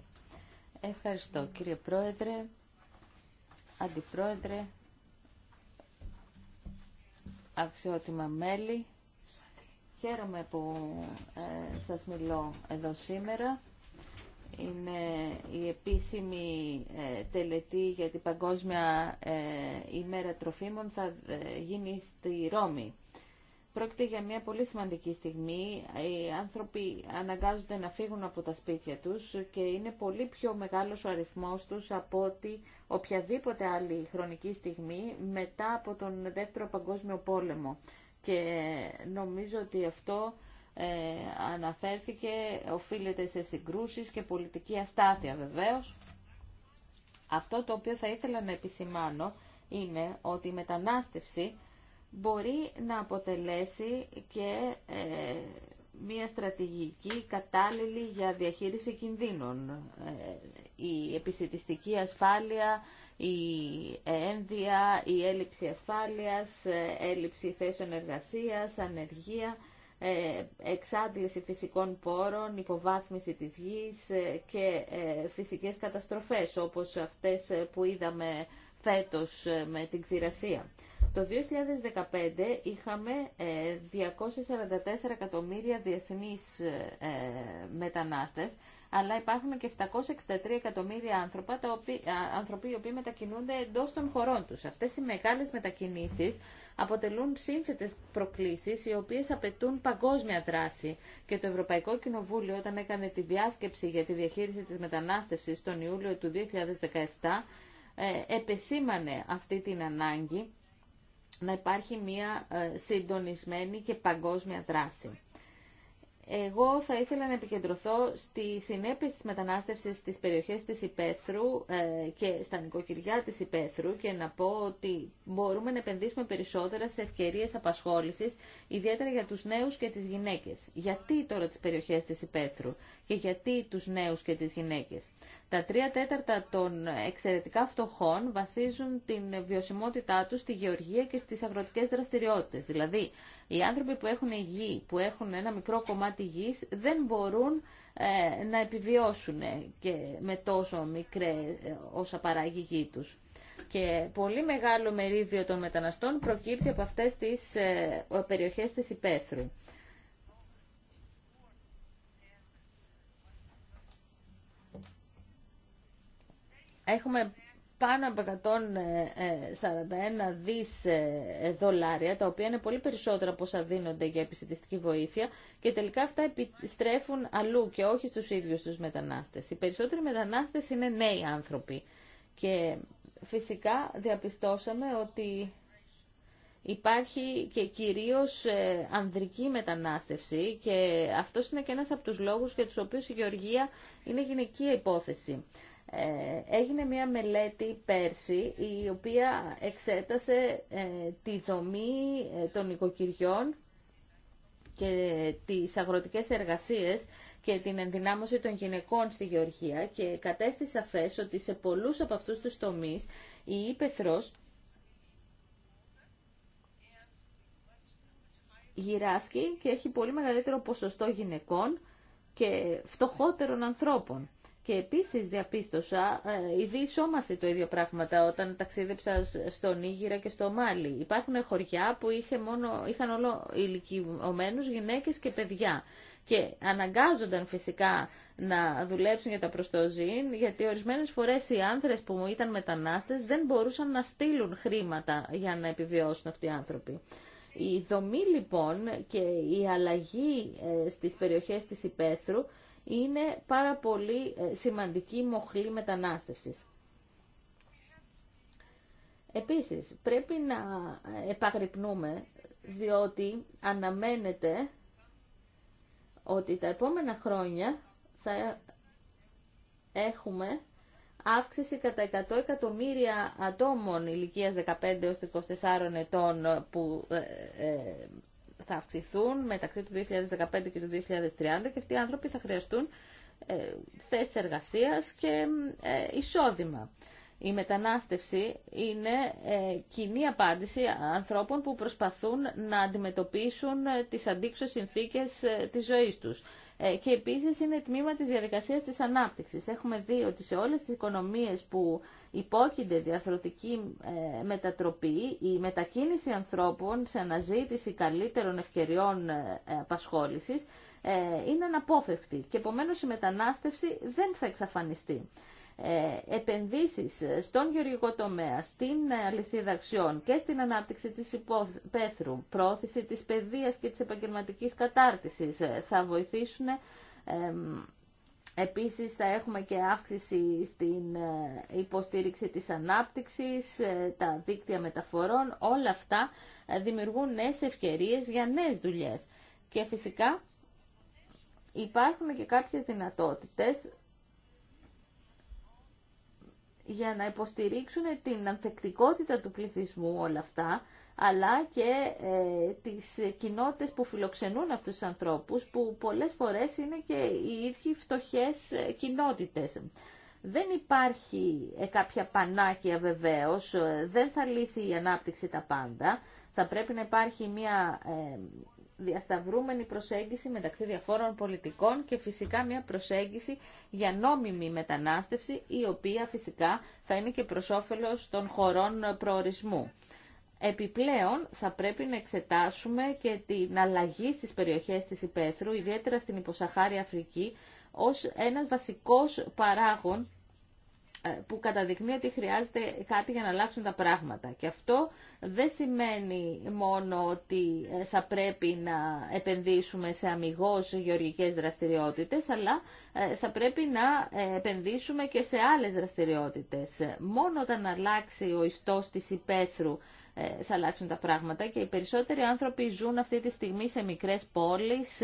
Ευχαριστώ κύριε Πρόεδρε, Αντιπρόεδρε, αξιότιμα μέλη. Χαίρομαι που ε, σας μιλώ εδώ σήμερα είναι η επίσημη ε, τελετή για την Παγκόσμια ε, ημέρα τροφίμων θα ε, γίνει στη Ρώμη. Πρόκειται για μια πολύ σημαντική στιγμή. Οι άνθρωποι αναγκάζονται να φύγουν από τα σπίτια τους και είναι πολύ πιο μεγάλος ο αριθμός τους από ότι οποιαδήποτε άλλη χρονική στιγμή μετά από τον Δεύτερο Παγκόσμιο Πόλεμο. Και νομίζω ότι αυτό ε, αναφέρθηκε οφείλεται σε συγκρούσεις και πολιτική αστάθεια βεβαίως. Αυτό το οποίο θα ήθελα να επισημάνω είναι ότι η μετανάστευση μπορεί να αποτελέσει και ε, μια στρατηγική κατάλληλη για διαχείριση κινδύνων. Ε, η επισητιστική ασφάλεια, η ένδια, η έλλειψη ασφάλειας, έλλειψη θέσεων εργασίας, ανεργία ε, εξάντληση φυσικών πόρων, υποβάθμιση της γης ε, και ε, φυσικές καταστροφές όπως αυτές που είδαμε φέτος με την ξηρασία. Το 2015 είχαμε 244 εκατομμύρια διεθνείς μετανάστες, αλλά υπάρχουν και 763 εκατομμύρια άνθρωποι, οι οποίοι μετακινούνται εντός των χωρών τους. Αυτές οι μεγάλες μετακινήσεις αποτελούν σύνθετες προκλήσεις οι οποίες απαιτούν παγκόσμια δράση και το Ευρωπαϊκό Κοινοβούλιο όταν έκανε τη διάσκεψη για τη διαχείριση της μετανάστευσης τον Ιούλιο του 2017 ε, επεσήμανε αυτή την ανάγκη να υπάρχει μια ε, συντονισμένη και παγκόσμια δράση. Εγώ θα ήθελα να επικεντρωθώ στη συνέπεια της μετανάστευσης στις περιοχές της Υπέθρου ε, και στα νοικοκυριά της Υπέθρου και να πω ότι μπορούμε να επενδύσουμε περισσότερα σε ευκαιρίες απασχόλησης, ιδιαίτερα για τους νέους και τις γυναίκες. Γιατί τώρα τις περιοχές της Υπέθρου και γιατί τους νέους και τις γυναίκες. Τα τρία τέταρτα των εξαιρετικά φτωχών βασίζουν την βιωσιμότητά τους στη γεωργία και στις αγροτικές δραστηριότητες. Δηλαδή, οι άνθρωποι που έχουν γη, που έχουν ένα μικρό κομμάτι γης, δεν μπορούν ε, να επιβιώσουν ε, και με τόσο μικρέ ε, όσα παράγει η γη τους. Και πολύ μεγάλο μερίδιο των μεταναστών προκύπτει από αυτές τις περιοχές της υπαίθρου. Έχουμε πάνω από 141 ε, ε, δις ε, δολάρια, τα οποία είναι πολύ περισσότερα από όσα δίνονται για επιστημιστική βοήθεια και τελικά αυτά επιστρέφουν αλλού και όχι στους ίδιους τους μετανάστες. Οι περισσότεροι μετανάστες είναι νέοι άνθρωποι και φυσικά διαπιστώσαμε ότι υπάρχει και κυρίως ανδρική μετανάστευση και αυτός είναι και ένας από τους λόγους για τους οποίους η Γεωργία είναι γυναική υπόθεση. Ε, έγινε μια μελέτη πέρσι η οποία εξέτασε ε, τη δομή ε, των οικοκυριών και τις αγροτικές εργασίες και την ενδυνάμωση των γυναικών στη Γεωργία και κατέστη σαφές ότι σε πολλούς από αυτούς τους τομείς η υπεθρός γυράσκει και έχει πολύ μεγαλύτερο ποσοστό γυναικών και φτωχότερων ανθρώπων. Και επίση διαπίστωσα, ε, η σώμασε το ίδιο πράγματα όταν ταξίδεψα στον Νίγηρα και στο Μάλι. Υπάρχουν χωριά που είχε μόνο, είχαν όλο ηλικιωμένου γυναίκες και παιδιά. Και αναγκάζονταν φυσικά να δουλέψουν για τα προστοζήν, γιατί ορισμένες φορές οι άνθρες που ήταν μετανάστες δεν μπορούσαν να στείλουν χρήματα για να επιβιώσουν αυτοί οι άνθρωποι. Η δομή λοιπόν και η αλλαγή ε, στις περιοχές της υπαίθρου είναι πάρα πολύ ε, σημαντική μοχλή μετανάστευσης. Επίσης, πρέπει να ε, επαγρυπνούμε, διότι αναμένεται ότι τα επόμενα χρόνια θα έχουμε αύξηση κατά 100 εκατομμύρια ατόμων ηλικίας 15 έως 24 ετών που ε, θα αυξηθούν μεταξύ του 2015 και του 2030 και αυτοί οι άνθρωποι θα χρειαστούν ε, θέσεις εργασίας και ε, εισόδημα. Η μετανάστευση είναι ε, κοινή απάντηση ανθρώπων που προσπαθούν να αντιμετωπίσουν ε, τις αντίξωες συνθήκες της ζωής τους. Ε, και επίσης είναι τμήμα της διαδικασίας της ανάπτυξης. Έχουμε δει ότι σε όλες τις οικονομίες που υπόκεινται διαθροτική ε, μετατροπή, η μετακίνηση ανθρώπων σε αναζήτηση καλύτερων ευκαιριών ε, απασχόλησης είναι αναπόφευκτη και επομένως η μετανάστευση δεν θα εξαφανιστεί. Ε, επενδύσεις στον γεωργικό τομέα, στην αλυσίδα αξιών και στην ανάπτυξη της υπόθρου, πρόθεση της παιδείας και της επαγγελματικής κατάρτισης ε, θα βοηθήσουν Επίσης θα έχουμε και αύξηση στην ε, υποστήριξη της ανάπτυξης, τα δίκτυα μεταφορών, όλα αυτά δημιουργούν νέες ευκαιρίες για νέες δουλειές. Και φυσικά υπάρχουν και κάποιες δυνατότητες για να υποστηρίξουν την ανθεκτικότητα του πληθυσμού όλα αυτά, αλλά και ε, τις κοινότητες που φιλοξενούν αυτούς τους ανθρώπους, που πολλές φορές είναι και οι ίδιοι φτωχές ε, κοινότητες. Δεν υπάρχει ε, κάποια πανάκια βεβαίως, ε, δεν θα λύσει η ανάπτυξη τα πάντα. Θα πρέπει να υπάρχει μια ε, διασταυρούμενη προσέγγιση μεταξύ διαφόρων πολιτικών και φυσικά μια προσέγγιση για νόμιμη μετανάστευση η οποία φυσικά θα είναι και προς όφελος των χωρών προορισμού. Επιπλέον θα πρέπει να εξετάσουμε και την αλλαγή στις περιοχές της Υπέθρου, ιδιαίτερα στην Υποσαχάρη Αφρική, ως ένας βασικός παράγων ε, που καταδεικνύει ότι χρειάζεται κάτι για να αλλάξουν τα πράγματα. Και αυτό δεν σημαίνει μόνο ότι ε, θα πρέπει να επενδύσουμε σε αμυγός γεωργικές δραστηριότητες, αλλά ε, θα πρέπει να επενδύσουμε και σε άλλες δραστηριότητες. Μόνο όταν αλλάξει ο ιστός της υπαίθρου θα αλλάξουν τα πράγματα και οι περισσότεροι άνθρωποι ζουν αυτή τη στιγμή σε μικρές πόλεις,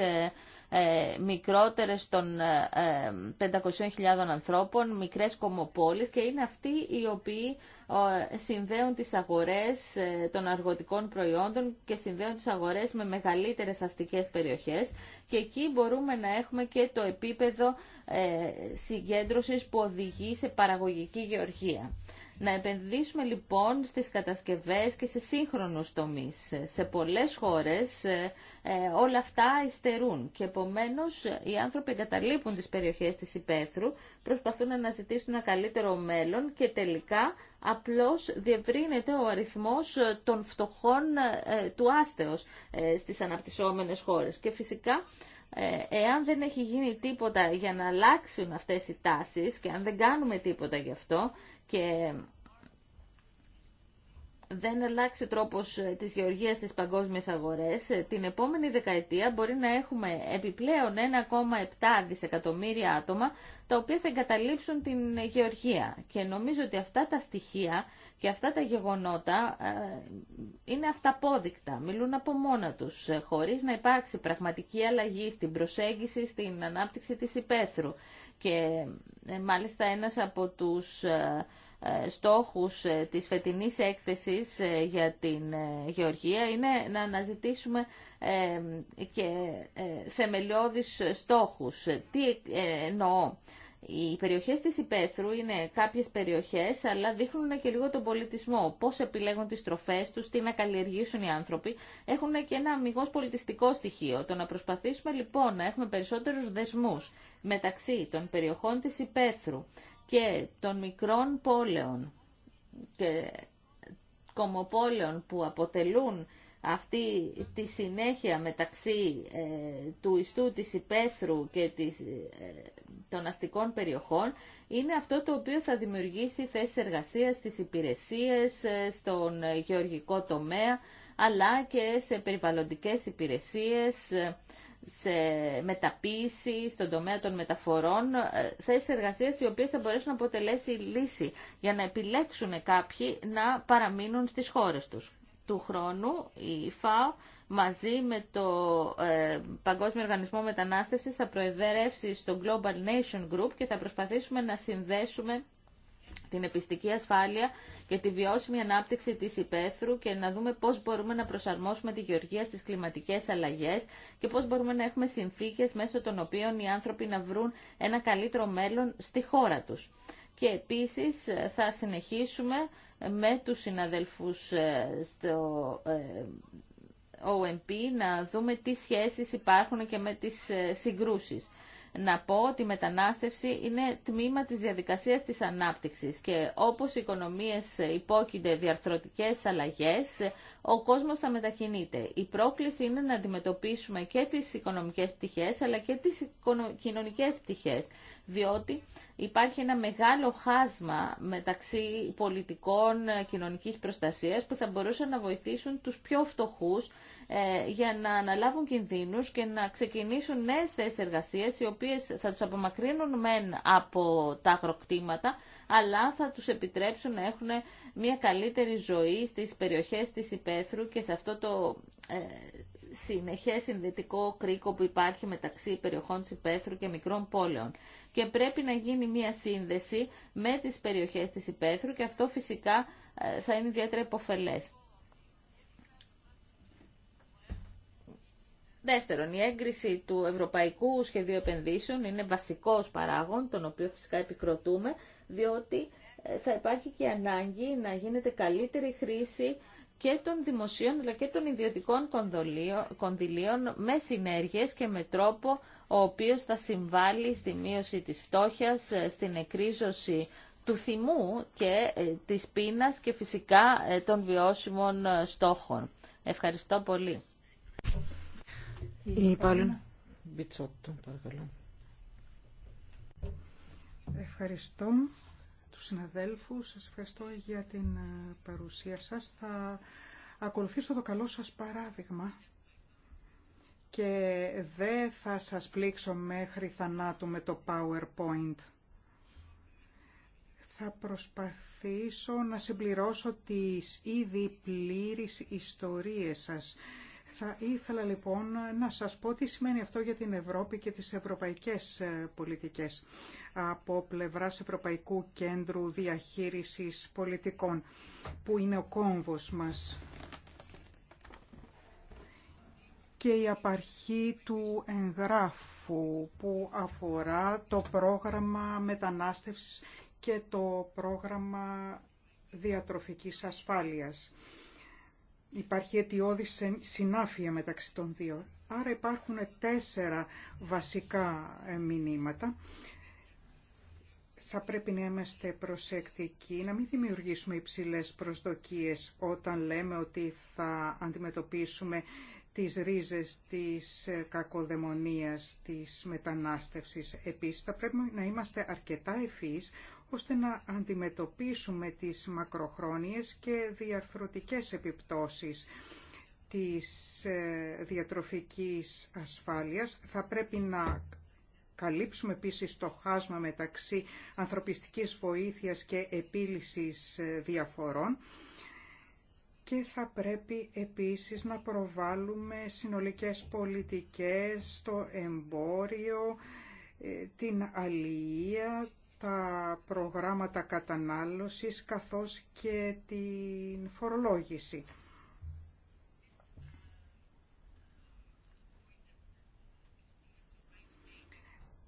ε, μικρότερες των 500.000 ε, ε, ανθρώπων, μικρές κομοπόλεις και είναι αυτοί οι οποίοι συνδέουν τις αγορές των αργωτικών προϊόντων και συνδέουν τις αγορές με μεγαλύτερες αστικές περιοχές και εκεί μπορούμε να έχουμε και το επίπεδο συγκέντρωσης που οδηγεί σε παραγωγική γεωργία. Να επενδύσουμε λοιπόν στις κατασκευές και σε σύγχρονους τομείς. Σε πολλές χώρες ε, ε, όλα αυτά υστερούν και επομένως οι άνθρωποι εγκαταλείπουν τις περιοχές της υπαίθρου, προσπαθούν να αναζητήσουν ένα καλύτερο μέλλον και τελικά απλώς διευρύνεται ο αριθμός ε, των φτωχών του άστεως στις αναπτυσσόμενες χώρες. Και φυσικά εάν δεν έχει γίνει τίποτα για να αλλάξουν αυτές οι τάσεις και αν δεν κάνουμε τίποτα γι' αυτό, και δεν αλλάξει τρόπος ε, της γεωργίας στις παγκόσμιες αγορές, ε, την επόμενη δεκαετία μπορεί να έχουμε επιπλέον 1,7 δισεκατομμύρια άτομα τα οποία θα εγκαταλείψουν την γεωργία. Και νομίζω ότι αυτά τα στοιχεία και αυτά τα γεγονότα ε, είναι αυταπόδεικτα, μιλούν από μόνα τους, χωρίς να υπάρξει πραγματική αλλαγή στην προσέγγιση, στην ανάπτυξη της υπαίθρου. Και μάλιστα ένας από τους ε, στόχους ε, της φετινής έκθεσης ε, για την γεωργία είναι να αναζητήσουμε και θεμελιώδεις στόχους. Τι εννοώ. Οι περιοχές της Υπέθρου είναι κάποιες περιοχές, αλλά δείχνουν και λίγο τον πολιτισμό. Πώς επιλέγουν τις τροφές τους, τι να καλλιεργήσουν οι άνθρωποι. Έχουν και ένα αμυγός πολιτιστικό στοιχείο. Το να προσπαθήσουμε λοιπόν να έχουμε περισσότερους δεσμούς μεταξύ των περιοχών της Υπέθρου και των μικρών πόλεων και κομοπόλεων που αποτελούν αυτή τη συνέχεια μεταξύ ε, του ιστού της υπαίθρου και της, ε, των αστικών περιοχών είναι αυτό το οποίο θα δημιουργήσει θέσεις εργασίας στις υπηρεσίες, ε, στον γεωργικό τομέα αλλά και σε περιβαλλοντικές υπηρεσίες, σε μεταποίηση στον τομέα των μεταφορών, ε, θέσει εργασίας οι οποίες θα μπορέσουν να αποτελέσει λύση για να επιλέξουν κάποιοι να παραμείνουν στις χώρες τους. Του χρόνου η ΦΑΟ μαζί με το ε, Παγκόσμιο Οργανισμό Μετανάστευσης θα προεδρεύσει στο Global Nation Group και θα προσπαθήσουμε να συνδέσουμε την επιστική ασφάλεια και τη βιώσιμη ανάπτυξη της υπαίθρου και να δούμε πώς μπορούμε να προσαρμόσουμε τη γεωργία στις κλιματικές αλλαγές και πώς μπορούμε να έχουμε συνθήκες μέσω των οποίων οι άνθρωποι να βρουν ένα καλύτερο μέλλον στη χώρα τους. Και επίσης ε, θα συνεχίσουμε με τους συναδέλφους ε, στο OMP ε, να δούμε τι σχέσεις υπάρχουν και με τις συγκρούσεις να πω ότι η μετανάστευση είναι τμήμα της διαδικασίας της ανάπτυξης και όπως οι οικονομίες υπόκεινται διαρθρωτικές αλλαγές, ο κόσμος θα μετακινείται. Η πρόκληση είναι να αντιμετωπίσουμε και τις οικονομικές πτυχές αλλά και τις κοινωνικές πτυχές, διότι υπάρχει ένα μεγάλο χάσμα μεταξύ πολιτικών κοινωνικής προστασίας που θα μπορούσαν να βοηθήσουν τους πιο φτωχούς ε, για να αναλάβουν κινδύνους και να ξεκινήσουν νέες θέσεις εργασίας οι οποίες θα τους απομακρύνουν μεν από τα αγροκτήματα αλλά θα τους επιτρέψουν να έχουν μια καλύτερη ζωή στις περιοχές της υπαίθρου και σε αυτό το ε, συνεχές συνδετικό κρίκο που υπάρχει μεταξύ περιοχών της υπαίθρου και μικρών πόλεων. Και πρέπει να γίνει μία σύνδεση με τις περιοχές της υπαίθρου και αυτό φυσικά ε, θα είναι ιδιαίτερα υποφελές. Δεύτερον, η έγκριση του Ευρωπαϊκού Σχεδίου Επενδύσεων είναι βασικός παράγων, τον οποίο φυσικά επικροτούμε, διότι ε, θα υπάρχει και ανάγκη να γίνεται καλύτερη χρήση και των δημοσίων αλλά και των ιδιωτικών κονδυλίων με συνέργειες και με τρόπο ο οποίος θα συμβάλλει στη μείωση της φτώχειας, ε, στην εκρίζωση του θυμού και ε, της πείνας και φυσικά των βιώσιμων στόχων. Ευχαριστώ πολύ. Ευχαριστώ τους συναδέλφους, σας ευχαριστώ για την ε, παρουσία σας. Θα ακολουθήσω το καλό σας παράδειγμα και δεν θα σας πλήξω μέχρι θανάτου με το PowerPoint. Θα προσπαθήσω να συμπληρώσω τις ήδη πλήρεις ιστορίες σας θα ήθελα λοιπόν να σας πω τι σημαίνει αυτό για την Ευρώπη και τις ευρωπαϊκές ε, πολιτικές από πλευράς Ευρωπαϊκού Κέντρου Διαχείρισης Πολιτικών που είναι ο κόμβος μας και η απαρχή του εγγράφου που αφορά το πρόγραμμα μετανάστευσης και το πρόγραμμα διατροφικής ασφάλειας υπάρχει αιτιώδη συνάφεια μεταξύ των δύο. Άρα υπάρχουν τέσσερα βασικά ε, μηνύματα. Θα πρέπει να είμαστε προσεκτικοί, να μην δημιουργήσουμε υψηλές προσδοκίες όταν λέμε ότι θα αντιμετωπίσουμε τις ρίζες της ε, κακοδαιμονίας, της μετανάστευσης. Επίσης, θα πρέπει να είμαστε αρκετά ευφύς ώστε να αντιμετωπίσουμε τις μακροχρόνιες και διαρθρωτικές επιπτώσεις της ε, διατροφικής ασφάλειας. Θα πρέπει να καλύψουμε επίσης το χάσμα μεταξύ ανθρωπιστικής βοήθειας και επίλυσης ε, διαφορών και θα πρέπει επίσης να προβάλλουμε συνολικές πολιτικές στο εμπόριο, ε, την αλληλεία, τα προγράμματα κατανάλωσης καθώς και την φορολόγηση.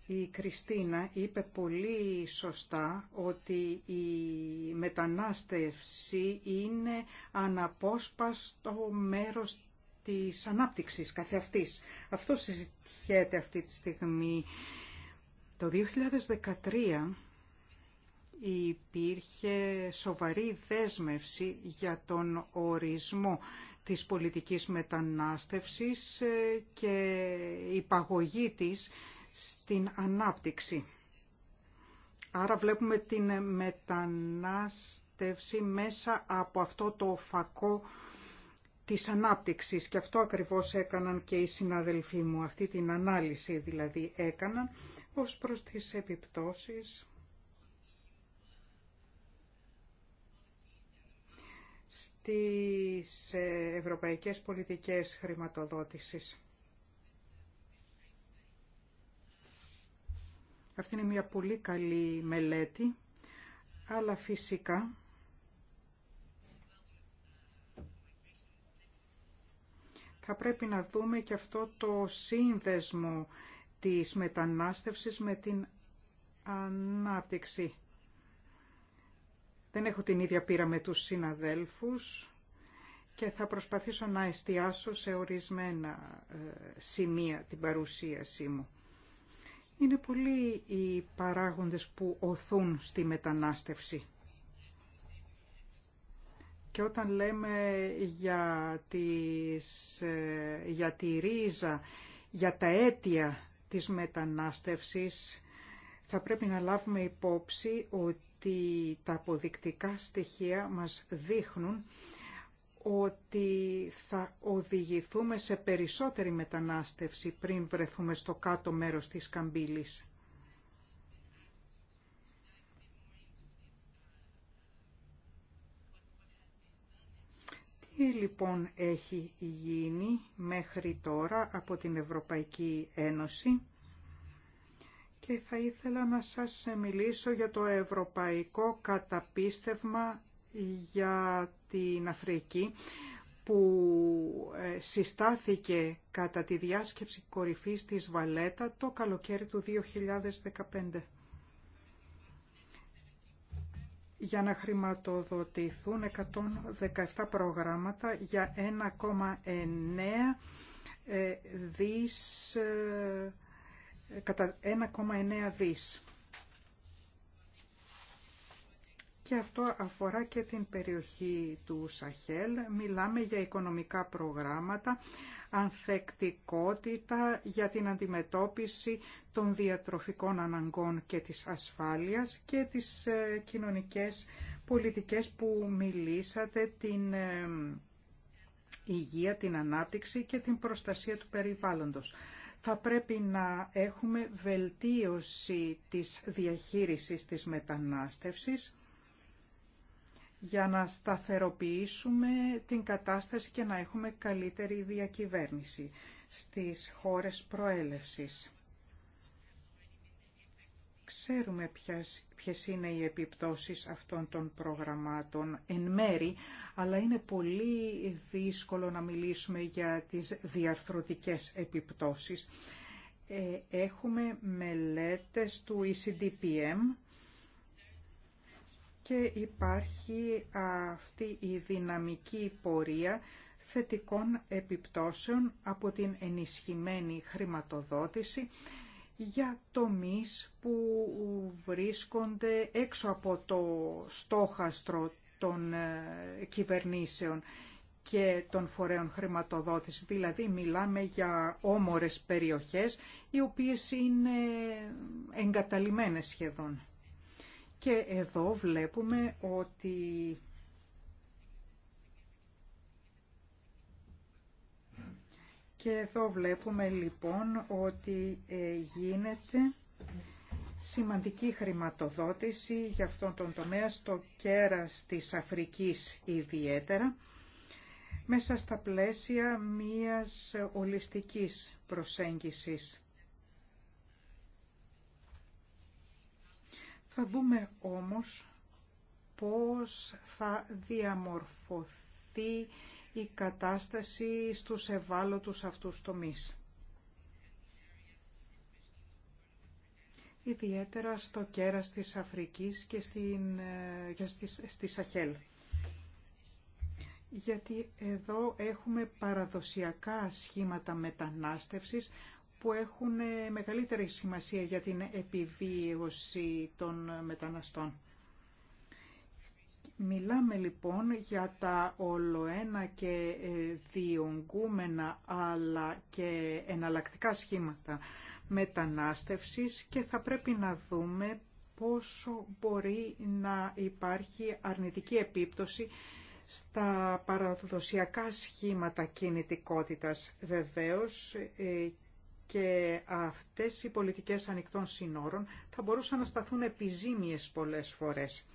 Η Κριστίνα είπε πολύ σωστά ότι η μετανάστευση είναι αναπόσπαστο μέρος της ανάπτυξης καθεαυτής. Αυτό συζητιέται αυτή τη στιγμή. Το 2013 υπήρχε σοβαρή δέσμευση για τον ορισμό της πολιτικής μετανάστευσης ε, και η παγωγή της στην ανάπτυξη. Άρα βλέπουμε την μετανάστευση μέσα από αυτό το φακό της ανάπτυξης και αυτό ακριβώς έκαναν και οι συναδελφοί μου, αυτή την ανάλυση δηλαδή έκαναν ως προς τις επιπτώσεις στις ε, ευρωπαϊκές πολιτικές χρηματοδότησης. Αυτή είναι μια πολύ καλή μελέτη, αλλά φυσικά θα πρέπει να δούμε και αυτό το σύνδεσμο της μετανάστευσης με την ανάπτυξη. Δεν έχω την ίδια πείρα με τους συναδέλφους και θα προσπαθήσω να εστιάσω σε ορισμένα ε, σημεία την παρουσίασή μου. Είναι πολλοί οι παράγοντες που οθούν στη μετανάστευση. Και όταν λέμε για, τις, ε, για τη ρίζα, για τα αίτια της μετανάστευσης, θα πρέπει να λάβουμε υπόψη ότι τα αποδεικτικά στοιχεία μας δείχνουν ότι θα οδηγηθούμε σε περισσότερη μετανάστευση πριν βρεθούμε στο κάτω μέρος της καμπύλης. Τι λοιπόν έχει γίνει μέχρι τώρα από την Ευρωπαϊκή Ένωση και θα ήθελα να σας μιλήσω για το Ευρωπαϊκό Καταπίστευμα για στην Αφρική που ε, συστάθηκε κατά τη διάσκεψη κορυφής της Βαλέτα το καλοκαίρι του 2015. για να χρηματοδοτηθούν 117 προγράμματα για 1,9 ε, δις ε, κατά 1,9 δις. και αυτό αφορά και την περιοχή του Σαχέλ. Μιλάμε για οικονομικά προγράμματα, ανθεκτικότητα για την αντιμετώπιση των διατροφικών αναγκών και της ασφάλειας και τις ε, κοινωνικές πολιτικές που μιλήσατε, την ε, υγεία, την ανάπτυξη και την προστασία του περιβάλλοντος. Θα πρέπει να έχουμε βελτίωση της διαχείρισης της μετανάστευσης για να σταθεροποιήσουμε την κατάσταση και να έχουμε καλύτερη διακυβέρνηση στις χώρες προέλευσης. Ξέρουμε ποιες, είναι οι επιπτώσεις αυτών των προγραμμάτων εν μέρη, αλλά είναι πολύ δύσκολο να μιλήσουμε για τις διαρθρωτικές επιπτώσεις. Ε, έχουμε μελέτες του ECDPM και υπάρχει αυτή η δυναμική πορεία θετικών επιπτώσεων από την ενισχυμένη χρηματοδότηση για τομείς που βρίσκονται έξω από το στόχαστρο των ε, κυβερνήσεων και των φορέων χρηματοδότηση. Δηλαδή μιλάμε για όμορες περιοχές οι οποίες είναι εγκαταλειμμένες σχεδόν. Και εδώ βλέπουμε ότι Και εδώ βλέπουμε λοιπόν ότι ε, γίνεται σημαντική χρηματοδότηση για αυτόν τον τομέα στο κέρας της Αφρικής ιδιαίτερα μέσα στα πλαίσια μιας ολιστικής προσέγγισης. Θα δούμε όμως πώς θα διαμορφωθεί η κατάσταση στους ευάλωτους αυτούς τομείς. Ιδιαίτερα στο κέρας της Αφρικής και, στην, ε, και στη, στη Σαχέλ. Γιατί εδώ έχουμε παραδοσιακά σχήματα μετανάστευσης που έχουν ε, μεγαλύτερη σημασία για την επιβίωση των μεταναστών. Μιλάμε λοιπόν για τα ολοένα και ε, διονγκούμενα αλλά και εναλλακτικά σχήματα μετανάστευσης και θα πρέπει να δούμε πόσο μπορεί να υπάρχει αρνητική επίπτωση στα παραδοσιακά σχήματα κινητικότητας. Βεβαίως ε, και αυτές οι πολιτικές ανοιχτών συνόρων θα μπορούσαν να σταθούν επιζήμιες πολλές φορές.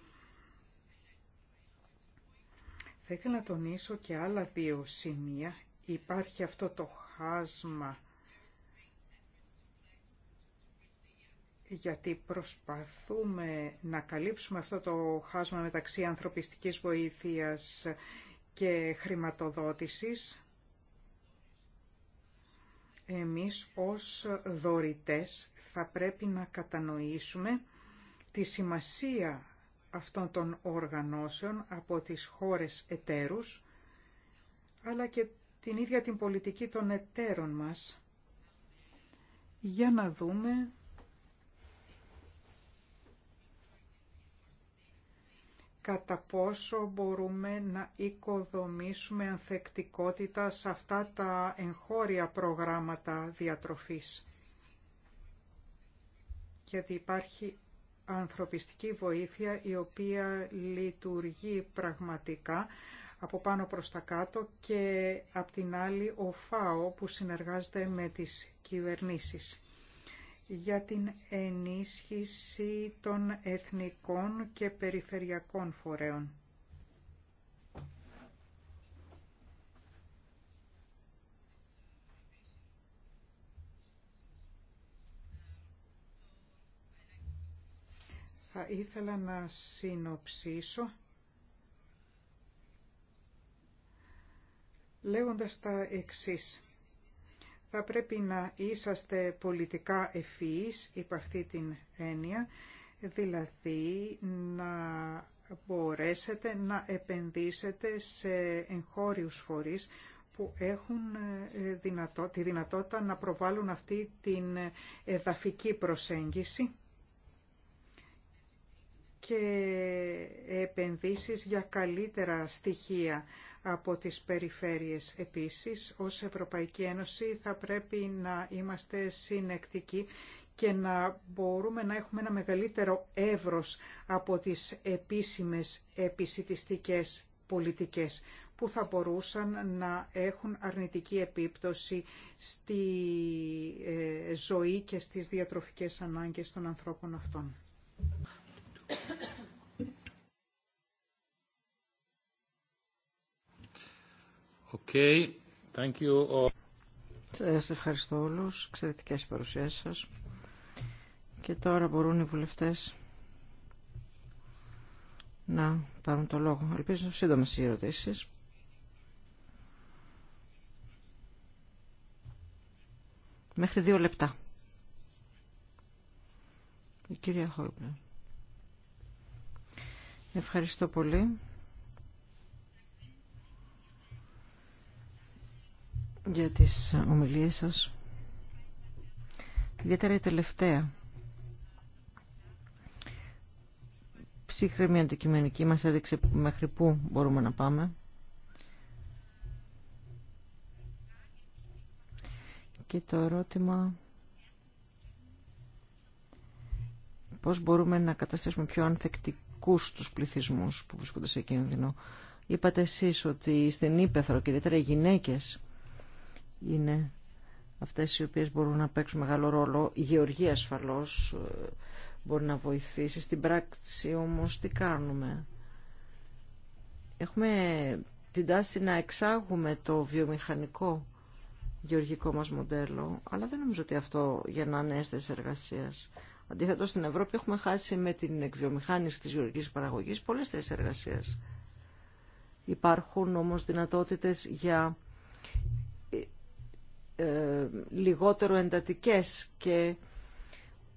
Θα ήθελα να τονίσω και άλλα δύο σημεία. Υπάρχει αυτό το χάσμα γιατί προσπαθούμε να καλύψουμε αυτό το χάσμα μεταξύ ανθρωπιστικής βοήθειας και χρηματοδότησης εμείς ως δωρητές θα πρέπει να κατανοήσουμε τη σημασία αυτών των οργανώσεων από τις χώρες εταίρους, αλλά και την ίδια την πολιτική των εταίρων μας, για να δούμε κατά πόσο μπορούμε να οικοδομήσουμε ανθεκτικότητα σε αυτά τα εγχώρια προγράμματα διατροφής. Γιατί υπάρχει ανθρωπιστική βοήθεια η οποία λειτουργεί πραγματικά από πάνω προς τα κάτω και απ' την άλλη ο ΦΑΟ που συνεργάζεται με τις κυβερνήσεις για την ενίσχυση των εθνικών και περιφερειακών φορέων. Θα ήθελα να συνοψίσω λέγοντας τα εξής θα πρέπει να είσαστε πολιτικά ευφυείς υπ' αυτή την έννοια, δηλαδή να μπορέσετε να επενδύσετε σε εγχώριους φορείς που έχουν ε, τη δυνατότητα να προβάλλουν αυτή την εδαφική προσέγγιση και επενδύσεις για καλύτερα στοιχεία από τις περιφέρειες. Επίσης, ως Ευρωπαϊκή Ένωση θα πρέπει να είμαστε συνεκτικοί και να μπορούμε να έχουμε ένα μεγαλύτερο εύρος από τις επίσημες επισητιστικές πολιτικές που θα μπορούσαν να έχουν αρνητική επίπτωση στη ε, ζωή και στις διατροφικές ανάγκες των ανθρώπων αυτών. Σας ευχαριστώ όλους. Εξαιρετικές οι παρουσιάσεις σας. Και τώρα μπορούν οι βουλευτές να πάρουν το λόγο. Ελπίζω σύντομα οι ερωτήσεις. Μέχρι δύο λεπτά. Η κυρία Χόιμπλε. Ευχαριστώ πολύ. για τις ομιλίες σας. Ιδιαίτερα η τελευταία. Ψύχρεμη αντικειμενική μας έδειξε μέχρι πού μπορούμε να πάμε. Και το ερώτημα πώς μπορούμε να καταστήσουμε πιο ανθεκτικούς τους πληθυσμούς που βρίσκονται σε κίνδυνο. Είπατε εσείς ότι στην Ήπεθρο και ιδιαίτερα οι γυναίκες είναι αυτές οι οποίες μπορούν να παίξουν μεγάλο ρόλο. Η γεωργία ασφαλώς ε, μπορεί να βοηθήσει. Στην πράξη όμως τι κάνουμε. Έχουμε την τάση να εξάγουμε το βιομηχανικό γεωργικό μας μοντέλο, αλλά δεν νομίζω ότι αυτό να είναι αίσθηση εργασίας. Αντίθετα, στην Ευρώπη έχουμε χάσει με την εκβιομηχάνηση της γεωργικής παραγωγής πολλές θέσεις εργασίας. Υπάρχουν όμως δυνατότητες για ε, λιγότερο εντατικές και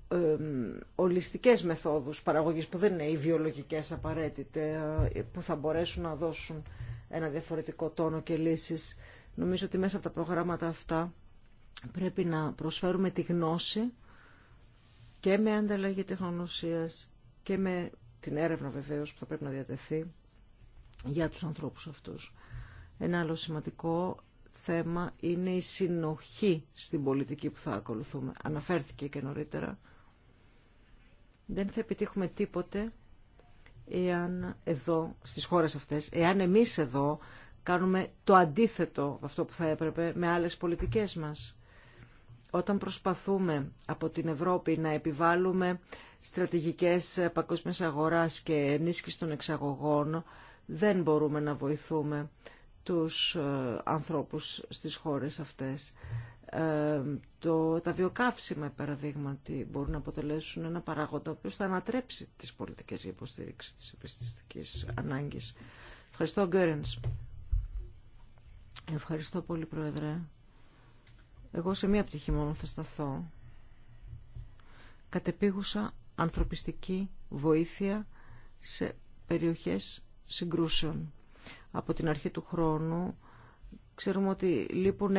ε, ολιστικές μεθόδους παραγωγής που δεν είναι οι βιολογικές ε, που θα μπορέσουν να δώσουν ένα διαφορετικό τόνο και λύσεις. Νομίζω ότι μέσα από τα προγράμματα αυτά πρέπει να προσφέρουμε τη γνώση και με ανταλλαγή τεχνονοσίας και με την έρευνα βεβαίως που θα πρέπει να διατεθεί για τους ανθρώπους αυτούς. Ένα άλλο σημαντικό θέμα είναι η συνοχή στην πολιτική που θα ακολουθούμε. Αναφέρθηκε και νωρίτερα. Δεν θα επιτύχουμε τίποτε εάν εδώ, στις χώρες αυτές, εάν εμείς εδώ κάνουμε το αντίθετο από αυτό που θα έπρεπε με άλλες πολιτικές μας. Όταν προσπαθούμε από την Ευρώπη να επιβάλλουμε στρατηγικές παγκόσμιας αγοράς και ενίσχυση των εξαγωγών, δεν μπορούμε να βοηθούμε τους ε, ανθρώπους στις χώρες αυτές. Ε, το, τα βιοκαύσιμα, παραδείγματι, μπορούν να αποτελέσουν ένα παράγοντα ο οποίος θα ανατρέψει τις πολιτικές για υποστήριξη της επιστηστικής ανάγκης. Ευχαριστώ, Γκέρενς. Ευχαριστώ πολύ, Πρόεδρε. Εγώ σε μία πτυχή μόνο θα σταθώ. Κατεπίγουσα ανθρωπιστική βοήθεια σε περιοχές συγκρούσεων από την αρχή του χρόνου ξέρουμε ότι λείπουν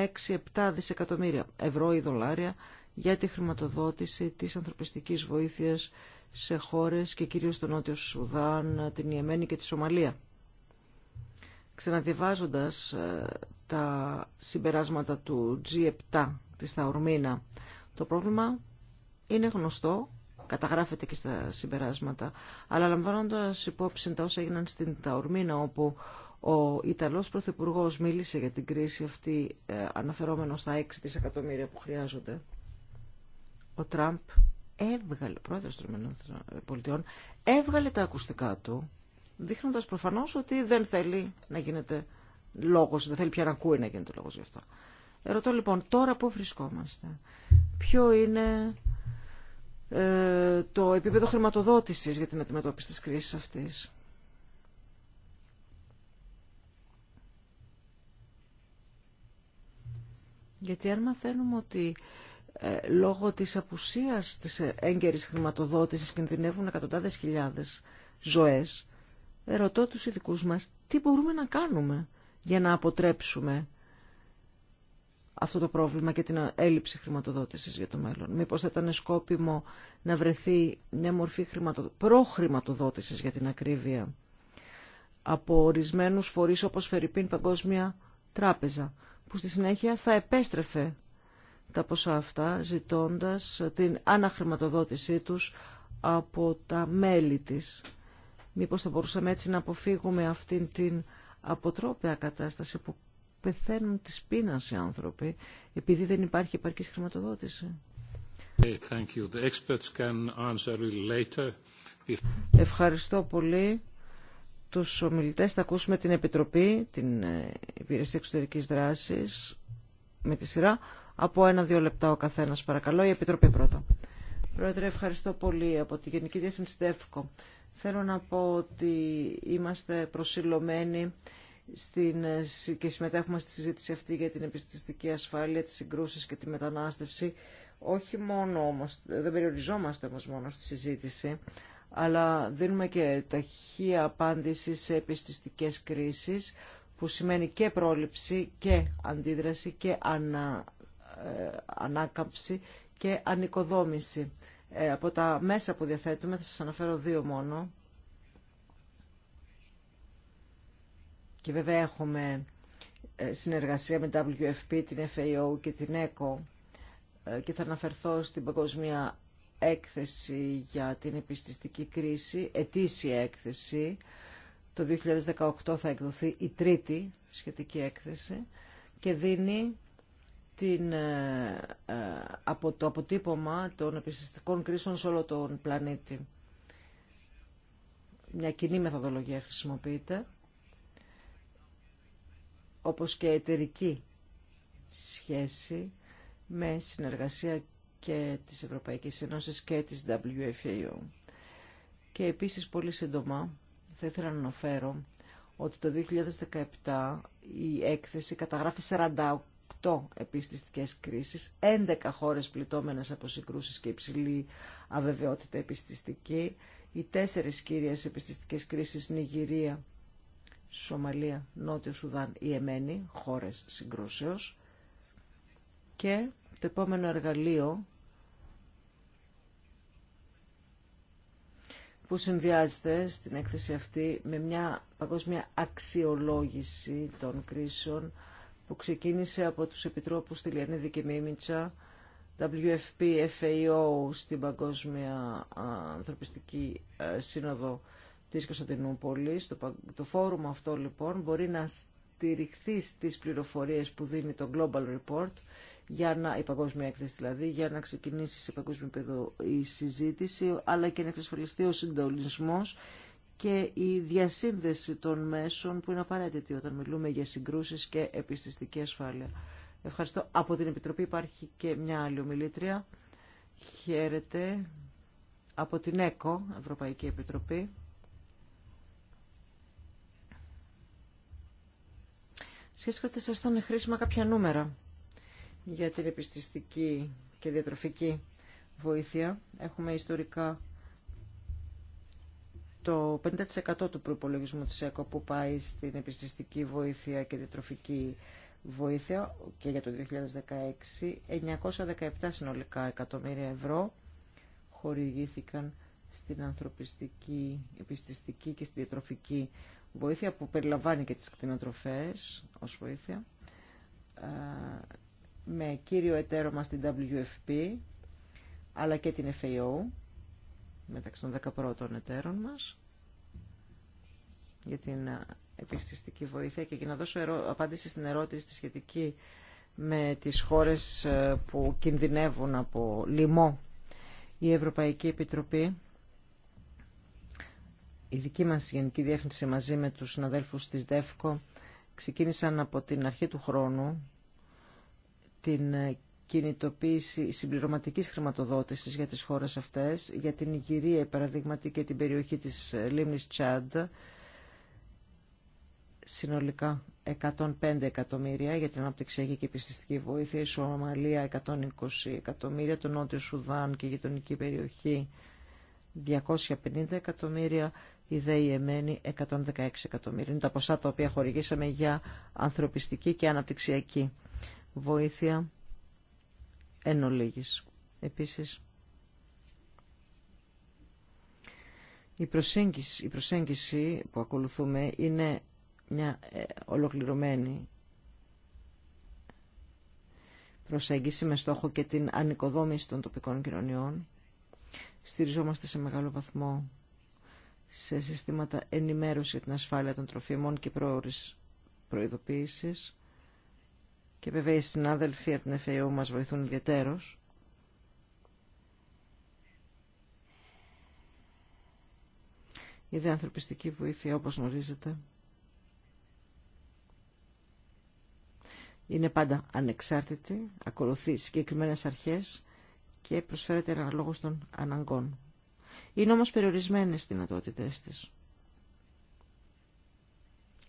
6-7 δισεκατομμύρια ευρώ ή δολάρια για τη χρηματοδότηση της ανθρωπιστικής βοήθειας σε χώρες και κυρίως στο Νότιο Σουδάν, την Ιεμένη και τη Σομαλία. Ξαναδιαβάζοντας ε, τα συμπεράσματα του G7 της Ταουρμίνα, το πρόβλημα είναι γνωστό, καταγράφεται και στα συμπεράσματα, αλλά λαμβάνοντας υπόψη τα όσα έγιναν στην Ταουρμίνα, όπου ο Ιταλός Πρωθυπουργό μίλησε για την κρίση αυτή ε, αναφερόμενο στα 6 δισεκατομμύρια που χρειάζονται. Ο Τραμπ έβγαλε, πρόεδρος των ΗΠΑ, ε, έβγαλε τα ακουστικά του, δείχνοντας προφανώς ότι δεν θέλει να γίνεται λόγος, δεν θέλει πια να ακούει να γίνεται λόγος γι' αυτό. Ερωτώ λοιπόν, τώρα πού βρισκόμαστε, ποιο είναι ε, το επίπεδο χρηματοδότησης για την αντιμετώπιση της κρίσης αυτής. Γιατί αν μαθαίνουμε ότι ε, λόγω της απουσίας της ε, έγκαιρης χρηματοδότησης κινδυνεύουν εκατοντάδες χιλιάδες ζωές, ερωτώ τους ειδικού μας τι μπορούμε να κάνουμε για να αποτρέψουμε αυτό το πρόβλημα και την ε, έλλειψη χρηματοδότησης για το μέλλον. Μήπως θα ήταν σκόπιμο να βρεθεί μια μορφή χρηματοδο... προχρηματοδότησης για την ακρίβεια από ορισμένους φορείς όπως Φερρυπίν Παγκόσμια Τράπεζα που στη συνέχεια θα επέστρεφε τα ποσά αυτά ζητώντας την αναχρηματοδότησή τους από τα μέλη της. Μήπως θα μπορούσαμε έτσι να αποφύγουμε αυτήν την αποτρόπαια κατάσταση που πεθαίνουν της πείνας οι άνθρωποι επειδή δεν υπάρχει επαρκής χρηματοδότηση. Ευχαριστώ πολύ τους ομιλητές θα ακούσουμε την Επιτροπή, την ε, Υπηρεσία Εξωτερικής Δράσης, με τη σειρά, από ένα-δύο λεπτά ο καθένας παρακαλώ. Η Επιτροπή πρώτα. Πρόεδρε, ευχαριστώ πολύ από τη Γενική Διεύθυνση ΤΕΦΚΟ. Θέλω να πω ότι είμαστε προσιλωμένοι στην, ε, και συμμετέχουμε στη συζήτηση αυτή για την επιστημιστική ασφάλεια, τις συγκρούσεις και τη μετανάστευση. Όχι μόνο όμως, δεν περιοριζόμαστε όμως μόνο στη συζήτηση, αλλά δίνουμε και ταχεία απάντηση σε επιστηστικές κρίσεις που σημαίνει και πρόληψη και αντίδραση και ανα, ε, ανάκαμψη και ανικοδόμηση. Ε, από τα μέσα που διαθέτουμε θα σας αναφέρω δύο μόνο. Και βέβαια έχουμε ε, συνεργασία με WFP, την FAO και την ECO και θα αναφερθώ στην Παγκόσμια έκθεση για την επιστηστική κρίση, ετήσια έκθεση. Το 2018 θα εκδοθεί η τρίτη σχετική έκθεση και δίνει την, ε, ε, από το αποτύπωμα των επιστηστικών κρίσεων σε όλο τον πλανήτη. Μια κοινή μεθοδολογία χρησιμοποιείται, όπως και εταιρική σχέση με συνεργασία και της Ευρωπαϊκής Ένωσης και της WFAO. Και επίσης πολύ σύντομα θα ήθελα να αναφέρω ότι το 2017 η έκθεση καταγράφει 48 επιστηστικές κρίσεις, 11 χώρες πληττόμενες από συγκρούσεις και υψηλή αβεβαιότητα επιστηστική, οι τέσσερις κύριες επιστηστικές κρίσεις Νιγηρία, Σομαλία, Νότιο Σουδάν, η χώρες συγκρούσεως. Και το επόμενο εργαλείο που συνδυάζεται στην έκθεση αυτή με μια παγκόσμια αξιολόγηση των κρίσεων που ξεκίνησε από τους επιτρόπους στη Λιανίδη και Μίμητσα, WFP, FAO στην Παγκόσμια Ανθρωπιστική Σύνοδο της Κωνσταντινούπολης. Το, το φόρουμ αυτό λοιπόν μπορεί να στηριχθεί στις πληροφορίες που δίνει το Global Report για να, η παγκόσμια έκθεση δηλαδή, για να ξεκινήσει σε παγκόσμιο επίπεδο η συζήτηση, αλλά και να εξασφαλιστεί ο συντολισμό και η διασύνδεση των μέσων που είναι απαραίτητη όταν μιλούμε για συγκρούσεις και επιστηστική ασφάλεια. Ευχαριστώ. Από την Επιτροπή υπάρχει και μια άλλη ομιλήτρια. Χαίρετε. Από την ΕΚΟ, Ευρωπαϊκή Επιτροπή. Σχετικά θα σας ήταν χρήσιμα κάποια νούμερα για την επιστηστική και διατροφική βοήθεια. Έχουμε ιστορικά το 50% του προϋπολογισμού της ΕΚΟ που πάει στην επιστηστική βοήθεια και διατροφική βοήθεια και για το 2016 917 συνολικά εκατομμύρια ευρώ χορηγήθηκαν στην ανθρωπιστική, επιστηστική και στη διατροφική βοήθεια που περιλαμβάνει και τις κτηνοτροφές ως βοήθεια με κύριο εταίρο μας την WFP αλλά και την FAO μεταξύ των 11 εταίρων μας για την επιστηστική βοήθεια και για να δώσω απάντηση στην ερώτηση τη σχετική με τις χώρες ε, που κινδυνεύουν από λοιμό η Ευρωπαϊκή Επιτροπή η δική μας Γενική Διεύθυνση μαζί με τους συναδέλφους της ΔΕΦΚΟ ξεκίνησαν από την αρχή του χρόνου την κινητοποίηση συμπληρωματικής χρηματοδότησης για τις χώρες αυτές, για την Ιγυρία, παραδείγματι, και την περιοχή της λίμνης Τσάντ, συνολικά 105 εκατομμύρια για την αναπτυξιακή και πιστιστική βοήθεια, η Σομαλία 120 εκατομμύρια, το Νότιο Σουδάν και η γειτονική περιοχή 250 εκατομμύρια, η ΔΕΗ εμένη 116 εκατομμύρια. Είναι τα ποσά τα οποία χορηγήσαμε για ανθρωπιστική και αναπτυξιακή βοήθεια εν ολίγης. Επίσης, η προσέγγιση, η προσέγγιση που ακολουθούμε είναι μια ε, ολοκληρωμένη προσέγγιση με στόχο και την ανοικοδόμηση των τοπικών κοινωνιών. Στηριζόμαστε σε μεγάλο βαθμό σε συστήματα ενημέρωση για την ασφάλεια των τροφίμων και προειδοποίησης και βέβαια οι συνάδελφοι από την ΕΦΕΟ μας βοηθούν ιδιαίτερως. Η δε ανθρωπιστική βοήθεια, όπως γνωρίζετε, είναι πάντα ανεξάρτητη, ακολουθεί συγκεκριμένες αρχές και προσφέρεται αναλόγως των αναγκών. Είναι όμως περιορισμένες οι δυνατότητές της.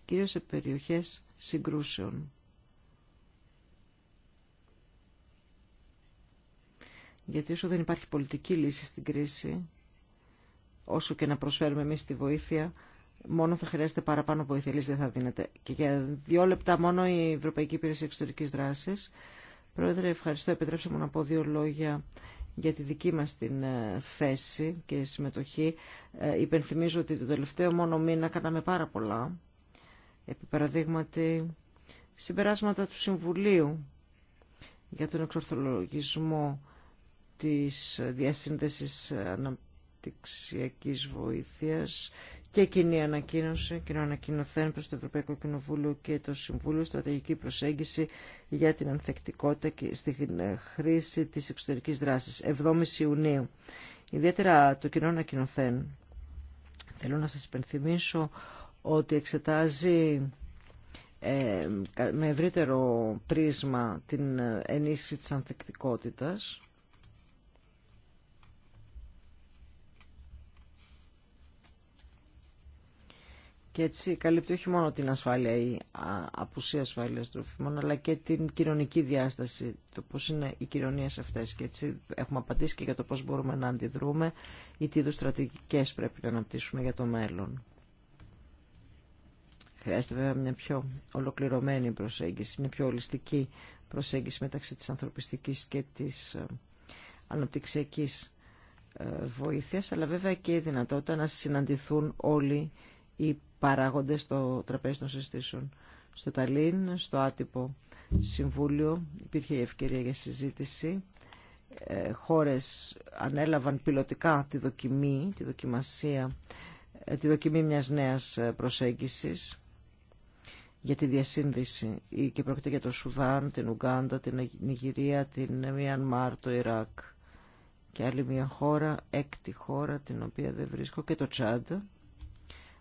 Κυρίως σε περιοχές συγκρούσεων Γιατί όσο δεν υπάρχει πολιτική λύση στην κρίση, όσο και να προσφέρουμε εμεί τη βοήθεια, μόνο θα χρειάζεται παραπάνω βοήθεια, λύση δεν θα δίνεται. Και για δύο λεπτά μόνο η Ευρωπαϊκή Υπηρεσία Εξωτερική δράση, Πρόεδρε, ευχαριστώ. Επιτρέψτε μου να πω δύο λόγια για τη δική μας την ε, θέση και συμμετοχή. Ε, υπενθυμίζω ότι το τελευταίο μόνο μήνα κάναμε πάρα πολλά. Επί παραδείγματι, συμπεράσματα του Συμβουλίου για τον εξορθολογισμό της διασύνδεσης αναπτυξιακής βοήθειας και κοινή ανακοίνωση, κοινό ανακοινωθέν προς το Ευρωπαϊκό Κοινοβούλιο και το Συμβούλιο, στρατηγική προσέγγιση για την ανθεκτικότητα και στη χρήση της εξωτερικής δράσης, 7η Ιουνίου. Ιδιαίτερα το κοινό ανακοινωθέν, θέλω να σας υπενθυμίσω ότι εξετάζει ε, με ευρύτερο πρίσμα την ε, ενίσχυση της ανθεκτικότητας Και έτσι καλύπτει όχι μόνο την ασφάλεια ή απουσία ασφάλειας τροφίμων, αλλά και την κοινωνική διάσταση, το πώς είναι οι κοινωνίες αυτές. Και έτσι έχουμε απαντήσει και για το πώς μπορούμε να αντιδρούμε ή τι είδους στρατηγικές πρέπει να αναπτύσσουμε για το μέλλον. Χρειάζεται βέβαια μια πιο ολοκληρωμένη προσέγγιση, μια πιο ολιστική προσέγγιση μεταξύ της ανθρωπιστικής και της ε, αναπτυξιακής ε, βοήθειας, αλλά βέβαια και η δυνατότητα να συναντηθούν όλοι οι παράγοντες στο τραπέζι των συστήσεων. Στο Ταλίν, στο άτυπο συμβούλιο, υπήρχε η ευκαιρία για συζήτηση. Ε, χώρες ανέλαβαν πιλωτικά τη δοκιμή, τη δοκιμασία, ε, τη δοκιμή μιας νέας ε, προσέγγισης για τη διασύνδεση και πρόκειται για το Σουδάν, την Ουγκάντα, την Νιγηρία, την Μιανμάρ, το Ιράκ και άλλη μια χώρα, έκτη χώρα την οποία δεν βρίσκω και το Τσάντ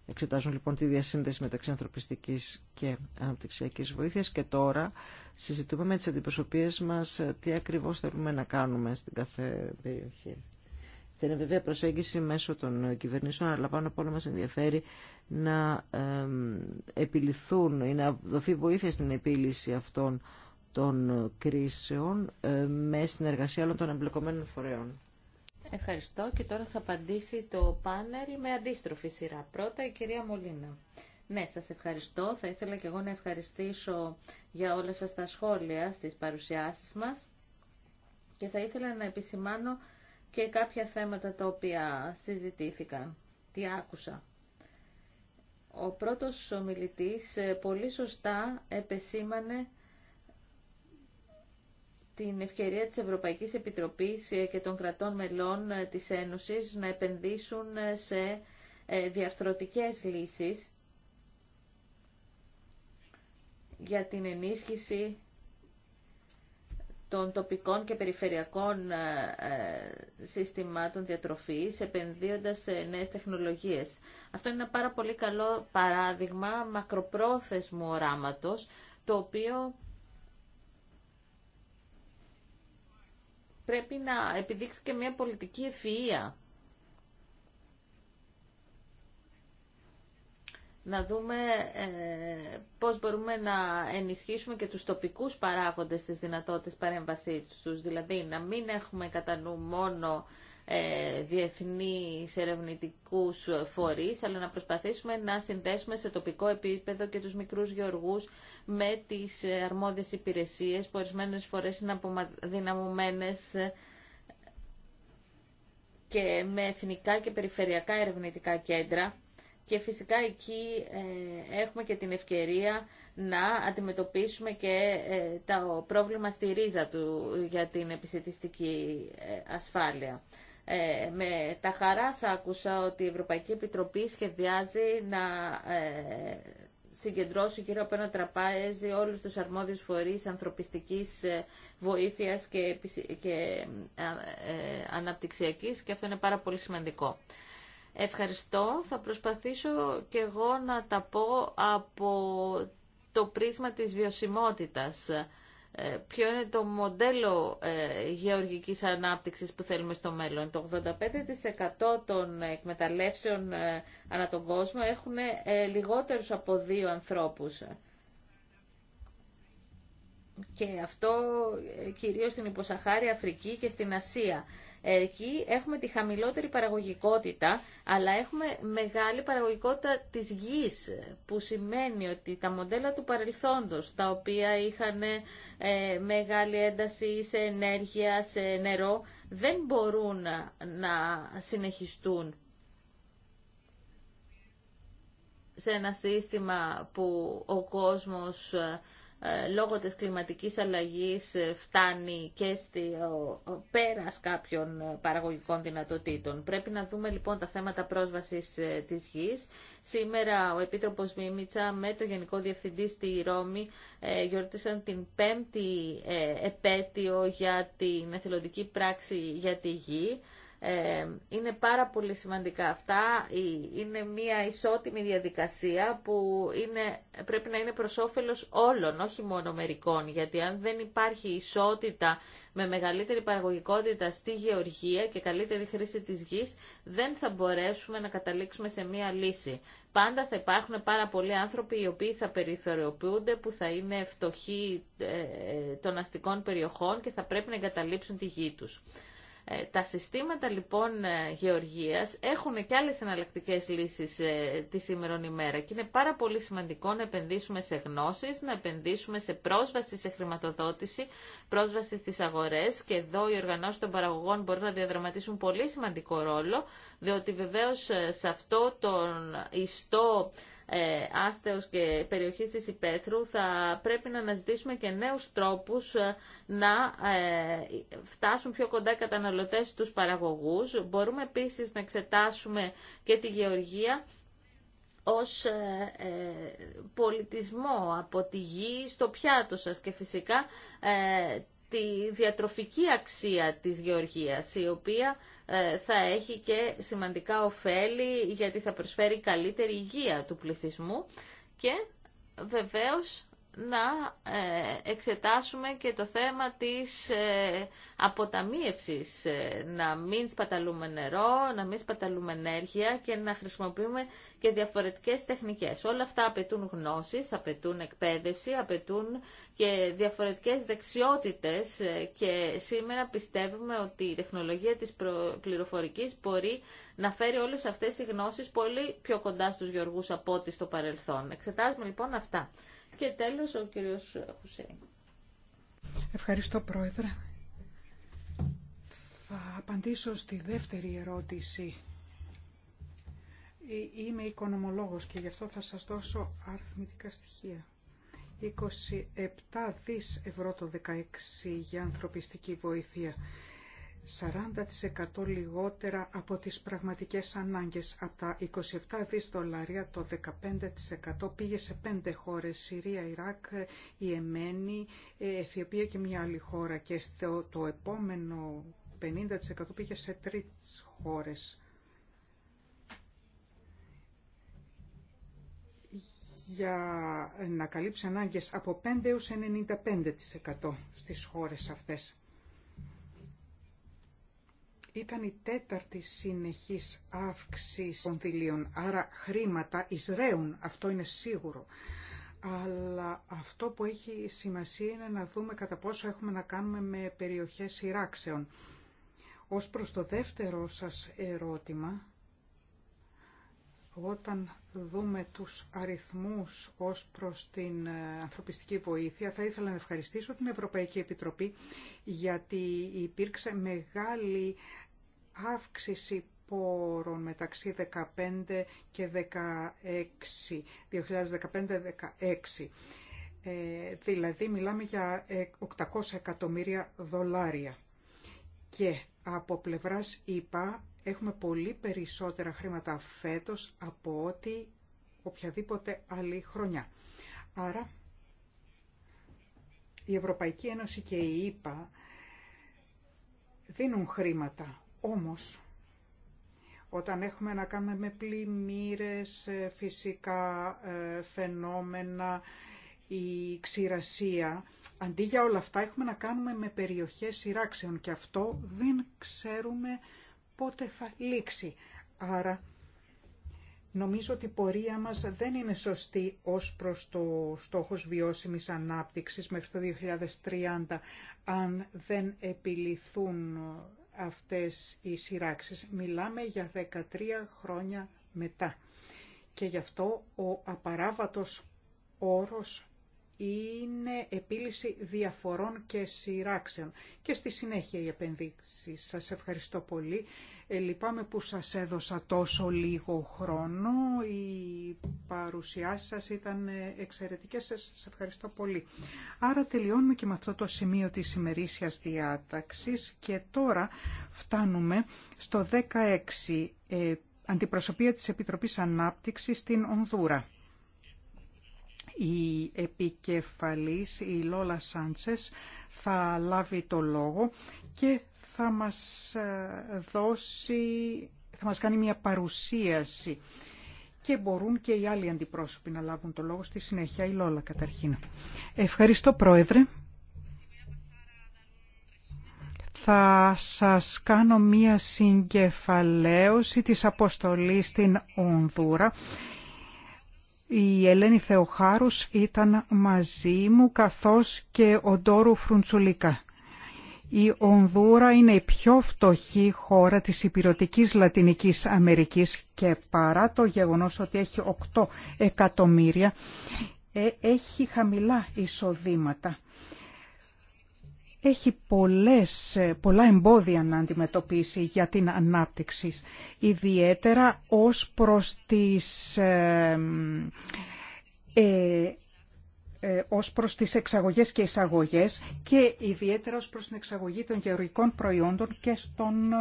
Εξετάζουν λοιπόν τη διασύνδεση μεταξύ ανθρωπιστική και αναπτυξιακή βοήθεια. και τώρα συζητούμε με τις αντιπροσωπείε μας τι ακριβώς θέλουμε να κάνουμε στην κάθε περιοχή. Θα είναι βέβαια προσέγγιση μέσω των κυβερνήσεων, αλλά πάνω από όλα μας ενδιαφέρει να επιληθούν ή να δοθεί βοήθεια στην επίλυση αυτών των κρίσεων ε, με συνεργασία όλων των εμπλεκομένων φορέων. Ευχαριστώ και τώρα θα απαντήσει το πάνελ με αντίστροφη σειρά. Πρώτα η κυρία Μολίνα. Ναι, σας ευχαριστώ. Θα ήθελα και εγώ να ευχαριστήσω για όλα σας τα σχόλια στις παρουσιάσεις μας και θα ήθελα να επισημάνω και κάποια θέματα τα οποία συζητήθηκαν, τι άκουσα. Ο πρώτος ομιλητής ε, πολύ σωστά επεσήμανε την ευκαιρία της Ευρωπαϊκής Επιτροπής ε, και των κρατών μελών ε, της Ένωσης να επενδύσουν ε, σε διαρθρωτικές λύσεις για την ενίσχυση των τοπικών και περιφερειακών συστημάτων διατροφής, επενδύοντας σε νέες τεχνολογίες. Αυτό είναι ένα πάρα πολύ καλό παράδειγμα μακροπρόθεσμου οράματος, το οποίο πρέπει να επιδείξει και μια πολιτική ευφυΐα. Να δούμε ε, πώς μπορούμε να ενισχύσουμε και τους τοπικούς παράγοντες στις δυνατότητες παρέμβασής τους. Δηλαδή να μην έχουμε κατά νου μόνο ε, διεθνείς ερευνητικούς φορείς, αλλά να προσπαθήσουμε να συνδέσουμε σε τοπικό επίπεδο και τους μικρούς γεωργούς με τις αρμόδιες υπηρεσίες που ορισμένε φορές είναι αποδυναμωμένες και με εθνικά και περιφερειακά ερευνητικά κέντρα. Και φυσικά εκεί ε, έχουμε και την ευκαιρία να αντιμετωπίσουμε και ε, το πρόβλημα στη ρίζα του για την επιστημιστική ασφάλεια. Ε, με τα χαρά άκουσα ότι η Ευρωπαϊκή Επιτροπή σχεδιάζει να ε, συγκεντρώσει γύρω από ένα τραπέζι όλους τους αρμόδιους φορείς ανθρωπιστικής ε, βοήθειας και, και ε, ε, αναπτυξιακής και αυτό είναι πάρα πολύ σημαντικό. Ευχαριστώ. Θα προσπαθήσω και εγώ να τα πω από το πρίσμα της βιωσιμότητας. Ε, ποιο είναι το μοντέλο ε, γεωργικής ανάπτυξης που θέλουμε στο μέλλον. Το 85% των εκμεταλλεύσεων ε, ανά τον κόσμο έχουν λιγότερους από δύο ανθρώπους. Και αυτό κυρίως στην Υποσαχάρη Αφρική και στην Ασία. Εκεί έχουμε τη χαμηλότερη παραγωγικότητα, αλλά έχουμε μεγάλη παραγωγικότητα της γης, που σημαίνει ότι τα μοντέλα του παρελθόντος, τα οποία είχαν ε, μεγάλη ένταση σε ενέργεια, σε νερό, δεν μπορούν να συνεχιστούν σε ένα σύστημα που ο κόσμος ε, ε, λόγω της κλιματικής αλλαγής ε, φτάνει και στο πέρας κάποιων ε, παραγωγικών δυνατοτήτων. Πρέπει να δούμε λοιπόν τα θέματα πρόσβασης της γης. Σήμερα ο Επίτροπος Μίμητσα με το Γενικό Διευθυντή στη Ρώμη γιορτήσαν την πέμπτη επέτειο για την εθελοντική πράξη για τη γη. Ε, είναι πάρα πολύ σημαντικά αυτά. Είναι μια ισότιμη διαδικασία που είναι, πρέπει να είναι προς όφελος όλων, όχι μόνο μερικών. Γιατί αν δεν υπάρχει ισότητα με μεγαλύτερη παραγωγικότητα στη γεωργία και καλύτερη χρήση της γης, δεν θα μπορέσουμε να καταλήξουμε σε μια λύση. Πάντα θα υπάρχουν πάρα πολλοί άνθρωποι οι οποίοι θα περιθωριοποιούνται, που θα είναι φτωχοί ε, των αστικών περιοχών και θα πρέπει να εγκαταλείψουν τη γη τους. Ε, τα συστήματα λοιπόν ε, γεωργίας έχουν και άλλες εναλλακτικέ λύσεις ε, τη σήμερα ημέρα και είναι πάρα πολύ σημαντικό να επενδύσουμε σε γνώσεις, να επενδύσουμε σε πρόσβαση σε χρηματοδότηση, πρόσβαση στις αγορές και εδώ οι οργανώσεις των παραγωγών μπορούν να διαδραματίσουν πολύ σημαντικό ρόλο διότι βεβαίως σε αυτό τον ιστό ε, άστεως και περιοχής της Υπέθρου θα πρέπει να αναζητήσουμε και νέους τρόπους ε, να ε, φτάσουν πιο κοντά οι καταναλωτές στους παραγωγούς. Μπορούμε επίσης να εξετάσουμε και τη γεωργία ως πολιτισμό από τη γη στο πιάτο σας και φυσικά τη διατροφική αξία της γεωργίας η οποία ε, θα έχει και σημαντικά ωφέλη γιατί θα προσφέρει καλύτερη υγεία του πληθυσμού και βεβαίως να ε, εξετάσουμε και το θέμα της ε, αποταμίευσης, ε, να μην σπαταλούμε νερό, να μην σπαταλούμε ενέργεια και να χρησιμοποιούμε και διαφορετικές τεχνικές. Όλα αυτά απαιτούν γνώσεις, απαιτούν εκπαίδευση, απαιτούν και διαφορετικές δεξιότητες και σήμερα πιστεύουμε ότι η τεχνολογία της πληροφορικής μπορεί να φέρει όλες αυτές οι γνώσεις πολύ πιο κοντά στους γεωργούς από ό,τι στο παρελθόν. Εξετάζουμε λοιπόν αυτά. Και τέλος ο κύριος Χουσέιν. Ευχαριστώ πρόεδρε. Θα απαντήσω στη δεύτερη ερώτηση. Ε, είμαι οικονομολόγος και γι' αυτό θα σας δώσω αριθμητικά στοιχεία. 27 δις ευρώ το 16 για ανθρωπιστική βοήθεια 40% λιγότερα από τις πραγματικές ανάγκες. Από τα 27 δις δολάρια το 15% πήγε σε πέντε χώρες, Συρία, Ιράκ, Ιεμένη, ε, Αιθιοπία και μια άλλη χώρα και στο, το επόμενο 50% πήγε σε τρεις χώρες. για να καλύψει ανάγκες από 5 έως 95% στις χώρες αυτές. Ήταν η τέταρτη συνεχής αύξηση κονδυλίων, άρα χρήματα εισραίουν, αυτό είναι σίγουρο. Αλλά αυτό που έχει σημασία είναι να δούμε κατά πόσο έχουμε να κάνουμε με περιοχές σειράξεων. Ως προς το δεύτερο σας ερώτημα, όταν δούμε τους αριθμούς ως προς την ε, ανθρωπιστική βοήθεια, θα ήθελα να ευχαριστήσω την Ευρωπαϊκή Επιτροπή γιατί υπήρξε μεγάλη αύξηση πόρων μεταξύ 15 και 16, 2015-16. Ε, δηλαδή μιλάμε για 800 ε, εκατομμύρια δολάρια. Και από πλευράς ΕΠΑ έχουμε πολύ περισσότερα χρήματα φέτος από ό,τι οποιαδήποτε άλλη χρονιά. Άρα η Ευρωπαϊκή Ένωση και η ΕΠΑ δίνουν χρήματα όμως, όταν έχουμε να κάνουμε με πλημμύρες, ε, φυσικά ε, φαινόμενα, η ξηρασία, αντί για όλα αυτά έχουμε να κάνουμε με περιοχές σειράξεων και αυτό δεν ξέρουμε πότε θα λήξει. Άρα νομίζω ότι η πορεία μας δεν είναι σωστή ως προς το στόχος βιώσιμης ανάπτυξης μέχρι το 2030 αν δεν επιληθούν αυτές οι σειράξεις. Μιλάμε για 13 χρόνια μετά. Και γι' αυτό ο απαράβατος όρος είναι επίλυση διαφορών και σειράξεων. Και στη συνέχεια η επενδύσεις. Σας ευχαριστώ πολύ ε, λυπάμαι που σας έδωσα τόσο λίγο χρόνο. Οι παρουσιάσεις σας ήταν ε, εξαιρετικές. Σας ευχαριστώ πολύ. Άρα τελειώνουμε και με αυτό το σημείο της ημερήσιας διάταξης και τώρα φτάνουμε στο 16 ε, Αντιπροσωπεία της Επιτροπής Ανάπτυξης στην Ονδούρα. Η επικεφαλής, η Λόλα Σάντσες, θα λάβει το λόγο και θα μας ε, δώσει, θα μας κάνει μια παρουσίαση και μπορούν και οι άλλοι αντιπρόσωποι να λάβουν το λόγο στη συνέχεια. Η Λόλα καταρχήν. Ευχαριστώ Πρόεδρε. Θα σας κάνω μία συγκεφαλαίωση της αποστολής στην Ονδούρα. Η Ελένη Θεοχάρους ήταν μαζί μου καθώς και ο Ντόρου Φρουντσουλίκα. Η Ονδούρα είναι η πιο φτωχή χώρα της υπηρετικής Λατινικής Αμερικής και παρά το γεγονός ότι έχει 8 εκατομμύρια, ε, έχει χαμηλά εισοδήματα. Έχει πολλές, ε, πολλά εμπόδια να αντιμετωπίσει για την ανάπτυξη, ιδιαίτερα ως προς τις ε, ε, ως προς τις εξαγωγές και εισαγωγές και ιδιαίτερα ως προς την εξαγωγή των γεωργικών προϊόντων και στον, ε,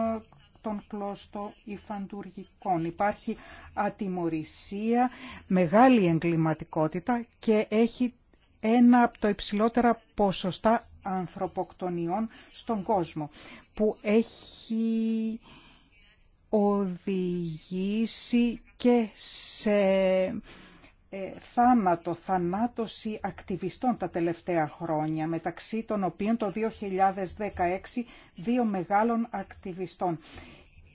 τον κλώστο υφαντουργικών. Υπάρχει ατιμορρησία, μεγάλη εγκληματικότητα και έχει ένα από τα υψηλότερα ποσοστά ανθρωποκτονιών στον κόσμο που έχει οδηγήσει και σε ε, θάνατο, θανάτωση ακτιβιστών τα τελευταία χρόνια, μεταξύ των οποίων το 2016 δύο μεγάλων ακτιβιστών.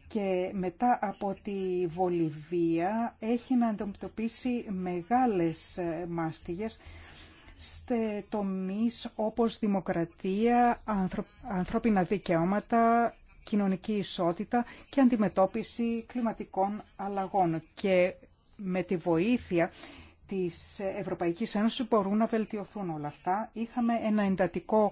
Και μετά από τη Βολιβία έχει να αντιμετωπίσει μεγάλες ε, μάστιγες σε τομείς όπως δημοκρατία, ανθρώπινα δικαιώματα, κοινωνική ισότητα και αντιμετώπιση κλιματικών αλλαγών. Και με τη βοήθεια της Ευρωπαϊκής Ένωσης μπορούν να βελτιωθούν όλα αυτά. Είχαμε ένα εντατικό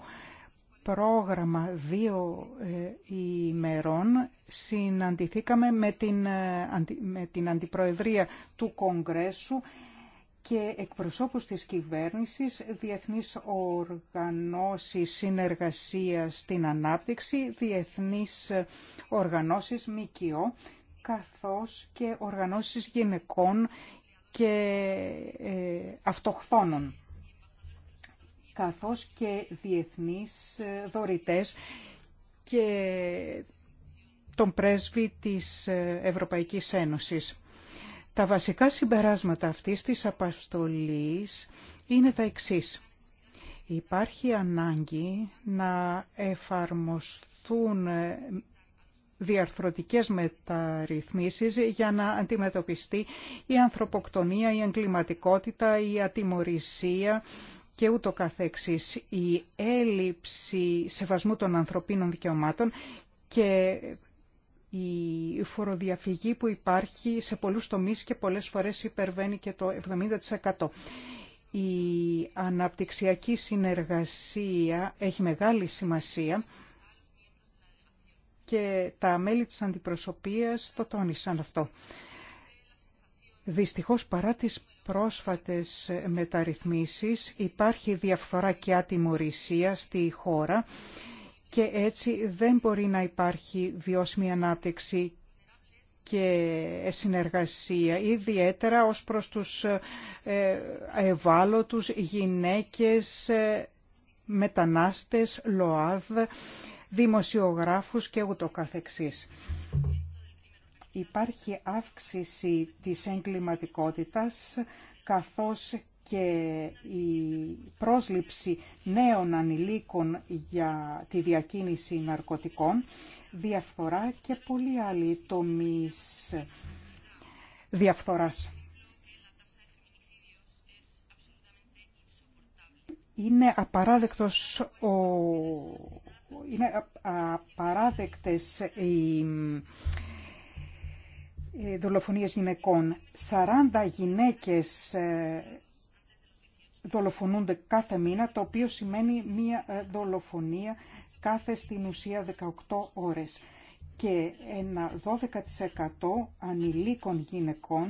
πρόγραμμα δύο ε, ημερών. Συναντηθήκαμε με την, ε, με την Αντιπροεδρία του Κογκρέσου και εκπροσώπους της κυβέρνησης, διεθνείς οργανώσεις συνεργασίας στην ανάπτυξη, διεθνείς οργανώσεις ΜΚΟ, καθώς και οργανώσεις γυναικών και ε, αυτοχθόνων, καθώς και διεθνείς ε, δωρητές και τον πρέσβη της ε, Ευρωπαϊκής Ένωσης. Τα βασικά συμπεράσματα αυτής της απαστολής είναι τα εξής. Υπάρχει ανάγκη να εφαρμοστούν διαρθρωτικές μεταρρυθμίσεις για να αντιμετωπιστεί η ανθρωποκτονία, η εγκληματικότητα, η ατιμορρησία και ούτω καθεξής. Η έλλειψη σεβασμού των ανθρωπίνων δικαιωμάτων και η φοροδιαφυγή που υπάρχει σε πολλούς τομείς και πολλές φορές υπερβαίνει και το 70%. Η αναπτυξιακή συνεργασία έχει μεγάλη σημασία και τα μέλη της αντιπροσωπείας το τόνισαν αυτό. Δυστυχώς παρά τις πρόσφατες μεταρρυθμίσεις υπάρχει διαφθορά και ατιμορρησία στη χώρα και έτσι δεν μπορεί να υπάρχει βιώσιμη ανάπτυξη και συνεργασία, ιδιαίτερα ως προς τους ε, ευάλωτους γυναίκες, μετανάστες, ΛΟΑΔ δημοσιογράφους και ούτω καθεξής. Υπάρχει αύξηση της εγκληματικότητας καθώς και η πρόσληψη νέων ανηλίκων για τη διακίνηση ναρκωτικών, διαφθορά και πολλοί άλλοι τομείς διαφθοράς. Είναι απαράδεκτος ο είναι απαράδεκτες οι ε, δολοφονίες γυναικών. 40 γυναίκες ε, δολοφονούνται κάθε μήνα, το οποίο σημαίνει μία ε, δολοφονία κάθε στην ουσία 18 ώρες. Και ένα 12% ανηλίκων γυναικών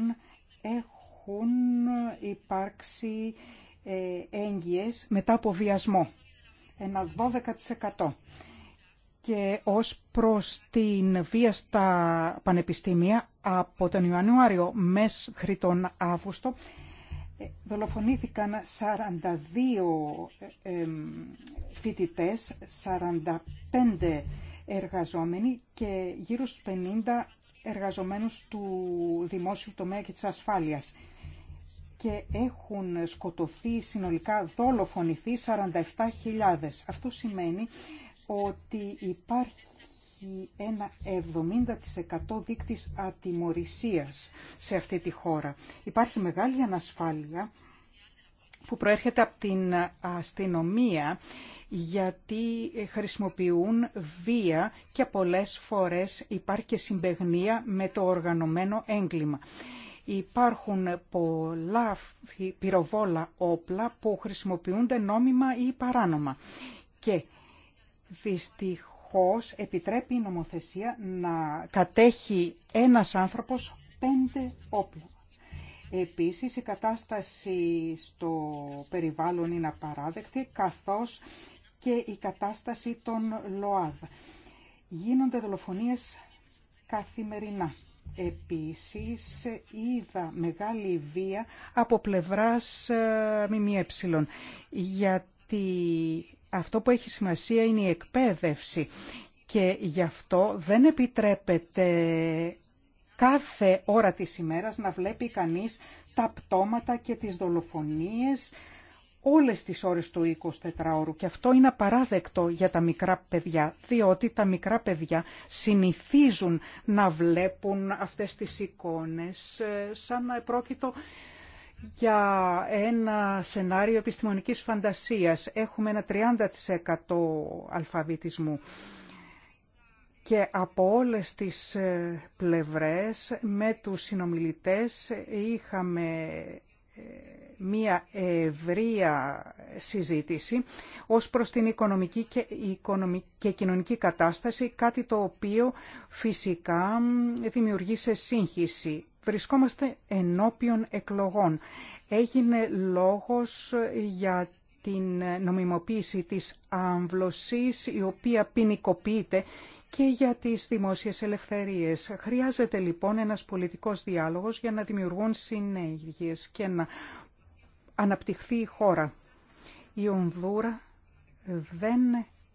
έχουν υπάρξει έγκυες μετά από βιασμό ένα 12%. Και ως προς την βία στα πανεπιστήμια, από τον Ιανουάριο μέχρι τον Αύγουστο, ε, δολοφονήθηκαν 42 ε, φοιτητές, 45 εργαζόμενοι και γύρω στους 50 εργαζομένους του δημόσιου τομέα και της ασφάλειας και έχουν σκοτωθεί συνολικά δολοφονηθεί 47.000. Αυτό σημαίνει ότι υπάρχει ένα 70% δείκτης ατιμορρησίας σε αυτή τη χώρα. Υπάρχει μεγάλη ανασφάλεια που προέρχεται από την αστυνομία γιατί χρησιμοποιούν βία και πολλές φορές υπάρχει και συμπεγνία με το οργανωμένο έγκλημα. Υπάρχουν πολλά πυροβόλα όπλα που χρησιμοποιούνται νόμιμα ή παράνομα. Και δυστυχώς επιτρέπει η νομοθεσία να κατέχει ένας άνθρωπος πέντε όπλα. Επίσης η κατάσταση στο περιβάλλον είναι απαράδεκτη, καθώς και η κατάσταση των ΛΟΑΔ. Γίνονται δολοφονίες καθημερινά. Επίσης είδα μεγάλη βία από πλευράς ε, ΜΜΕ γιατί αυτό που έχει σημασία είναι η εκπαίδευση και γι' αυτό δεν επιτρέπεται κάθε ώρα της ημέρας να βλέπει κανείς τα πτώματα και τις δολοφονίες όλες τις ώρες του 24ωρου και αυτό είναι απαράδεκτο για τα μικρά παιδιά, διότι τα μικρά παιδιά συνηθίζουν να βλέπουν αυτές τις εικόνες ε, σαν να επρόκειτο για ένα σενάριο επιστημονικής φαντασίας. Έχουμε ένα 30% αλφαβητισμού και από όλες τις ε, πλευρές με τους συνομιλητές είχαμε ε, μία ευρεία συζήτηση ως προς την οικονομική και, κοινωνική κατάσταση, κάτι το οποίο φυσικά δημιουργεί σε σύγχυση. Βρισκόμαστε ενώπιον εκλογών. Έγινε λόγος για την νομιμοποίηση της άμβλωσης, η οποία ποινικοποιείται και για τις δημόσιες ελευθερίες. Χρειάζεται λοιπόν ένας πολιτικός διάλογος για να δημιουργούν συνέργειες και να αναπτυχθεί η χώρα. Η Ονδούρα δεν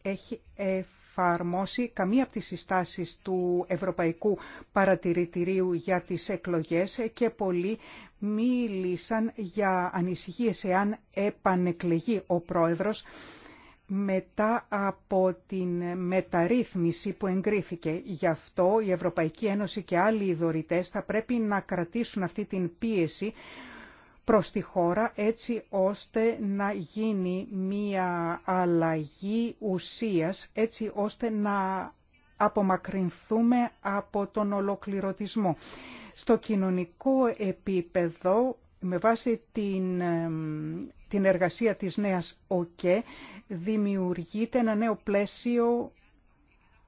έχει εφαρμόσει καμία από τις συστάσεις του Ευρωπαϊκού Παρατηρητηρίου για τις εκλογές και πολλοί μίλησαν για ανησυχίες εάν επανεκλεγεί ο πρόεδρος μετά από την μεταρρύθμιση που εγκρίθηκε. Γι' αυτό η Ευρωπαϊκή Ένωση και άλλοι δωρητές θα πρέπει να κρατήσουν αυτή την πίεση προς τη χώρα έτσι ώστε να γίνει μία αλλαγή ουσίας, έτσι ώστε να απομακρυνθούμε από τον ολοκληρωτισμό. Στο κοινωνικό επίπεδο, με βάση την, την εργασία της νέας ΟΚΕ, δημιουργείται ένα νέο πλαίσιο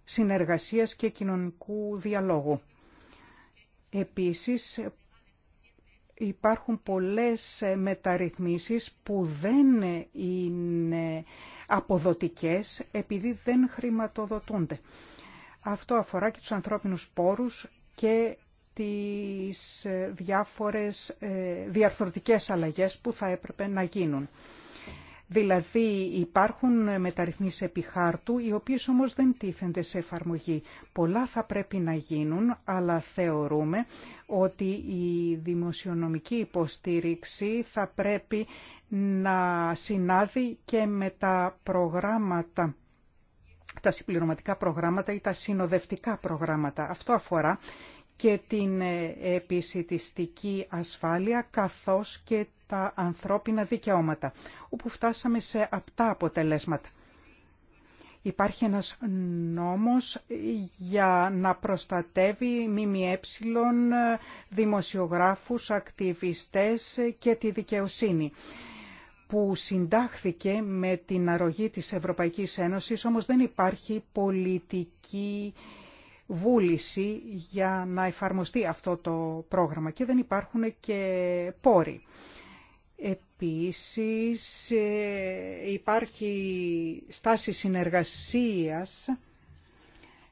συνεργασίας και κοινωνικού διαλόγου. Επίσης, Υπάρχουν πολλές ε, μεταρρυθμίσεις που δεν ε, είναι αποδοτικές επειδή δεν χρηματοδοτούνται. Αυτό αφορά και τους ανθρώπινους πόρους και τις ε, διάφορες διαρθρωτικές αλλαγές που θα έπρεπε να γίνουν. Δηλαδή υπάρχουν μεταρρυθμίσεις επί χάρτου, οι οποίες όμως δεν τίθενται σε εφαρμογή. Πολλά θα πρέπει να γίνουν, αλλά θεωρούμε ότι η δημοσιονομική υποστήριξη θα πρέπει να συνάδει και με τα προγράμματα τα συμπληρωματικά προγράμματα ή τα συνοδευτικά προγράμματα. Αυτό αφορά και την ε, επισητιστική ασφάλεια καθώς και τα ανθρώπινα δικαιώματα, όπου φτάσαμε σε απτά αποτελέσματα. Υπάρχει ένας νόμος για να προστατεύει ΜΜΕ, δημοσιογράφους, ακτιβιστές και τη δικαιοσύνη που συντάχθηκε με την αρρωγή της Ευρωπαϊκής Ένωσης, όμως δεν υπάρχει πολιτική βούληση για να εφαρμοστεί αυτό το πρόγραμμα και δεν υπάρχουν και πόροι. Επίσης ε, υπάρχει στάση συνεργασίας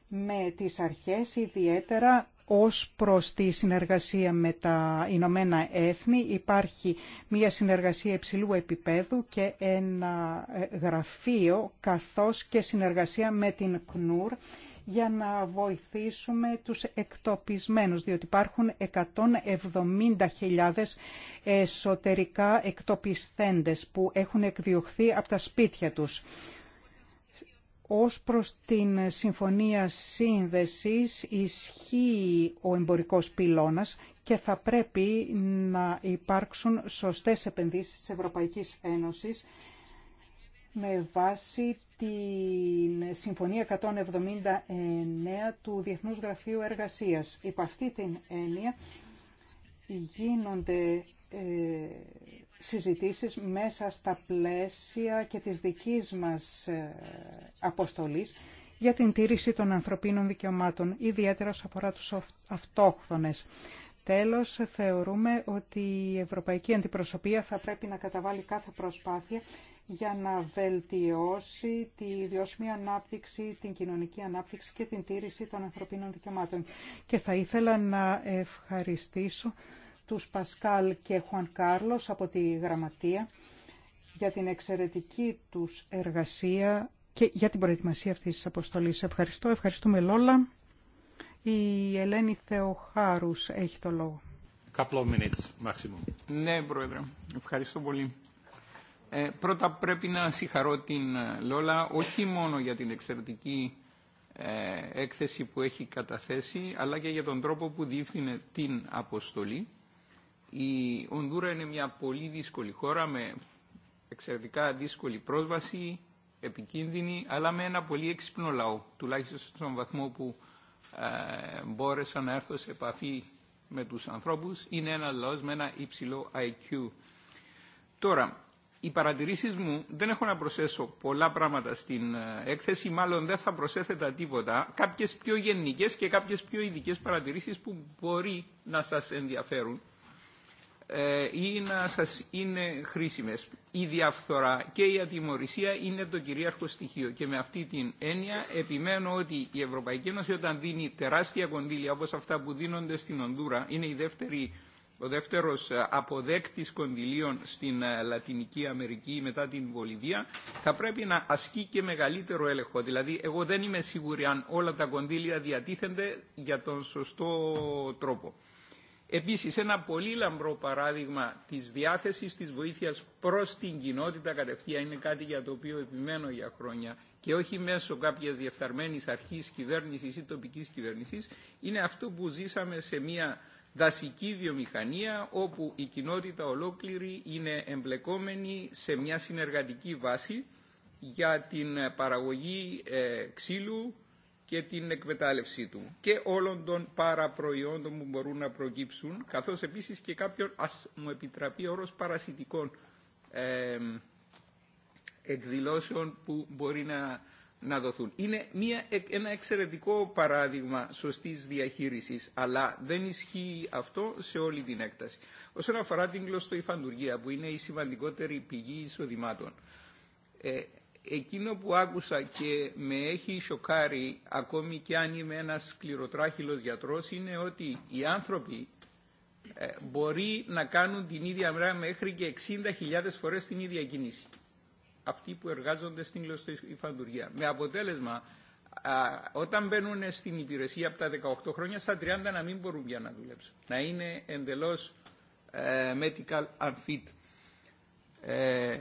με τις αρχές, ιδιαίτερα ως προς τη συνεργασία με τα Ηνωμένα Έθνη. Υπάρχει μια συνεργασία υψηλού επίπεδου και ένα ε, γραφείο, καθώς και συνεργασία με την ΚΝΟΥΡ για να βοηθήσουμε τους εκτοπισμένους, διότι υπάρχουν 170.000 εσωτερικά εκτοπισθέντες που έχουν εκδιωχθεί από τα σπίτια τους. Ως προς την Συμφωνία Σύνδεσης ισχύει ο εμπορικός πυλώνας και θα πρέπει να υπάρξουν σωστές επενδύσεις της Ευρωπαϊκής Ένωσης με βάση τη Συμφωνία 179 του Διεθνούς Γραφείου Εργασίας. Υπ' αυτή την έννοια γίνονται ε, συζητήσεις μέσα στα πλαίσια και της δικής μας ε, αποστολής για την τήρηση των ανθρωπίνων δικαιωμάτων, ιδιαίτερα όσον αφορά τους αυτόχθονες. Τέλος, θεωρούμε ότι η Ευρωπαϊκή Αντιπροσωπεία θα πρέπει να καταβάλει κάθε προσπάθεια για να βελτιώσει τη βιώσιμη ανάπτυξη, την κοινωνική ανάπτυξη και την τήρηση των ανθρωπίνων δικαιωμάτων. Και θα ήθελα να ευχαριστήσω τους Πασκάλ και Χουαν Κάρλος από τη Γραμματεία για την εξαιρετική τους εργασία και για την προετοιμασία αυτής της αποστολής. Ευχαριστώ, ευχαριστούμε Λόλα. Η Ελένη Θεοχάρους έχει το λόγο. Couple Ναι, Πρόεδρε, ευχαριστώ πολύ. Ε, πρώτα πρέπει να συγχαρώ την ε, Λόλα όχι μόνο για την εξαιρετική ε, έκθεση που έχει καταθέσει αλλά και για τον τρόπο που διεύθυνε την αποστολή. Η Ονδούρα είναι μια πολύ δύσκολη χώρα με εξαιρετικά δύσκολη πρόσβαση, επικίνδυνη αλλά με ένα πολύ έξυπνο λαό τουλάχιστον στον βαθμό που ε, μπόρεσα να έρθω σε επαφή με τους ανθρώπους. Είναι ένα λαός με ένα υψηλό IQ. Τώρα, οι παρατηρήσεις μου δεν έχω να προσθέσω πολλά πράγματα στην ε, έκθεση, μάλλον δεν θα προσέθετα τίποτα. Κάποιες πιο γενικέ και κάποιες πιο ειδικές παρατηρήσεις που μπορεί να σας ενδιαφέρουν ε, ή να σας είναι χρήσιμες. Η διαφθορά και η ατιμορρησία είναι το κυρίαρχο στοιχείο και με αυτή την έννοια επιμένω ότι η Ευρωπαϊκή Ένωση όταν δίνει τεράστια κονδύλια όπως αυτά που δίνονται στην Ονδούρα είναι η δεύτερη ο δεύτερος ε, αποδέκτης κονδυλίων στην ε, Λατινική Αμερική μετά την Βολιβία, θα πρέπει να ασκεί και μεγαλύτερο έλεγχο. Δηλαδή, εγώ δεν είμαι σίγουρη αν όλα τα κονδύλια διατίθενται για τον σωστό τρόπο. Επίσης, ένα πολύ λαμπρό παράδειγμα της διάθεσης της βοήθειας προς την κοινότητα κατευθείαν είναι κάτι για το οποίο επιμένω για χρόνια και όχι μέσω κάποιας διεφθαρμένης αρχής κυβέρνησης ή τοπικής κυβέρνησης, είναι αυτό που ζήσαμε σε μια δασική βιομηχανία όπου η κοινότητα ολόκληρη είναι εμπλεκόμενη σε μια συνεργατική βάση για την παραγωγή ε, ξύλου και την εκμετάλλευσή του και όλων των παραπροϊόντων που μπορούν να προκύψουν καθώς επίσης και κάποιων, ας μου επιτραπεί όρος, παρασιτικών ε, εκδηλώσεων που μπορεί να να δοθούν. Είναι μια, ε, ένα εξαιρετικό παράδειγμα σωστής διαχείρισης, αλλά δεν ισχύει αυτό σε όλη την έκταση. Όσον αφορά την κλωστοϊφαντουργία, που είναι η σημαντικότερη πηγή εισοδημάτων, ε, εκείνο που άκουσα και με έχει σοκάρει, ακόμη και αν είμαι ένας σκληροτράχυλος γιατρός, είναι ότι οι άνθρωποι ε, μπορεί να κάνουν την ίδια μέρα μέχρι και 60.000 φορές την ίδια κίνηση αυτοί που εργάζονται στην γλωστοϊφαντουργία. Με αποτέλεσμα, όταν μπαίνουν στην υπηρεσία από τα 18 χρόνια, στα 30 να μην μπορούν πια να δουλέψουν. Να είναι εντελώς ε, medical unfit. Ε,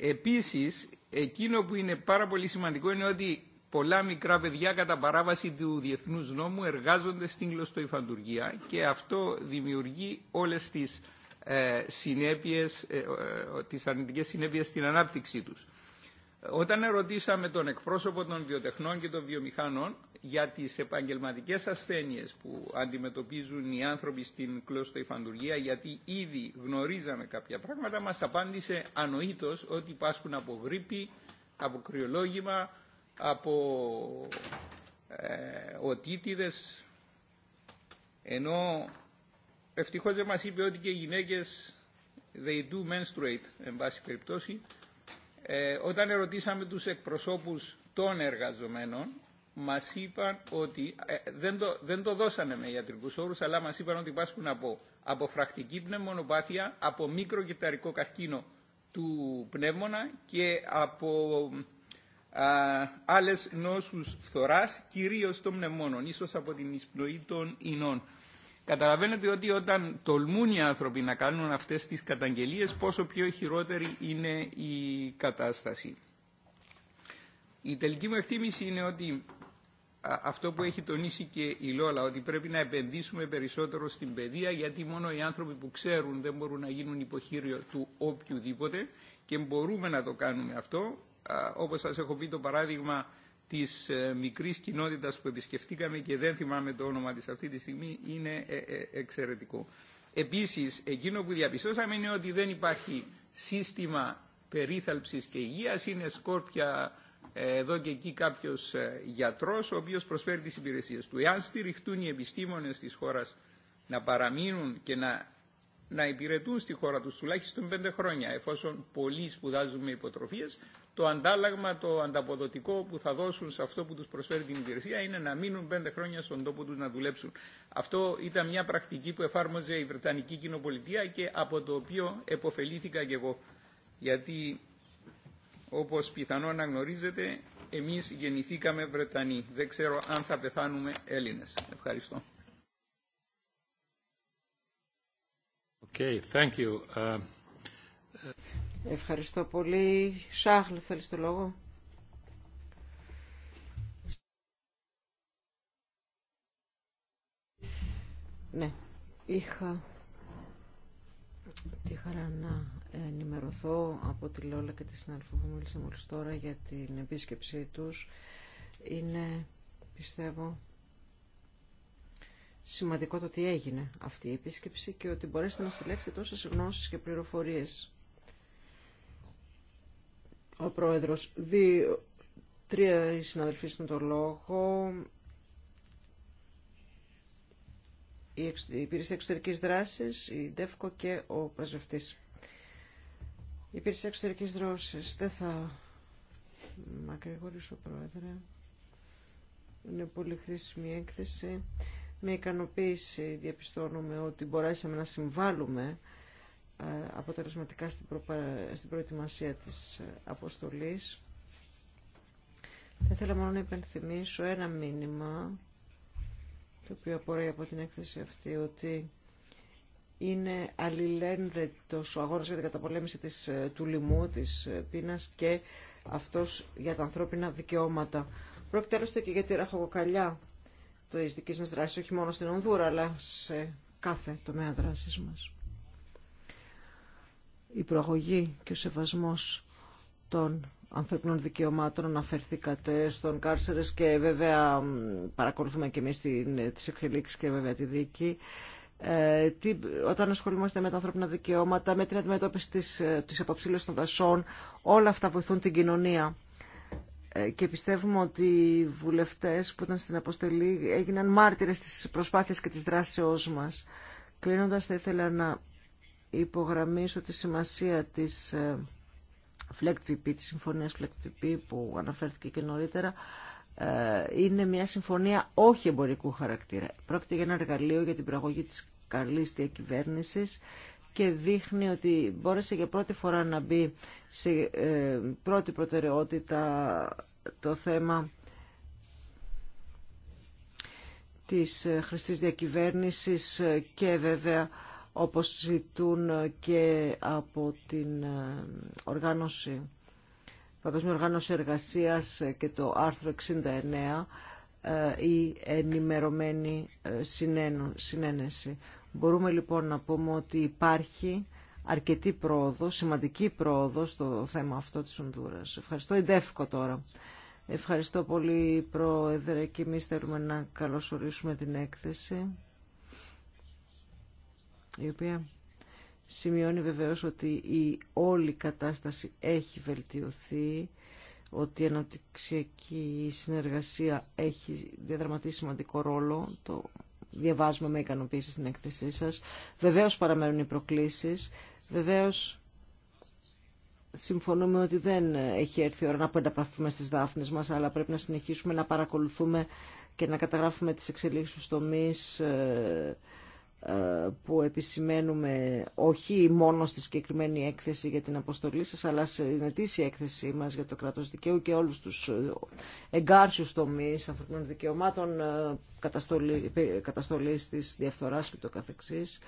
επίσης, εκείνο που είναι πάρα πολύ σημαντικό είναι ότι πολλά μικρά παιδιά κατά παράβαση του διεθνούς νόμου εργάζονται στην κλωστοϊφαντουργία και αυτό δημιουργεί όλες τις ε, συνέπειες, ε, ε, τις αρνητικές συνέπειες στην ανάπτυξή τους. Όταν ερωτήσαμε τον εκπρόσωπο των βιοτεχνών και των βιομηχάνων για τις επαγγελματικές ασθένειες που αντιμετωπίζουν οι άνθρωποι στην κλωστοϊφαντουργία, γιατί ήδη γνωρίζαμε κάποια πράγματα, μας απάντησε ανοήτως ότι πάσχουν από γρήπη, από κρυολόγημα, από ε, οτίτιδες, ενώ Ευτυχώς δεν μας είπε ότι και οι γυναίκες they do menstruate, εν πάση περιπτώσει. Ε, όταν ερωτήσαμε τους εκπροσώπους των εργαζομένων, μας είπαν ότι, ε, δεν, το, δεν το δώσανε με ιατρικούς όρους, αλλά μας είπαν ότι πάσχουν από φρακτική πνευμονοπάθεια, από μικροκυταρικό καρκίνο του πνεύμονα και από α, άλλες νόσους φθοράς, κυρίως των πνευμόνων ίσως από την εισπνοή των ινών. Καταλαβαίνετε ότι όταν τολμούν οι άνθρωποι να κάνουν αυτές τις καταγγελίες, πόσο πιο χειρότερη είναι η κατάσταση. Η τελική μου εκτίμηση είναι ότι αυτό που έχει τονίσει και η Λόλα, ότι πρέπει να επενδύσουμε περισσότερο στην παιδεία, γιατί μόνο οι άνθρωποι που ξέρουν δεν μπορούν να γίνουν υποχείριο του οποιοδήποτε και μπορούμε να το κάνουμε αυτό. Όπως σας έχω πει το παράδειγμα της ε, μικρής κοινότητας που επισκεφτήκαμε και δεν θυμάμαι το όνομα της αυτή τη στιγμή είναι ε, ε, εξαιρετικό. Επίσης, εκείνο που διαπιστώσαμε είναι ότι δεν υπάρχει σύστημα περίθαλψης και υγείας, είναι σκόρπια εδώ και εκεί κάποιος γιατρός ο οποίος προσφέρει τις υπηρεσίες του. Εάν στηριχτούν οι επιστήμονες της χώρας να παραμείνουν και να να υπηρετούν στη χώρα τους τουλάχιστον πέντε χρόνια, εφόσον πολλοί σπουδάζουν με υποτροφίες, το αντάλλαγμα, το ανταποδοτικό που θα δώσουν σε αυτό που τους προσφέρει την υπηρεσία είναι να μείνουν πέντε χρόνια στον τόπο τους να δουλέψουν. Αυτό ήταν μια πρακτική που εφάρμοζε η Βρετανική Κοινοπολιτεία και από το οποίο εποφελήθηκα και εγώ. Γιατί, όπως πιθανόν να γνωρίζετε, εμείς γεννηθήκαμε Βρετανοί. Δεν ξέρω αν θα πεθάνουμε Έλληνες. Ευχαριστώ. Uh, Ευχαριστώ πολύ. Σάχλ, θέλεις το λόγο. Ναι, είχα τη χαρά να ενημερωθώ από τη Λόλα και τη συνάδελφο που μίλησε μόλις τώρα για την επίσκεψή τους. Είναι, πιστεύω, σημαντικό το ότι έγινε αυτή η επίσκεψη και ότι μπορέσετε να συλλέξετε τόσες γνώσεις και πληροφορίες. Ο πρόεδρος, δύο, τρία συναδελφοί στον το λόγο, η υπηρεσία εξωτερική δράση, η ΔΕΦΚΟ και ο πρεσβευτής. Η υπηρεσία εξωτερική δράσης δεν θα μακρηγορήσω πρόεδρε. Είναι πολύ χρήσιμη έκθεση. Με ικανοποίηση διαπιστώνουμε ότι μπορέσαμε να συμβάλλουμε ε, αποτελεσματικά στην προετοιμασία της ε, αποστολής. Θα ήθελα μόνο να υπενθυμίσω ένα μήνυμα το οποίο απορρέει από την έκθεση αυτή ότι είναι αλληλένδετος ο αγώνας για την καταπολέμηση της, ε, του λοιμού, της πείνας και αυτός για τα ανθρώπινα δικαιώματα. Πρόκειται άλλωστε και για τη ραχοκοκαλιά τη δική μα δράση, όχι μόνο στην Ονδούρα, αλλά σε κάθε τομέα δράση μα. Η προαγωγή και ο σεβασμό των ανθρωπινών δικαιωμάτων αναφερθήκατε στον Κάρσερε και βέβαια παρακολουθούμε και εμεί τι εξελίξει και βέβαια τη δίκη. Ε, τι, όταν ασχολούμαστε με τα ανθρώπινα δικαιώματα, με την αντιμετώπιση της, ε, της των δασών, όλα αυτά βοηθούν την κοινωνία και πιστεύουμε ότι οι βουλευτές που ήταν στην αποστολή έγιναν μάρτυρες της προσπάθειας και της δράσεώς μας. Κλείνοντας θα ήθελα να υπογραμμίσω τη σημασία της ε, FLECTVP, της συμφωνίας FLECTVP που αναφέρθηκε και νωρίτερα, ε, είναι μια συμφωνία όχι εμπορικού χαρακτήρα. Πρόκειται για ένα εργαλείο για την πραγωγή της καλής διακυβέρνησης και δείχνει ότι μπόρεσε για πρώτη φορά να μπει σε ε, πρώτη προτεραιότητα το θέμα της ε, χρηστής διακυβέρνησης ε, και βέβαια όπως ζητούν και από την οργάνωση, παγκόσμια Οργάνωση Εργασίας και το άρθρο 69 η ενημερωμένη συνένεση. Μπορούμε λοιπόν να πούμε ότι υπάρχει αρκετή πρόοδο, σημαντική πρόοδο στο θέμα αυτό της Ονδούρας. Ευχαριστώ. Εντεύχω τώρα. Ευχαριστώ πολύ, Πρόεδρε, και εμεί θέλουμε να καλωσορίσουμε την έκθεση, η οποία σημειώνει βεβαίως ότι η όλη κατάσταση έχει βελτιωθεί, ότι η αναπτυξιακή συνεργασία έχει διαδραματίσει σημαντικό ρόλο. Το διαβάζουμε με ικανοποίηση στην έκθεσή σας. Βεβαίως παραμένουν οι προκλήσεις. Βεβαίως συμφωνούμε ότι δεν έχει έρθει η ώρα να πενταπαθούμε στις δάφνες μας, αλλά πρέπει να συνεχίσουμε να παρακολουθούμε και να καταγράφουμε τις εξελίξεις του τομείς ε, ε, που επισημαίνουμε όχι μόνο στη συγκεκριμένη έκθεση για την αποστολή σας αλλά στην ετήσια έκθεσή μας για το κράτος δικαίου και όλους τους ε, εγκάρσιους τομείς ανθρωπίνων δικαιωμάτων ε, καταστολή, καταστολής της διαφθοράς και το καθεξής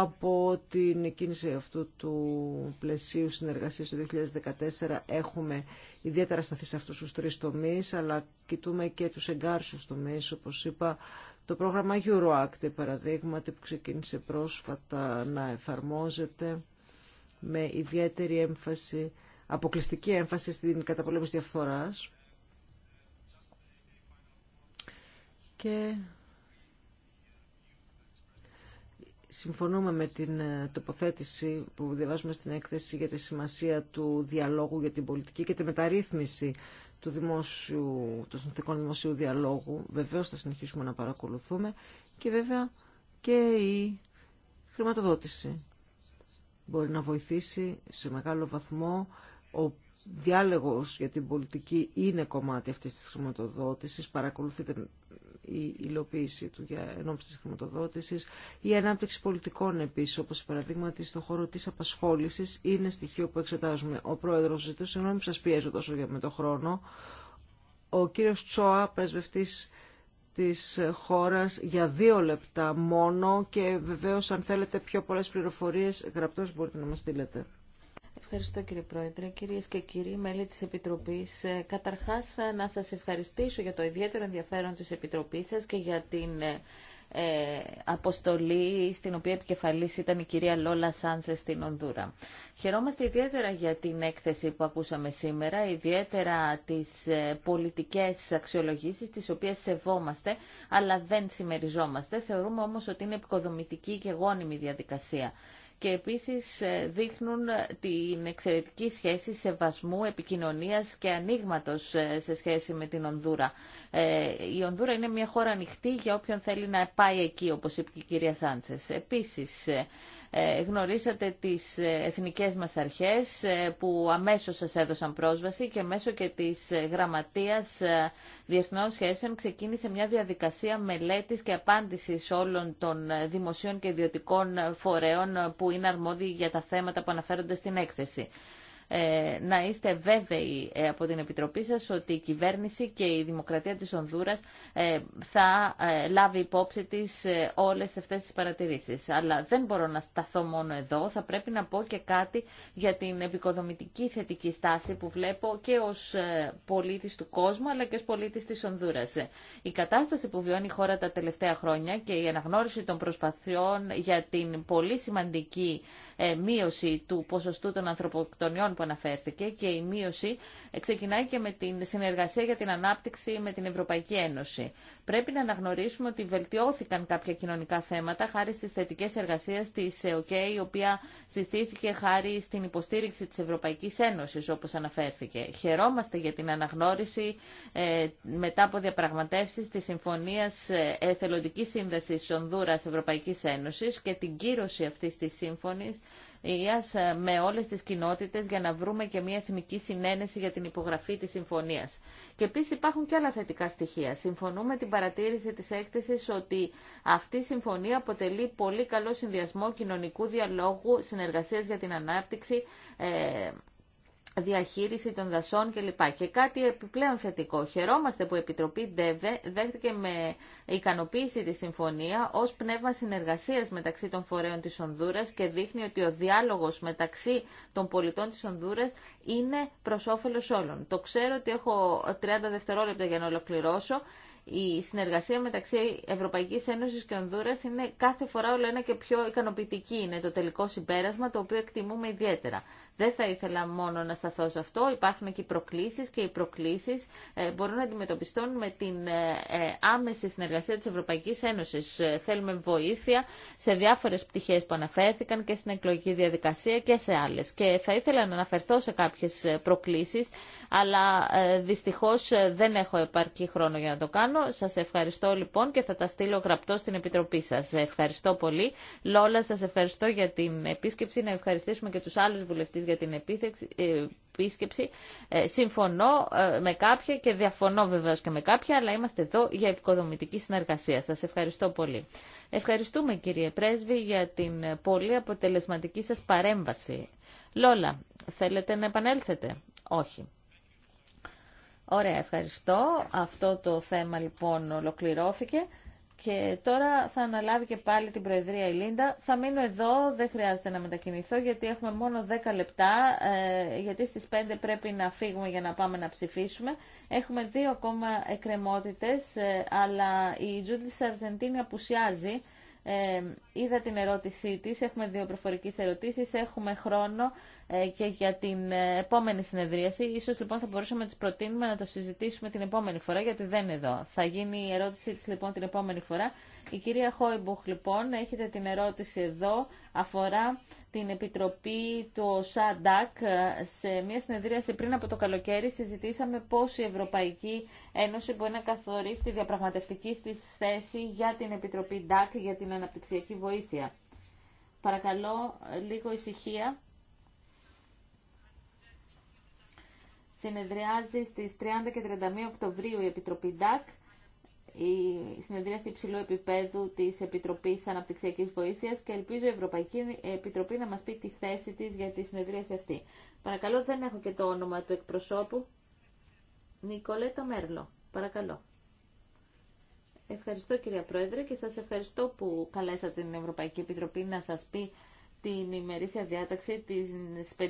από την κίνηση αυτού του πλαισίου συνεργασίας του 2014 έχουμε ιδιαίτερα σταθεί σε αυτούς τους τρεις τομείς, αλλά κοιτούμε και τους εγκάρσιους τομείς, όπως είπα, το πρόγραμμα EuroAct, παραδείγματι, που ξεκίνησε πρόσφατα να εφαρμόζεται με ιδιαίτερη έμφαση, αποκλειστική έμφαση στην καταπολέμηση διαφθοράς. Και συμφωνούμε με την ε, τοποθέτηση που διαβάζουμε στην έκθεση για τη σημασία του διαλόγου για την πολιτική και τη μεταρρύθμιση του δημόσιου, του συνθήκων δημοσίου διαλόγου. βεβαίω θα συνεχίσουμε να παρακολουθούμε και βέβαια και η χρηματοδότηση μπορεί να βοηθήσει σε μεγάλο βαθμό διάλογος για την πολιτική είναι κομμάτι αυτής της χρηματοδότησης, Παρακολουθείτε η υλοποίησή του για ενόψη της χρηματοδότησης. Η ανάπτυξη πολιτικών επίσης, όπως παραδείγματι στον χώρο της απασχόλησης, είναι στοιχείο που εξετάζουμε. Ο πρόεδρος ζητούσε, συγγνώμη που σας πιέζω τόσο για με το χρόνο, ο κύριος Τσόα, πρεσβευτής της χώρας για δύο λεπτά μόνο και βεβαίως αν θέλετε πιο πολλές πληροφορίες γραπτώς μπορείτε να μας στείλετε. Ευχαριστώ κύριε Πρόεδρε, κυρίες και κύριοι μέλη της Επιτροπής. Ε, καταρχάς ε, να σας ευχαριστήσω για το ιδιαίτερο ενδιαφέρον της Επιτροπής σας και για την ε, ε, αποστολή στην οποία επικεφαλής ήταν η κυρία Λόλα Σάνσε στην Ονδούρα. Χαιρόμαστε ιδιαίτερα για την έκθεση που ακούσαμε σήμερα, ιδιαίτερα τις πολιτικές αξιολογήσεις τις οποίες σεβόμαστε αλλά δεν συμμεριζόμαστε. Θεωρούμε όμως ότι είναι επικοδομητική και γόνιμη διαδικασία και επίσης ε, δείχνουν ε, την εξαιρετική σχέση σεβασμού, επικοινωνίας και ανοίγματο ε, σε σχέση με την Ονδούρα. Η Ονδούρα είναι μια χώρα ανοιχτή για όποιον θέλει να πάει εκεί, όπως είπε η κυρία Σάντσες. Επίσης, ε, γνωρίσατε τις ε, εθνικές μας αρχές ε, που αμέσως σας έδωσαν πρόσβαση και μέσω και της Γραμματείας Διεθνών Σχέσεων ξεκίνησε μια διαδικασία μελέτης και απάντησης όλων των δημοσίων και ιδιωτικών φορέων που είναι αρμόδιοι για τα θέματα που αναφέρονται στην έκθεση. Ε, να είστε βέβαιοι ε, από την Επιτροπή σας ότι η κυβέρνηση και η Δημοκρατία της Ονδούρας ε, θα λάβει υπόψη της όλες αυτές τις παρατηρήσεις. Αλλά δεν μπορώ να σταθώ μόνο εδώ. Θα πρέπει να πω και κάτι για την επικοδομητική θετική στάση που βλέπω και ως πολίτης του κόσμου αλλά και ως πολίτης της Ονδούρας. Η κατάσταση που βιώνει η χώρα τα τελευταία χρόνια και η αναγνώριση των προσπαθειών για την πολύ σημαντική ε, μείωση του ποσοστού των ανθρωποκτονιών που αναφέρθηκε και η μείωση ε, ξεκινάει και με την συνεργασία για την ανάπτυξη με την Ευρωπαϊκή Ένωση. Πρέπει να αναγνωρίσουμε ότι βελτιώθηκαν κάποια κοινωνικά θέματα χάρη στι θετικές εργασίες τη ΕΟΚΕ, η οποία συστήθηκε χάρη στην υποστήριξη τη Ευρωπαϊκή Ένωση, όπω αναφέρθηκε. Χαιρόμαστε για την αναγνώριση ε, μετά από διαπραγματεύσεις της Συμφωνία Σύνδεσης Σύνδεση Ευρωπαϊκή Ένωση και την κύρωση αυτή τη σύμφωνη. Ε, με όλες τις κοινότητες για να βρούμε και μια εθνική συνένεση για την υπογραφή της συμφωνίας. Και επίσης υπάρχουν και άλλα θετικά στοιχεία. Συμφωνούμε την παρατήρηση της έκθεσης ότι αυτή η συμφωνία αποτελεί πολύ καλό συνδυασμό κοινωνικού διαλόγου, συνεργασίας για την ανάπτυξη, ε, διαχείριση των δασών κλπ. Και κάτι επιπλέον θετικό. Χαιρόμαστε που η Επιτροπή ΔΕΒΕ δέχτηκε με ικανοποίηση τη συμφωνία ω πνεύμα συνεργασία μεταξύ των φορέων τη Ονδούρα και δείχνει ότι ο διάλογο μεταξύ των πολιτών τη Ονδούρα είναι προ όφελο όλων. Το ξέρω ότι έχω 30 δευτερόλεπτα για να ολοκληρώσω. Η συνεργασία μεταξύ Ευρωπαϊκή Ένωση και ονδούρα είναι κάθε φορά όλο ένα και πιο ικανοποιητική. Είναι το τελικό συμπέρασμα το οποίο εκτιμούμε ιδιαίτερα. Δεν θα ήθελα μόνο να σταθώ σε αυτό. Υπάρχουν και οι προκλήσεις και οι προκλήσεις ε, μπορούν να αντιμετωπιστούν με την ε, ε, άμεση συνεργασία της Ευρωπαϊκής Ένωσης. Θέλουμε βοήθεια σε διάφορες πτυχές που αναφέρθηκαν και στην εκλογική διαδικασία και σε άλλες. Και θα ήθελα να αναφερθώ σε κάποιες προκλήσεις, αλλά δυστυχώς δεν έχω επαρκή χρόνο για να το κάνω. Σας ευχαριστώ λοιπόν και θα τα στείλω γραπτό στην Επιτροπή σας. Ευχαριστώ πολύ. Λόλα, σας ευχαριστώ για την επίσκεψη. Να ευχαριστήσουμε και τους άλλους βουλευτές για την ε, επίσκεψη. Ε, συμφωνώ ε, με κάποια και διαφωνώ βεβαίω και με κάποια, αλλά είμαστε εδώ για επικοδομητική συνεργασία. Σας ευχαριστώ πολύ. Ευχαριστούμε κύριε Πρέσβη για την πολύ αποτελεσματική σας παρέμβαση. Λόλα, θέλετε να επανέλθετε. Όχι. Ωραία, ευχαριστώ. Αυτό το θέμα λοιπόν ολοκληρώθηκε. Και τώρα θα αναλάβει και πάλι την Προεδρία η Λίντα. Θα μείνω εδώ, δεν χρειάζεται να μετακινηθώ γιατί έχουμε μόνο 10 λεπτά, ε, γιατί στις 5 πρέπει να φύγουμε για να πάμε να ψηφίσουμε. Έχουμε δύο ακόμα εκκρεμότητες, ε, αλλά η Τζούντι Αρζεντίνη απουσιάζει. Ε, είδα την ερώτησή της, έχουμε δύο προφορικές ερωτήσεις, έχουμε χρόνο. Ε, και για την ε, επόμενη συνεδρίαση. Ίσως λοιπόν θα μπορούσαμε να τις προτείνουμε να το συζητήσουμε την επόμενη φορά γιατί δεν είναι εδώ. Θα γίνει η ερώτησή της λοιπόν την επόμενη φορά. Η κυρία Χόιμπουχ λοιπόν έχετε την ερώτηση εδώ αφορά την Επιτροπή του ΣΑΝΤΑΚ. Ε, σε μια συνεδρίαση πριν από το καλοκαίρι συζητήσαμε πώς η Ευρωπαϊκή Ένωση μπορεί να καθορίσει τη διαπραγματευτική στη θέση για την Επιτροπή ΝΤΑΚ για την αναπτυξιακή βοήθεια. Παρακαλώ λίγο ησυχία. συνεδριάζει στις 30 και 31 Οκτωβρίου η Επιτροπή ΔΑΚ, η συνεδρίαση υψηλού επίπεδου της Επιτροπής Αναπτυξιακής Βοήθειας και ελπίζω η Ευρωπαϊκή Επιτροπή να μας πει τη θέση της για τη συνεδρίαση αυτή. Παρακαλώ, δεν έχω και το όνομα του εκπροσώπου. Νικολέτα Μέρλο, παρακαλώ. Ευχαριστώ κυρία Πρόεδρε και σας ευχαριστώ που καλέσατε την Ευρωπαϊκή Επιτροπή να σας πει την ημερήσια διάταξη τη 51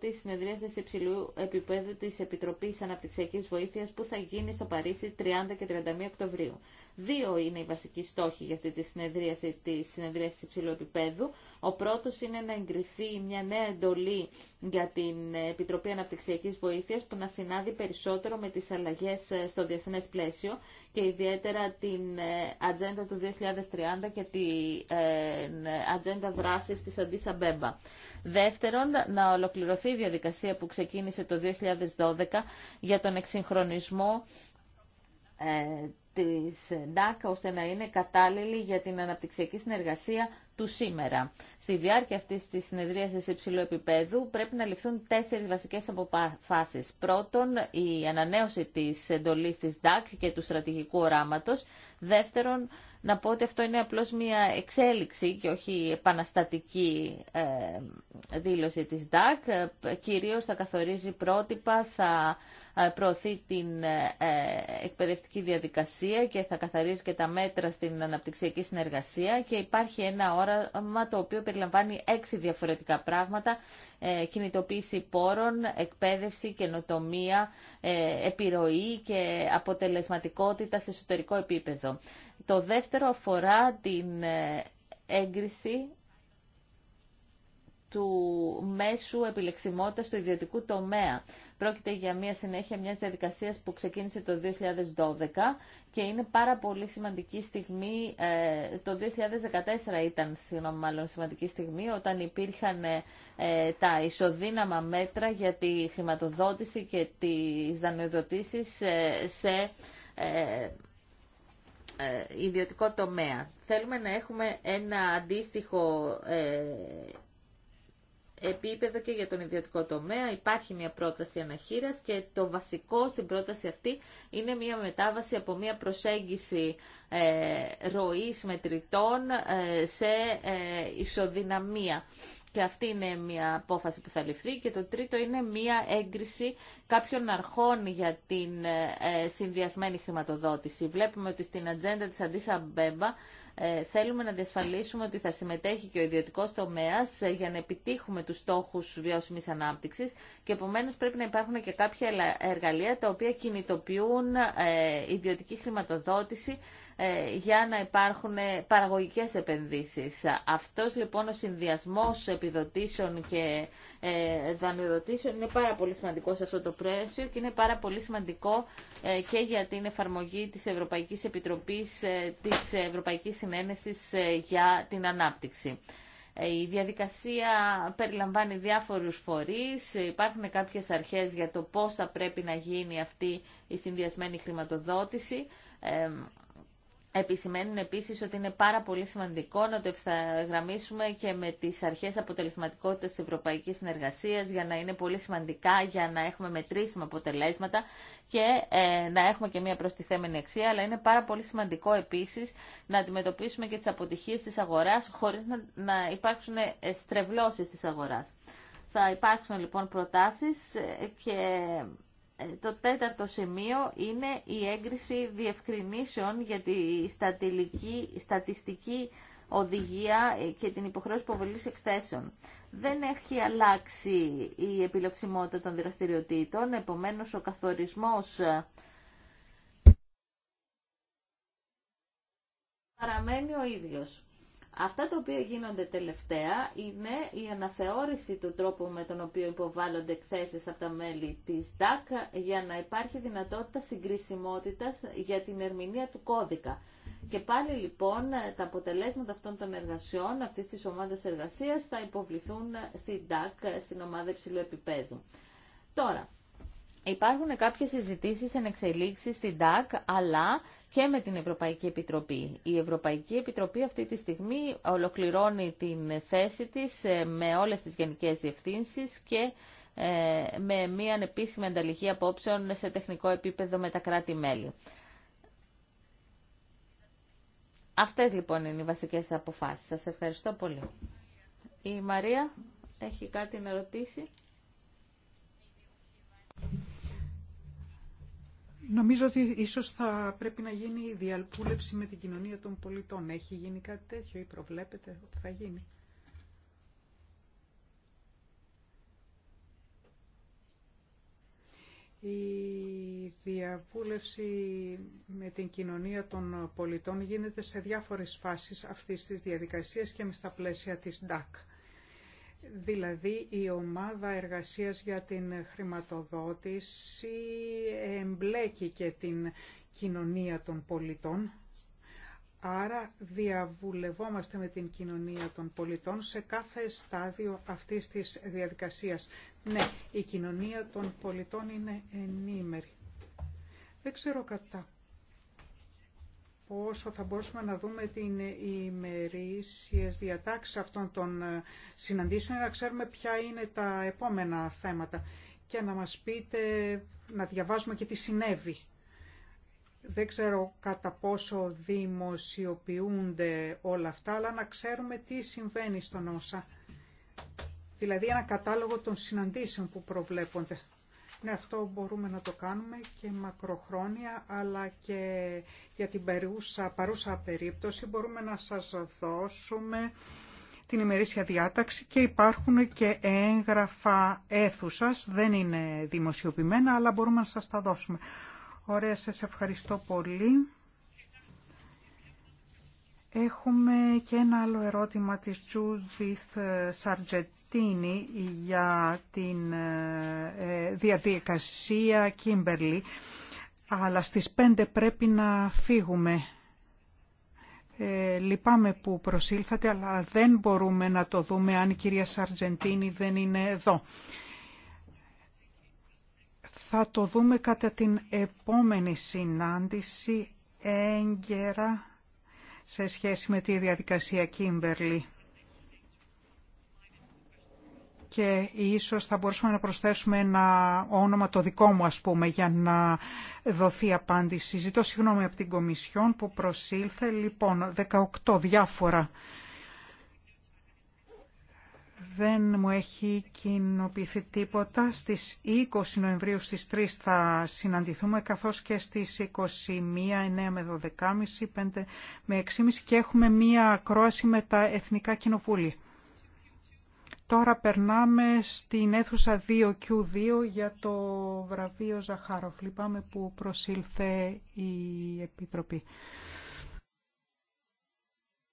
η συνεδρία τη υψηλού επίπεδου τη Επιτροπή Αναπτυξιακή Βοήθεια που θα γίνει στο Παρίσι 30 και 31 Οκτωβρίου. Δύο είναι οι βασικοί στόχοι για αυτή τη συνεδρίαση τη συνεδρίαση υψηλού επίπεδου. Ο πρώτο είναι να εγκριθεί μια νέα εντολή για την Επιτροπή Αναπτυξιακή Βοήθεια που να συνάδει περισσότερο με τι αλλαγέ ε, στο διεθνέ πλαίσιο και ιδιαίτερα την ε, ατζέντα του 2030 και την ε, ατζέντα δράση τη Αντίσα Μπέμπα. Δεύτερον, να ολοκληρωθεί η διαδικασία που ξεκίνησε το 2012 για τον εξυγχρονισμό της ΝΤΑΚ ώστε να είναι κατάλληλη για την αναπτυξιακή συνεργασία του σήμερα. Στη διάρκεια αυτή τη συνεδρίαση υψηλού επίπεδου πρέπει να ληφθούν τέσσερι βασικέ αποφάσει. Πρώτον, η ανανέωση τη εντολή τη ΔΑΚ και του στρατηγικού οράματο. Δεύτερον, να πω ότι αυτό είναι απλώ μια εξέλιξη και όχι επαναστατική ε, δήλωση της ΔΑΚ. Κυρίω θα καθορίζει πρότυπα, θα ε, προωθεί την ε, ε, εκπαιδευτική διαδικασία και θα καθαρίζει και τα μέτρα στην αναπτυξιακή συνεργασία και υπάρχει ένα όραμα το οποίο περιλαμβάνει έξι διαφορετικά πράγματα, κινητοποίηση πόρων, εκπαίδευση, καινοτομία, επιρροή και αποτελεσματικότητα σε εσωτερικό επίπεδο. Το δεύτερο αφορά την έγκριση του μέσου επιλεξιμότητας του ιδιωτικού τομέα. Πρόκειται για μια συνέχεια μιας διαδικασίας που ξεκίνησε το 2012 και είναι πάρα πολύ σημαντική στιγμή, ε, το 2014 ήταν συγγνώμη, σημαντική στιγμή, όταν υπήρχαν ε, τα ισοδύναμα μέτρα για τη χρηματοδότηση και τις δανειοδοτήσεις ε, σε ιδιωτικό τομέα. Θέλουμε να έχουμε ένα αντίστοιχο επίπεδο και για τον ιδιωτικό τομέα. Υπάρχει μια πρόταση αναχείρας και το βασικό στην πρόταση αυτή είναι μια μετάβαση από μια προσέγγιση ε, ροής μετρητών ε, σε ε, ισοδυναμία. Και αυτή είναι μια απόφαση που θα ληφθεί. Και το τρίτο είναι μια έγκριση κάποιων αρχών για την ε, συνδυασμένη χρηματοδότηση. Βλέπουμε ότι στην ατζέντα της Αντίσα Μπέμπα ε, θέλουμε να διασφαλίσουμε ότι θα συμμετέχει και ο ιδιωτικό τομέα ε, για να επιτύχουμε του στόχου βιώσιμη ανάπτυξη και επομένω πρέπει να υπάρχουν και κάποια εργαλεία τα οποία κινητοποιούν ε, ιδιωτική χρηματοδότηση για να υπάρχουν παραγωγικές επενδύσεις. Αυτός λοιπόν ο συνδυασμό επιδοτήσεων και ε, δανειοδοτήσεων είναι πάρα πολύ σημαντικό σε αυτό το πλαίσιο και είναι πάρα πολύ σημαντικό ε, και για την εφαρμογή της Ευρωπαϊκής Επιτροπής ε, της Ευρωπαϊκής Συνένεσης για την Ανάπτυξη. Η διαδικασία περιλαμβάνει διάφορους φορείς, υπάρχουν κάποιες αρχές για το πώς θα πρέπει να γίνει αυτή η συνδυασμένη χρηματοδότηση. Επισημαίνουν επίσης ότι είναι πάρα πολύ σημαντικό να το ευθαγραμμίσουμε και με τις αρχές αποτελεσματικότητας της Ευρωπαϊκής Συνεργασίας για να είναι πολύ σημαντικά, για να έχουμε μετρήσιμα αποτελέσματα και ε, να έχουμε και μια προστιθέμενη αξία, αλλά είναι πάρα πολύ σημαντικό επίσης να αντιμετωπίσουμε και τις αποτυχίες της αγοράς χωρίς να, να υπάρξουν ε, στρεβλώσεις της αγοράς. Θα υπάρξουν λοιπόν προτάσεις ε, και το τέταρτο σημείο είναι η έγκριση διευκρινήσεων για τη στατιστική οδηγία ε, και την υποχρέωση υποβολή εκθέσεων. Δεν έχει αλλάξει η επιλοξιμότητα των δραστηριοτήτων, επομένως ο καθορισμός ε, παραμένει ο ίδιος. Αυτά τα οποία γίνονται τελευταία είναι η αναθεώρηση του τρόπου με τον οποίο υποβάλλονται εκθέσεις από τα μέλη της ΔΑΚ για να υπάρχει δυνατότητα συγκρισιμότητας για την ερμηνεία του κώδικα. Και πάλι λοιπόν τα αποτελέσματα αυτών των εργασιών, αυτής της ομάδας εργασίας θα υποβληθούν στην ΔΑΚ, στην ομάδα υψηλού επίπεδου. Τώρα, υπάρχουν κάποιες συζητήσεις εν εξελίξει στην ΔΑΚ, αλλά και με την Ευρωπαϊκή Επιτροπή. Η Ευρωπαϊκή Επιτροπή αυτή τη στιγμή ολοκληρώνει την θέση της ε, με όλες τις γενικές διευθύνσεις και ε, με μια ανεπίσημη ανταλλαγή απόψεων σε τεχνικό επίπεδο με τα κράτη-μέλη. Αυτές λοιπόν είναι οι βασικές αποφάσεις. Σας ευχαριστώ πολύ. Η Μαρία έχει κάτι να ρωτήσει. Νομίζω ότι ίσως θα πρέπει να γίνει η διαλπούλευση με την κοινωνία των πολιτών. Έχει γίνει κάτι τέτοιο ή προβλέπετε ότι θα γίνει. Η διαβούλευση με την κοινωνία των πολιτών γίνεται σε διάφορες φάσεις αυτής της διαδικασίας και με στα πλαίσια της ΝΤΑΚ δηλαδή η ομάδα εργασίας για την χρηματοδότηση εμπλέκει και την κοινωνία των πολιτών. Άρα διαβουλευόμαστε με την κοινωνία των πολιτών σε κάθε στάδιο αυτής της διαδικασίας. Ναι, η κοινωνία των πολιτών είναι ενήμερη. Δεν ξέρω κατά πόσο θα μπορούσαμε να δούμε την ημερήσιες διατάξει αυτών των ε, συναντήσεων, να ξέρουμε ποια είναι τα επόμενα θέματα και να μας πείτε, να διαβάζουμε και τι συνέβη. Δεν ξέρω κατά πόσο δημοσιοποιούνται όλα αυτά, αλλά να ξέρουμε τι συμβαίνει στον όσα. Δηλαδή ένα κατάλογο των συναντήσεων που προβλέπονται. Ναι, αυτό μπορούμε να το κάνουμε και μακροχρόνια, αλλά και για την παρούσα, παρούσα περίπτωση μπορούμε να σας δώσουμε την ημερήσια διάταξη και υπάρχουν και έγγραφα αίθουσα. Δεν είναι δημοσιοποιημένα, αλλά μπορούμε να σας τα δώσουμε. Ωραία, σας ευχαριστώ πολύ. Έχουμε και ένα άλλο ερώτημα της Judith Sargent τίνι για την ε, ε, διαδικασία Κίμπερλι, αλλά στις 5 πρέπει να φύγουμε. Ε, λυπάμαι που προσήλθατε, αλλά δεν μπορούμε να το δούμε αν η κυρία Σαρτζεντίνη δεν είναι εδώ. Θα το δούμε κατά την επόμενη συνάντηση έγκαιρα σε σχέση με τη διαδικασία Κίμπερλι και ίσως θα μπορούσαμε να προσθέσουμε ένα όνομα το δικό μου ας πούμε για να δοθεί απάντηση. Ζητώ συγγνώμη από την Κομισιόν που προσήλθε. Λοιπόν, 18 διάφορα. Δεν μου έχει κοινοποιηθεί τίποτα. Στις 20 Νοεμβρίου στις 3 θα συναντηθούμε καθώς και στις 21, 9 με 12.30, 5 με 6.30 και έχουμε μία ακρόαση με τα Εθνικά Κοινοβούλια. Τώρα περνάμε στην αίθουσα 2Q2 για το βραβείο Ζαχάροφ. Λυπάμαι που προσήλθε η Επιτροπή.